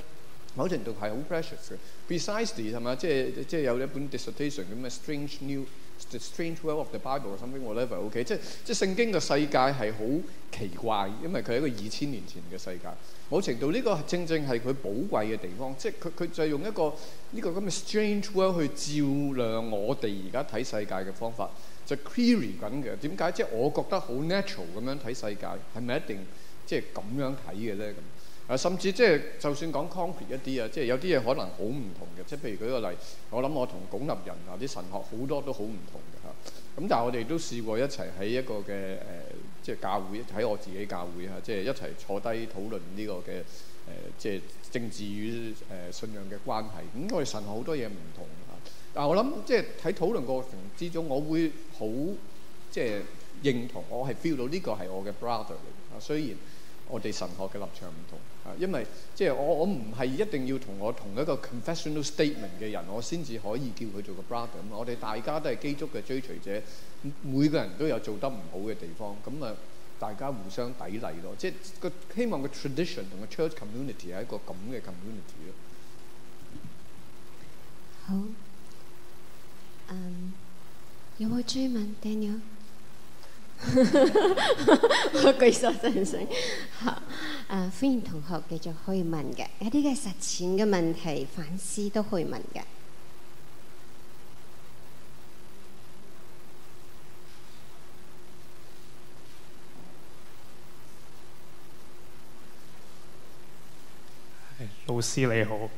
某程度係好 precious 嘅。Precisely 係嘛，即係即係有一本 dissertation 咁嘅 strange new。The strange world of the Bible something whatever OK，即係即係聖經嘅世界係好奇怪，因為佢係一個二千年前嘅世界。某程度呢個正正係佢寶貴嘅地方，即係佢佢就用一個呢、這個咁嘅 strange world 去照亮我哋而家睇世界嘅方法，就 query 緊嘅。點解？即係我覺得好 natural 咁樣睇世界，係咪一定即係咁樣睇嘅咧？咁？啊，甚至即係就算講 confident 一啲啊，即係有啲嘢可能好唔同嘅。即係譬如舉個例，我諗我同拱立人啊啲神學好多都好唔同嘅嚇。咁但係我哋都試過一齊喺一個嘅誒，即係教會喺我自己教會嚇，即係一齊坐低討論呢個嘅誒，即係政治與誒信仰嘅關係。咁我哋神學好多嘢唔同嚇，但係我諗即係喺討論過程之中，我會好即係認同，我係 feel 到呢個係我嘅 brother 嚟啊，雖然我哋神學嘅立場唔同。因為即係我我唔係一定要同我同一個 confessional statement 嘅人，我先至可以叫佢做個 brother。我哋大家都係基督嘅追隨者，每個人都有做得唔好嘅地方。咁啊，大家互相砥礪咯。即係個希望個 tradition 同個 church community 係一個咁嘅 community 咯。好，um, 有冇追問 Daniel？ 我據說好攰晒，真係，吓！啊，歡迎同學繼續可以問嘅，有啲嘅實踐嘅問題反思都可以問嘅。老師你好。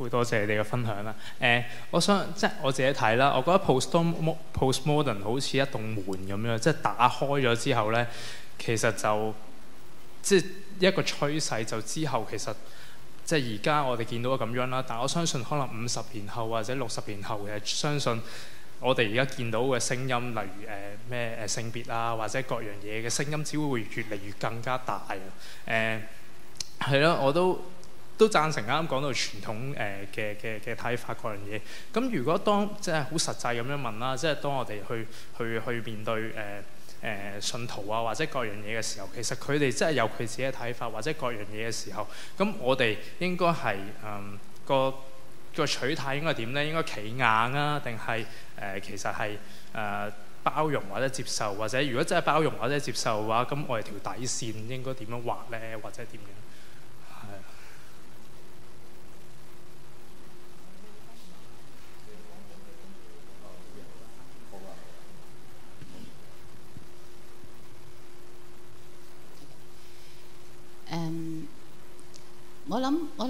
好多謝你哋嘅分享啦。誒、呃，我想即係我自己睇啦，我覺得 post-modern post 好似一棟門咁樣，即係打開咗之後呢，其實就即係一個趨勢，就之後其實即係而家我哋見到咁樣啦。但我相信可能五十年後或者六十年後嘅，相信我哋而家見到嘅聲音，例如誒咩、呃、性別啊，或者各樣嘢嘅聲音，只會會越嚟越更加大誒。係、呃、咯，我都。都贊成啱啱講到傳統誒嘅嘅嘅睇法、各樣嘢。咁如果當即係好實際咁樣問啦，即係當我哋去去去面對誒誒、呃呃、信徒啊或者各樣嘢嘅時候，其實佢哋即係有佢自己嘅睇法或者各樣嘢嘅時候，咁我哋應該係誒個個取態應該點咧？應該企硬啊，定係誒其實係誒、呃、包容或者接受，或者如果真係包容或者接受嘅話，咁我哋條底線應該點樣畫咧？或者點樣？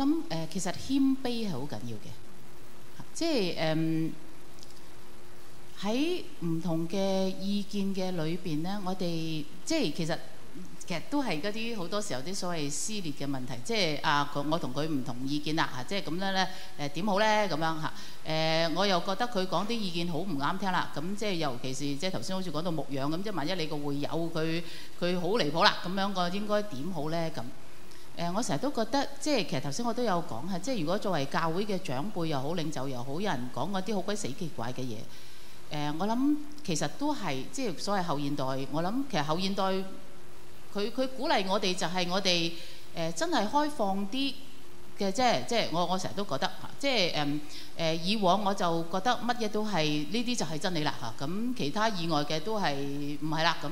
咁誒、嗯，其實謙卑係好緊要嘅，即係誒喺唔同嘅意見嘅裏邊咧，我哋即係其實其實都係嗰啲好多時候啲所謂撕裂嘅問題，即係啊，我我同佢唔同意見啦，啊，即係咁樣咧，誒、呃、點好咧？咁樣嚇誒、呃，我又覺得佢講啲意見好唔啱聽啦，咁即係尤其是即係頭先好似講到牧養咁，即係萬一你個會友佢佢好離譜啦，咁樣個應該點好咧？咁誒、呃，我成日都覺得，即係其實頭先我都有講吓，即係如果作為教會嘅長輩又好，領袖又好，有人講嗰啲好鬼死奇怪嘅嘢，誒、呃，我諗其實都係，即係所謂後現代。我諗其實後現代，佢佢鼓勵我哋就係我哋誒、呃、真係開放啲嘅，即係即係我我成日都覺得，即係誒誒以往我就覺得乜嘢都係呢啲就係真理啦嚇，咁、啊、其他以外嘅都係唔係啦咁。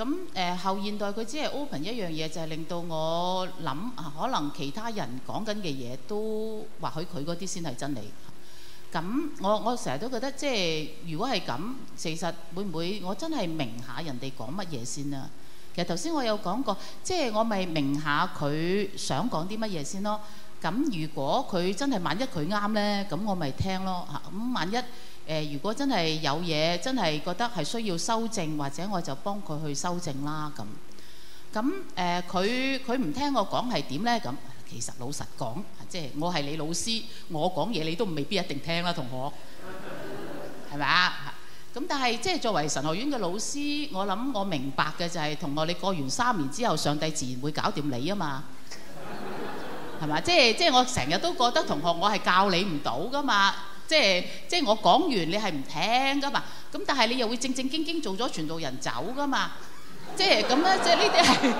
咁誒、呃、後現代佢只係 open 一樣嘢，就係、是、令到我諗可能其他人講緊嘅嘢都或許佢嗰啲先係真理的。咁我我成日都覺得，即係如果係咁，其實會唔會我真係明下人哋講乜嘢先啦？其實頭先我有講過，即係我咪明下佢想講啲乜嘢先咯。咁如果佢真係萬一佢啱呢，咁我咪聽咯嚇。咁、啊、萬一。誒，如果真係有嘢，真係覺得係需要修正，或者我就幫佢去修正啦咁。咁誒，佢佢唔聽我講係點咧？咁其實老實講，即係我係你老師，我講嘢你都未必一定聽啦，同學，係咪？ 咁但係即係作為神學院嘅老師，我諗我明白嘅就係同學，你過完三年之後，上帝自然會搞掂你啊嘛。係咪？ 即係即係我成日都覺得同學，我係教你唔到噶嘛。即係即係我講完你係唔聽㗎嘛，咁但係你又會正正經經做咗全部人走㗎嘛？即係咁啦，即係呢啲係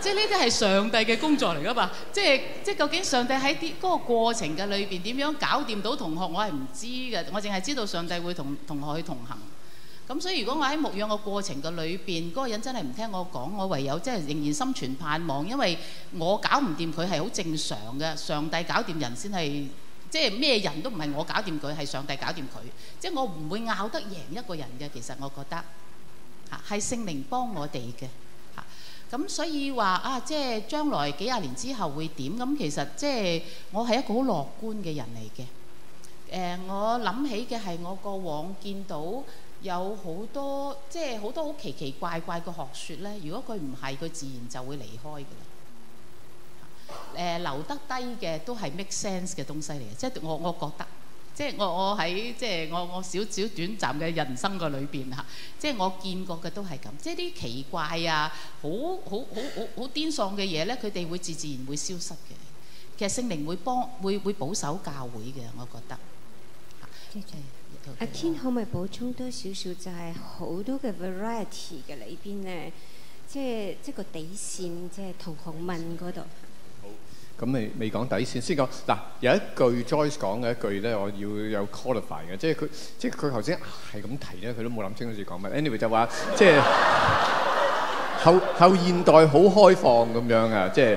即係呢啲係上帝嘅工作嚟㗎嘛？即係即係究竟上帝喺啲嗰個過程嘅裏邊點樣搞掂到同學，我係唔知嘅，我淨係知道上帝會同同學去同行。咁所以如果我喺牧養嘅過程嘅裏邊，嗰個人真係唔聽我講，我唯有即係仍然心存盼望，因為我搞唔掂佢係好正常嘅，上帝搞掂人先係。即係咩人都唔係我搞掂佢，係上帝搞掂佢。即係我唔會拗得贏一個人嘅。其實我覺得係聖靈幫我哋嘅。咁所以話啊，即係將來幾廿年之後會點？咁其實即係我係一個好樂觀嘅人嚟嘅。呃，我諗起嘅係我過往見到有好多即係好多好奇奇怪怪嘅學說呢。如果佢唔係，佢自然就會離開㗎啦。誒、呃、留得低嘅都係 make sense 嘅東西嚟嘅，即係我我覺得，即係我我喺即係我我少少短暫嘅人生嘅裏邊啊，即係我見過嘅都係咁，即係啲奇怪啊，好好好好好癲喪嘅嘢咧，佢哋會自自然會消失嘅。其實聖靈會幫會會保守教會嘅，我覺得。阿 Ken 可唔可以補充多少少？就係好多嘅 variety 嘅裏邊咧，即係即係個底線，即、就、係、是、同學問嗰度。咁未未講底線，先講嗱有一句 Joyce 講嘅一句咧，我要有 qualify 嘅，即係佢即係佢頭先係咁提咧，佢都冇諗清楚要講乜。Anyway 就話即係 後後現代好開放咁樣啊，即係。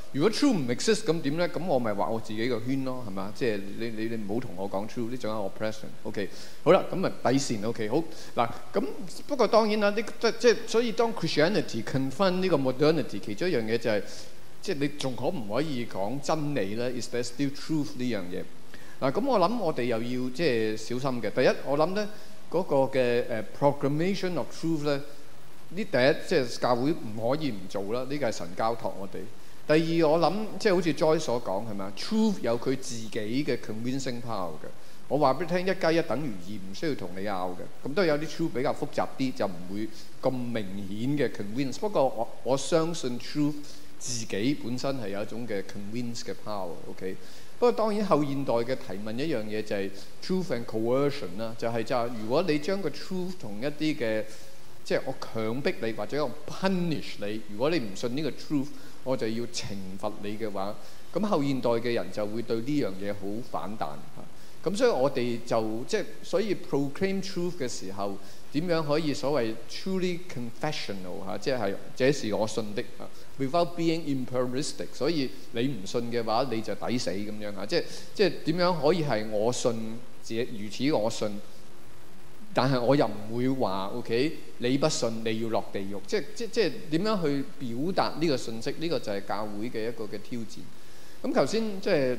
如果 true 唔 exist 咁點咧？咁我咪畫我自己個圈咯，係嘛？即係你你你唔好同我講 true 呢種我 present O.K. 好啦，咁啊底線 O.K. 好嗱。咁不過當然啦，啲即即係所以當 Christianity confronted 呢個 modernity，其中一樣嘢就係即係你仲可唔可以講真理咧？Is there still truth 呢樣嘢嗱？咁我諗我哋又要即係小心嘅。第一，我諗咧嗰個嘅誒 proclamation of truth 咧呢第一即係教會唔可以唔做啦。呢個係神交託我哋。第二，我諗即係好似 Joy 所講係咪，Truth 有佢自己嘅 convincing power 嘅。我話俾你聽，一加一等於二，唔需要同你拗嘅。咁都有啲 Truth 比較複雜啲，就唔會咁明顯嘅 convince。不過我我相信 Truth 自己本身係有一種嘅 convince 嘅 power。OK，不過當然後現代嘅提問一樣嘢就係 Truth and coercion 啦，就係就係如果你將個 Truth 同一啲嘅即係我強迫你或者我 punish 你，如果你唔信呢個 Truth。我就要懲罰你嘅話，咁後現代嘅人就會對呢樣嘢好反彈嚇。咁所以我哋就即係所以 proclaim truth 嘅時候，點樣可以所謂 truly confessional，即係這是我信的，without being imperialistic。所以你唔信嘅話，你就抵死咁樣。即係即係點樣可以係我信，這如此我信。但係我又唔會話，OK，你不信你要落地獄，即係即係即係點樣去表達呢個信息？呢個就係教會嘅一個嘅挑戰。咁頭先即係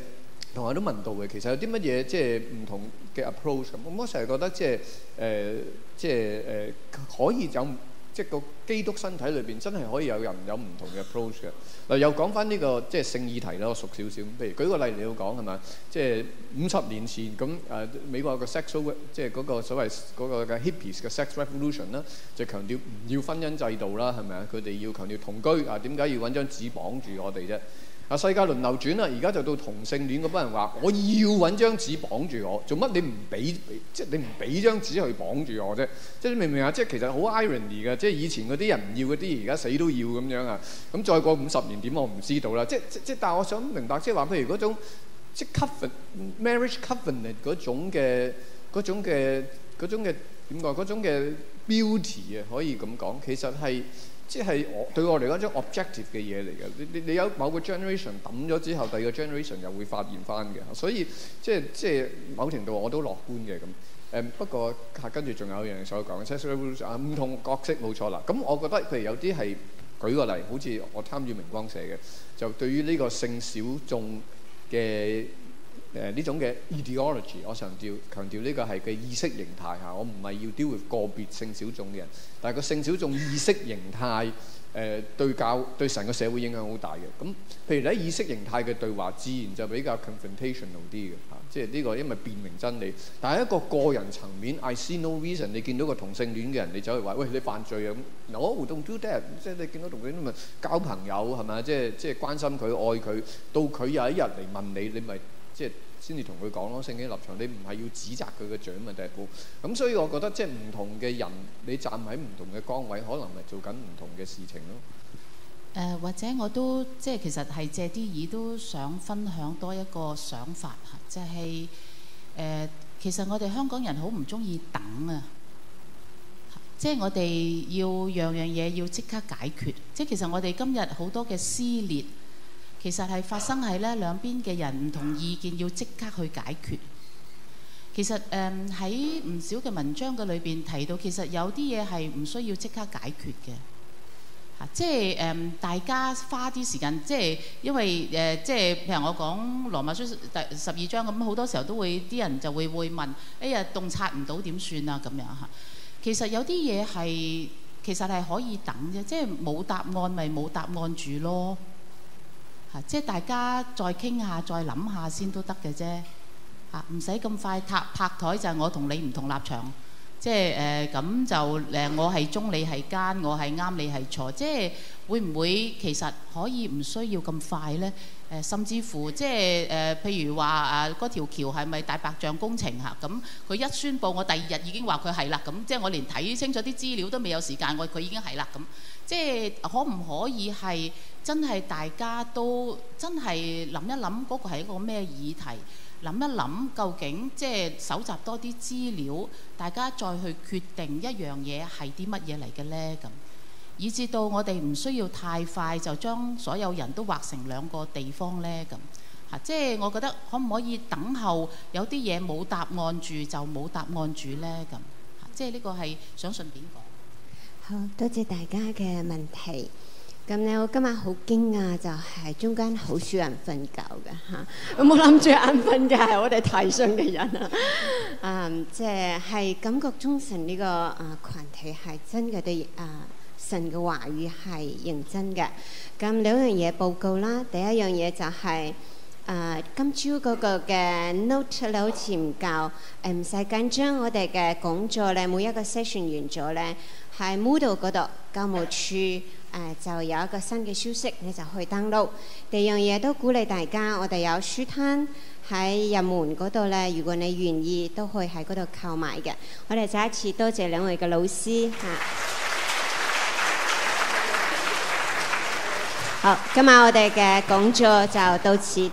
同學都問到嘅，其實有啲乜嘢即係唔同嘅 approach。咁我成日覺得即係誒、呃、即係、呃、可以有。即係個基督身體裏邊，真係可以有人有唔同嘅 approach 嘅。嗱，又講翻呢個即係性議題啦，我熟少少。譬如舉個例你要講係咪？即係五十年前咁誒、呃、美國有個 sexual 即係嗰個所謂嗰、嗰個嘅 hippies 嘅 sex revolution 啦，就強調唔要婚姻制度啦，係咪啊？佢哋要強調同居啊？點解要揾張紙綁住我哋啫？啊！世界輪流轉啦，而家就到同性戀嗰班人話：我要揾張紙綁住我，做乜？你唔俾？即係你唔俾張紙去綁住我啫！即你明唔明啊？即係其實好 irony 㗎！即係以前嗰啲人唔要嗰啲，而家死都要咁樣啊！咁再過五十年點？我唔知道啦。即係即但係我想明白，即係話譬如嗰種即係 co marriage covenant 嗰種嘅嗰種嘅嗰種嘅點講？嗰種嘅標題啊，y，可以咁講，其實係。即係我對我嚟講，一種 objective 嘅嘢嚟嘅。你你你有某個 generation 抌咗之後，第二個 generation 又會發現翻嘅。所以即係即係某程度我都樂觀嘅咁。誒不過嚇，跟住仲有樣嘢所講，即係唔同角色冇錯啦。咁我覺得譬如，有啲係舉個例，好似我參與明光社嘅，就對於呢個性小眾嘅。誒呢種嘅 ideology，我強調強調呢個係嘅意識形態嚇，我唔係要 deal with 個別性小眾嘅人，但係個性小眾意識形態誒對教對成個社會影響好大嘅。咁譬如你喺意識形態嘅對話，自然就比較 confrontational 啲嘅嚇，即係呢個因為辨明真理。但係一個個人層面，I see no reason，你見到個同性戀嘅人，你走去話喂，你犯罪啊，咁，我唔、no, don't do that，即係你見到同性戀咪交朋友係咪，即係即係關心佢愛佢，到佢有一日嚟問你，你咪～即係先至同佢講咯，聖經立場，你唔係要指責佢，嘅長啊定係高？咁所以我覺得即係唔同嘅人，你站喺唔同嘅崗位，可能咪做緊唔同嘅事情咯。誒、呃，或者我都即係其實係借啲耳、e、都想分享多一個想法，就係、是、誒、呃，其實我哋香港人好唔中意等啊！即係我哋要樣樣嘢要即刻解決，即係其實我哋今日好多嘅撕裂。其實係發生喺咧兩邊嘅人唔同意見，要即刻去解決。其實誒喺唔少嘅文章嘅裏邊提到，其實有啲嘢係唔需要即刻解決嘅、啊、即係誒、啊、大家花啲時間，即係因為誒、呃、即係譬如我講羅馬書第十二章咁，好多時候都會啲人就會會問：哎呀，洞察唔到點算啊？咁樣嚇。其實有啲嘢係其實係可以等嘅，即係冇答案咪冇答案住咯。即係大家再傾下、再諗下先都得嘅啫。嚇、啊，唔使咁快拍拍台就係我同你唔同立場。即係誒咁就誒、是呃呃，我係忠，你係奸，我係啱，你係錯。即、就、係、是、會唔會其實可以唔需要咁快呢？誒、呃，甚至乎即係誒，譬如話啊，嗰條橋係咪大白象工程嚇？咁、啊、佢一宣佈，我第二日已經話佢係啦。咁即係我連睇清楚啲資料都未有時間，我佢已經係啦。咁即係可唔可以係？真係大家都真係諗一諗嗰個係一個咩議題？諗一諗究竟即係搜集多啲資料，大家再去決定一樣嘢係啲乜嘢嚟嘅呢？咁以至到我哋唔需要太快就將所有人都劃成兩個地方呢？咁吓，即係我覺得可唔可以等候有啲嘢冇答案住就冇答案住呢？咁即係呢個係想順便講。好多謝大家嘅問題。咁你我今日好驚訝！就係、是、中間好少人瞓覺㗎吓，想我冇諗住眼瞓嘅，係我哋台上嘅人啊。誒，即係感覺中神呢、這個誒羣、呃、體係真嘅，啲、呃、誒神嘅話語係認真嘅。咁兩樣嘢報告啦，第一樣嘢就係、是、誒、呃、今朝嗰個嘅 note 你好似唔夠唔使緊張我，我哋嘅講座咧每一個 session 完咗咧喺 Moodle 嗰度教務處。誒、呃、就有一個新嘅消息，你就去登錄。第二樣嘢都鼓勵大家，我哋有書攤喺入門嗰度呢，如果你願意，都可以喺嗰度購買嘅。我哋再一次多謝兩位嘅老師吓 好，今晚我哋嘅講座就到此。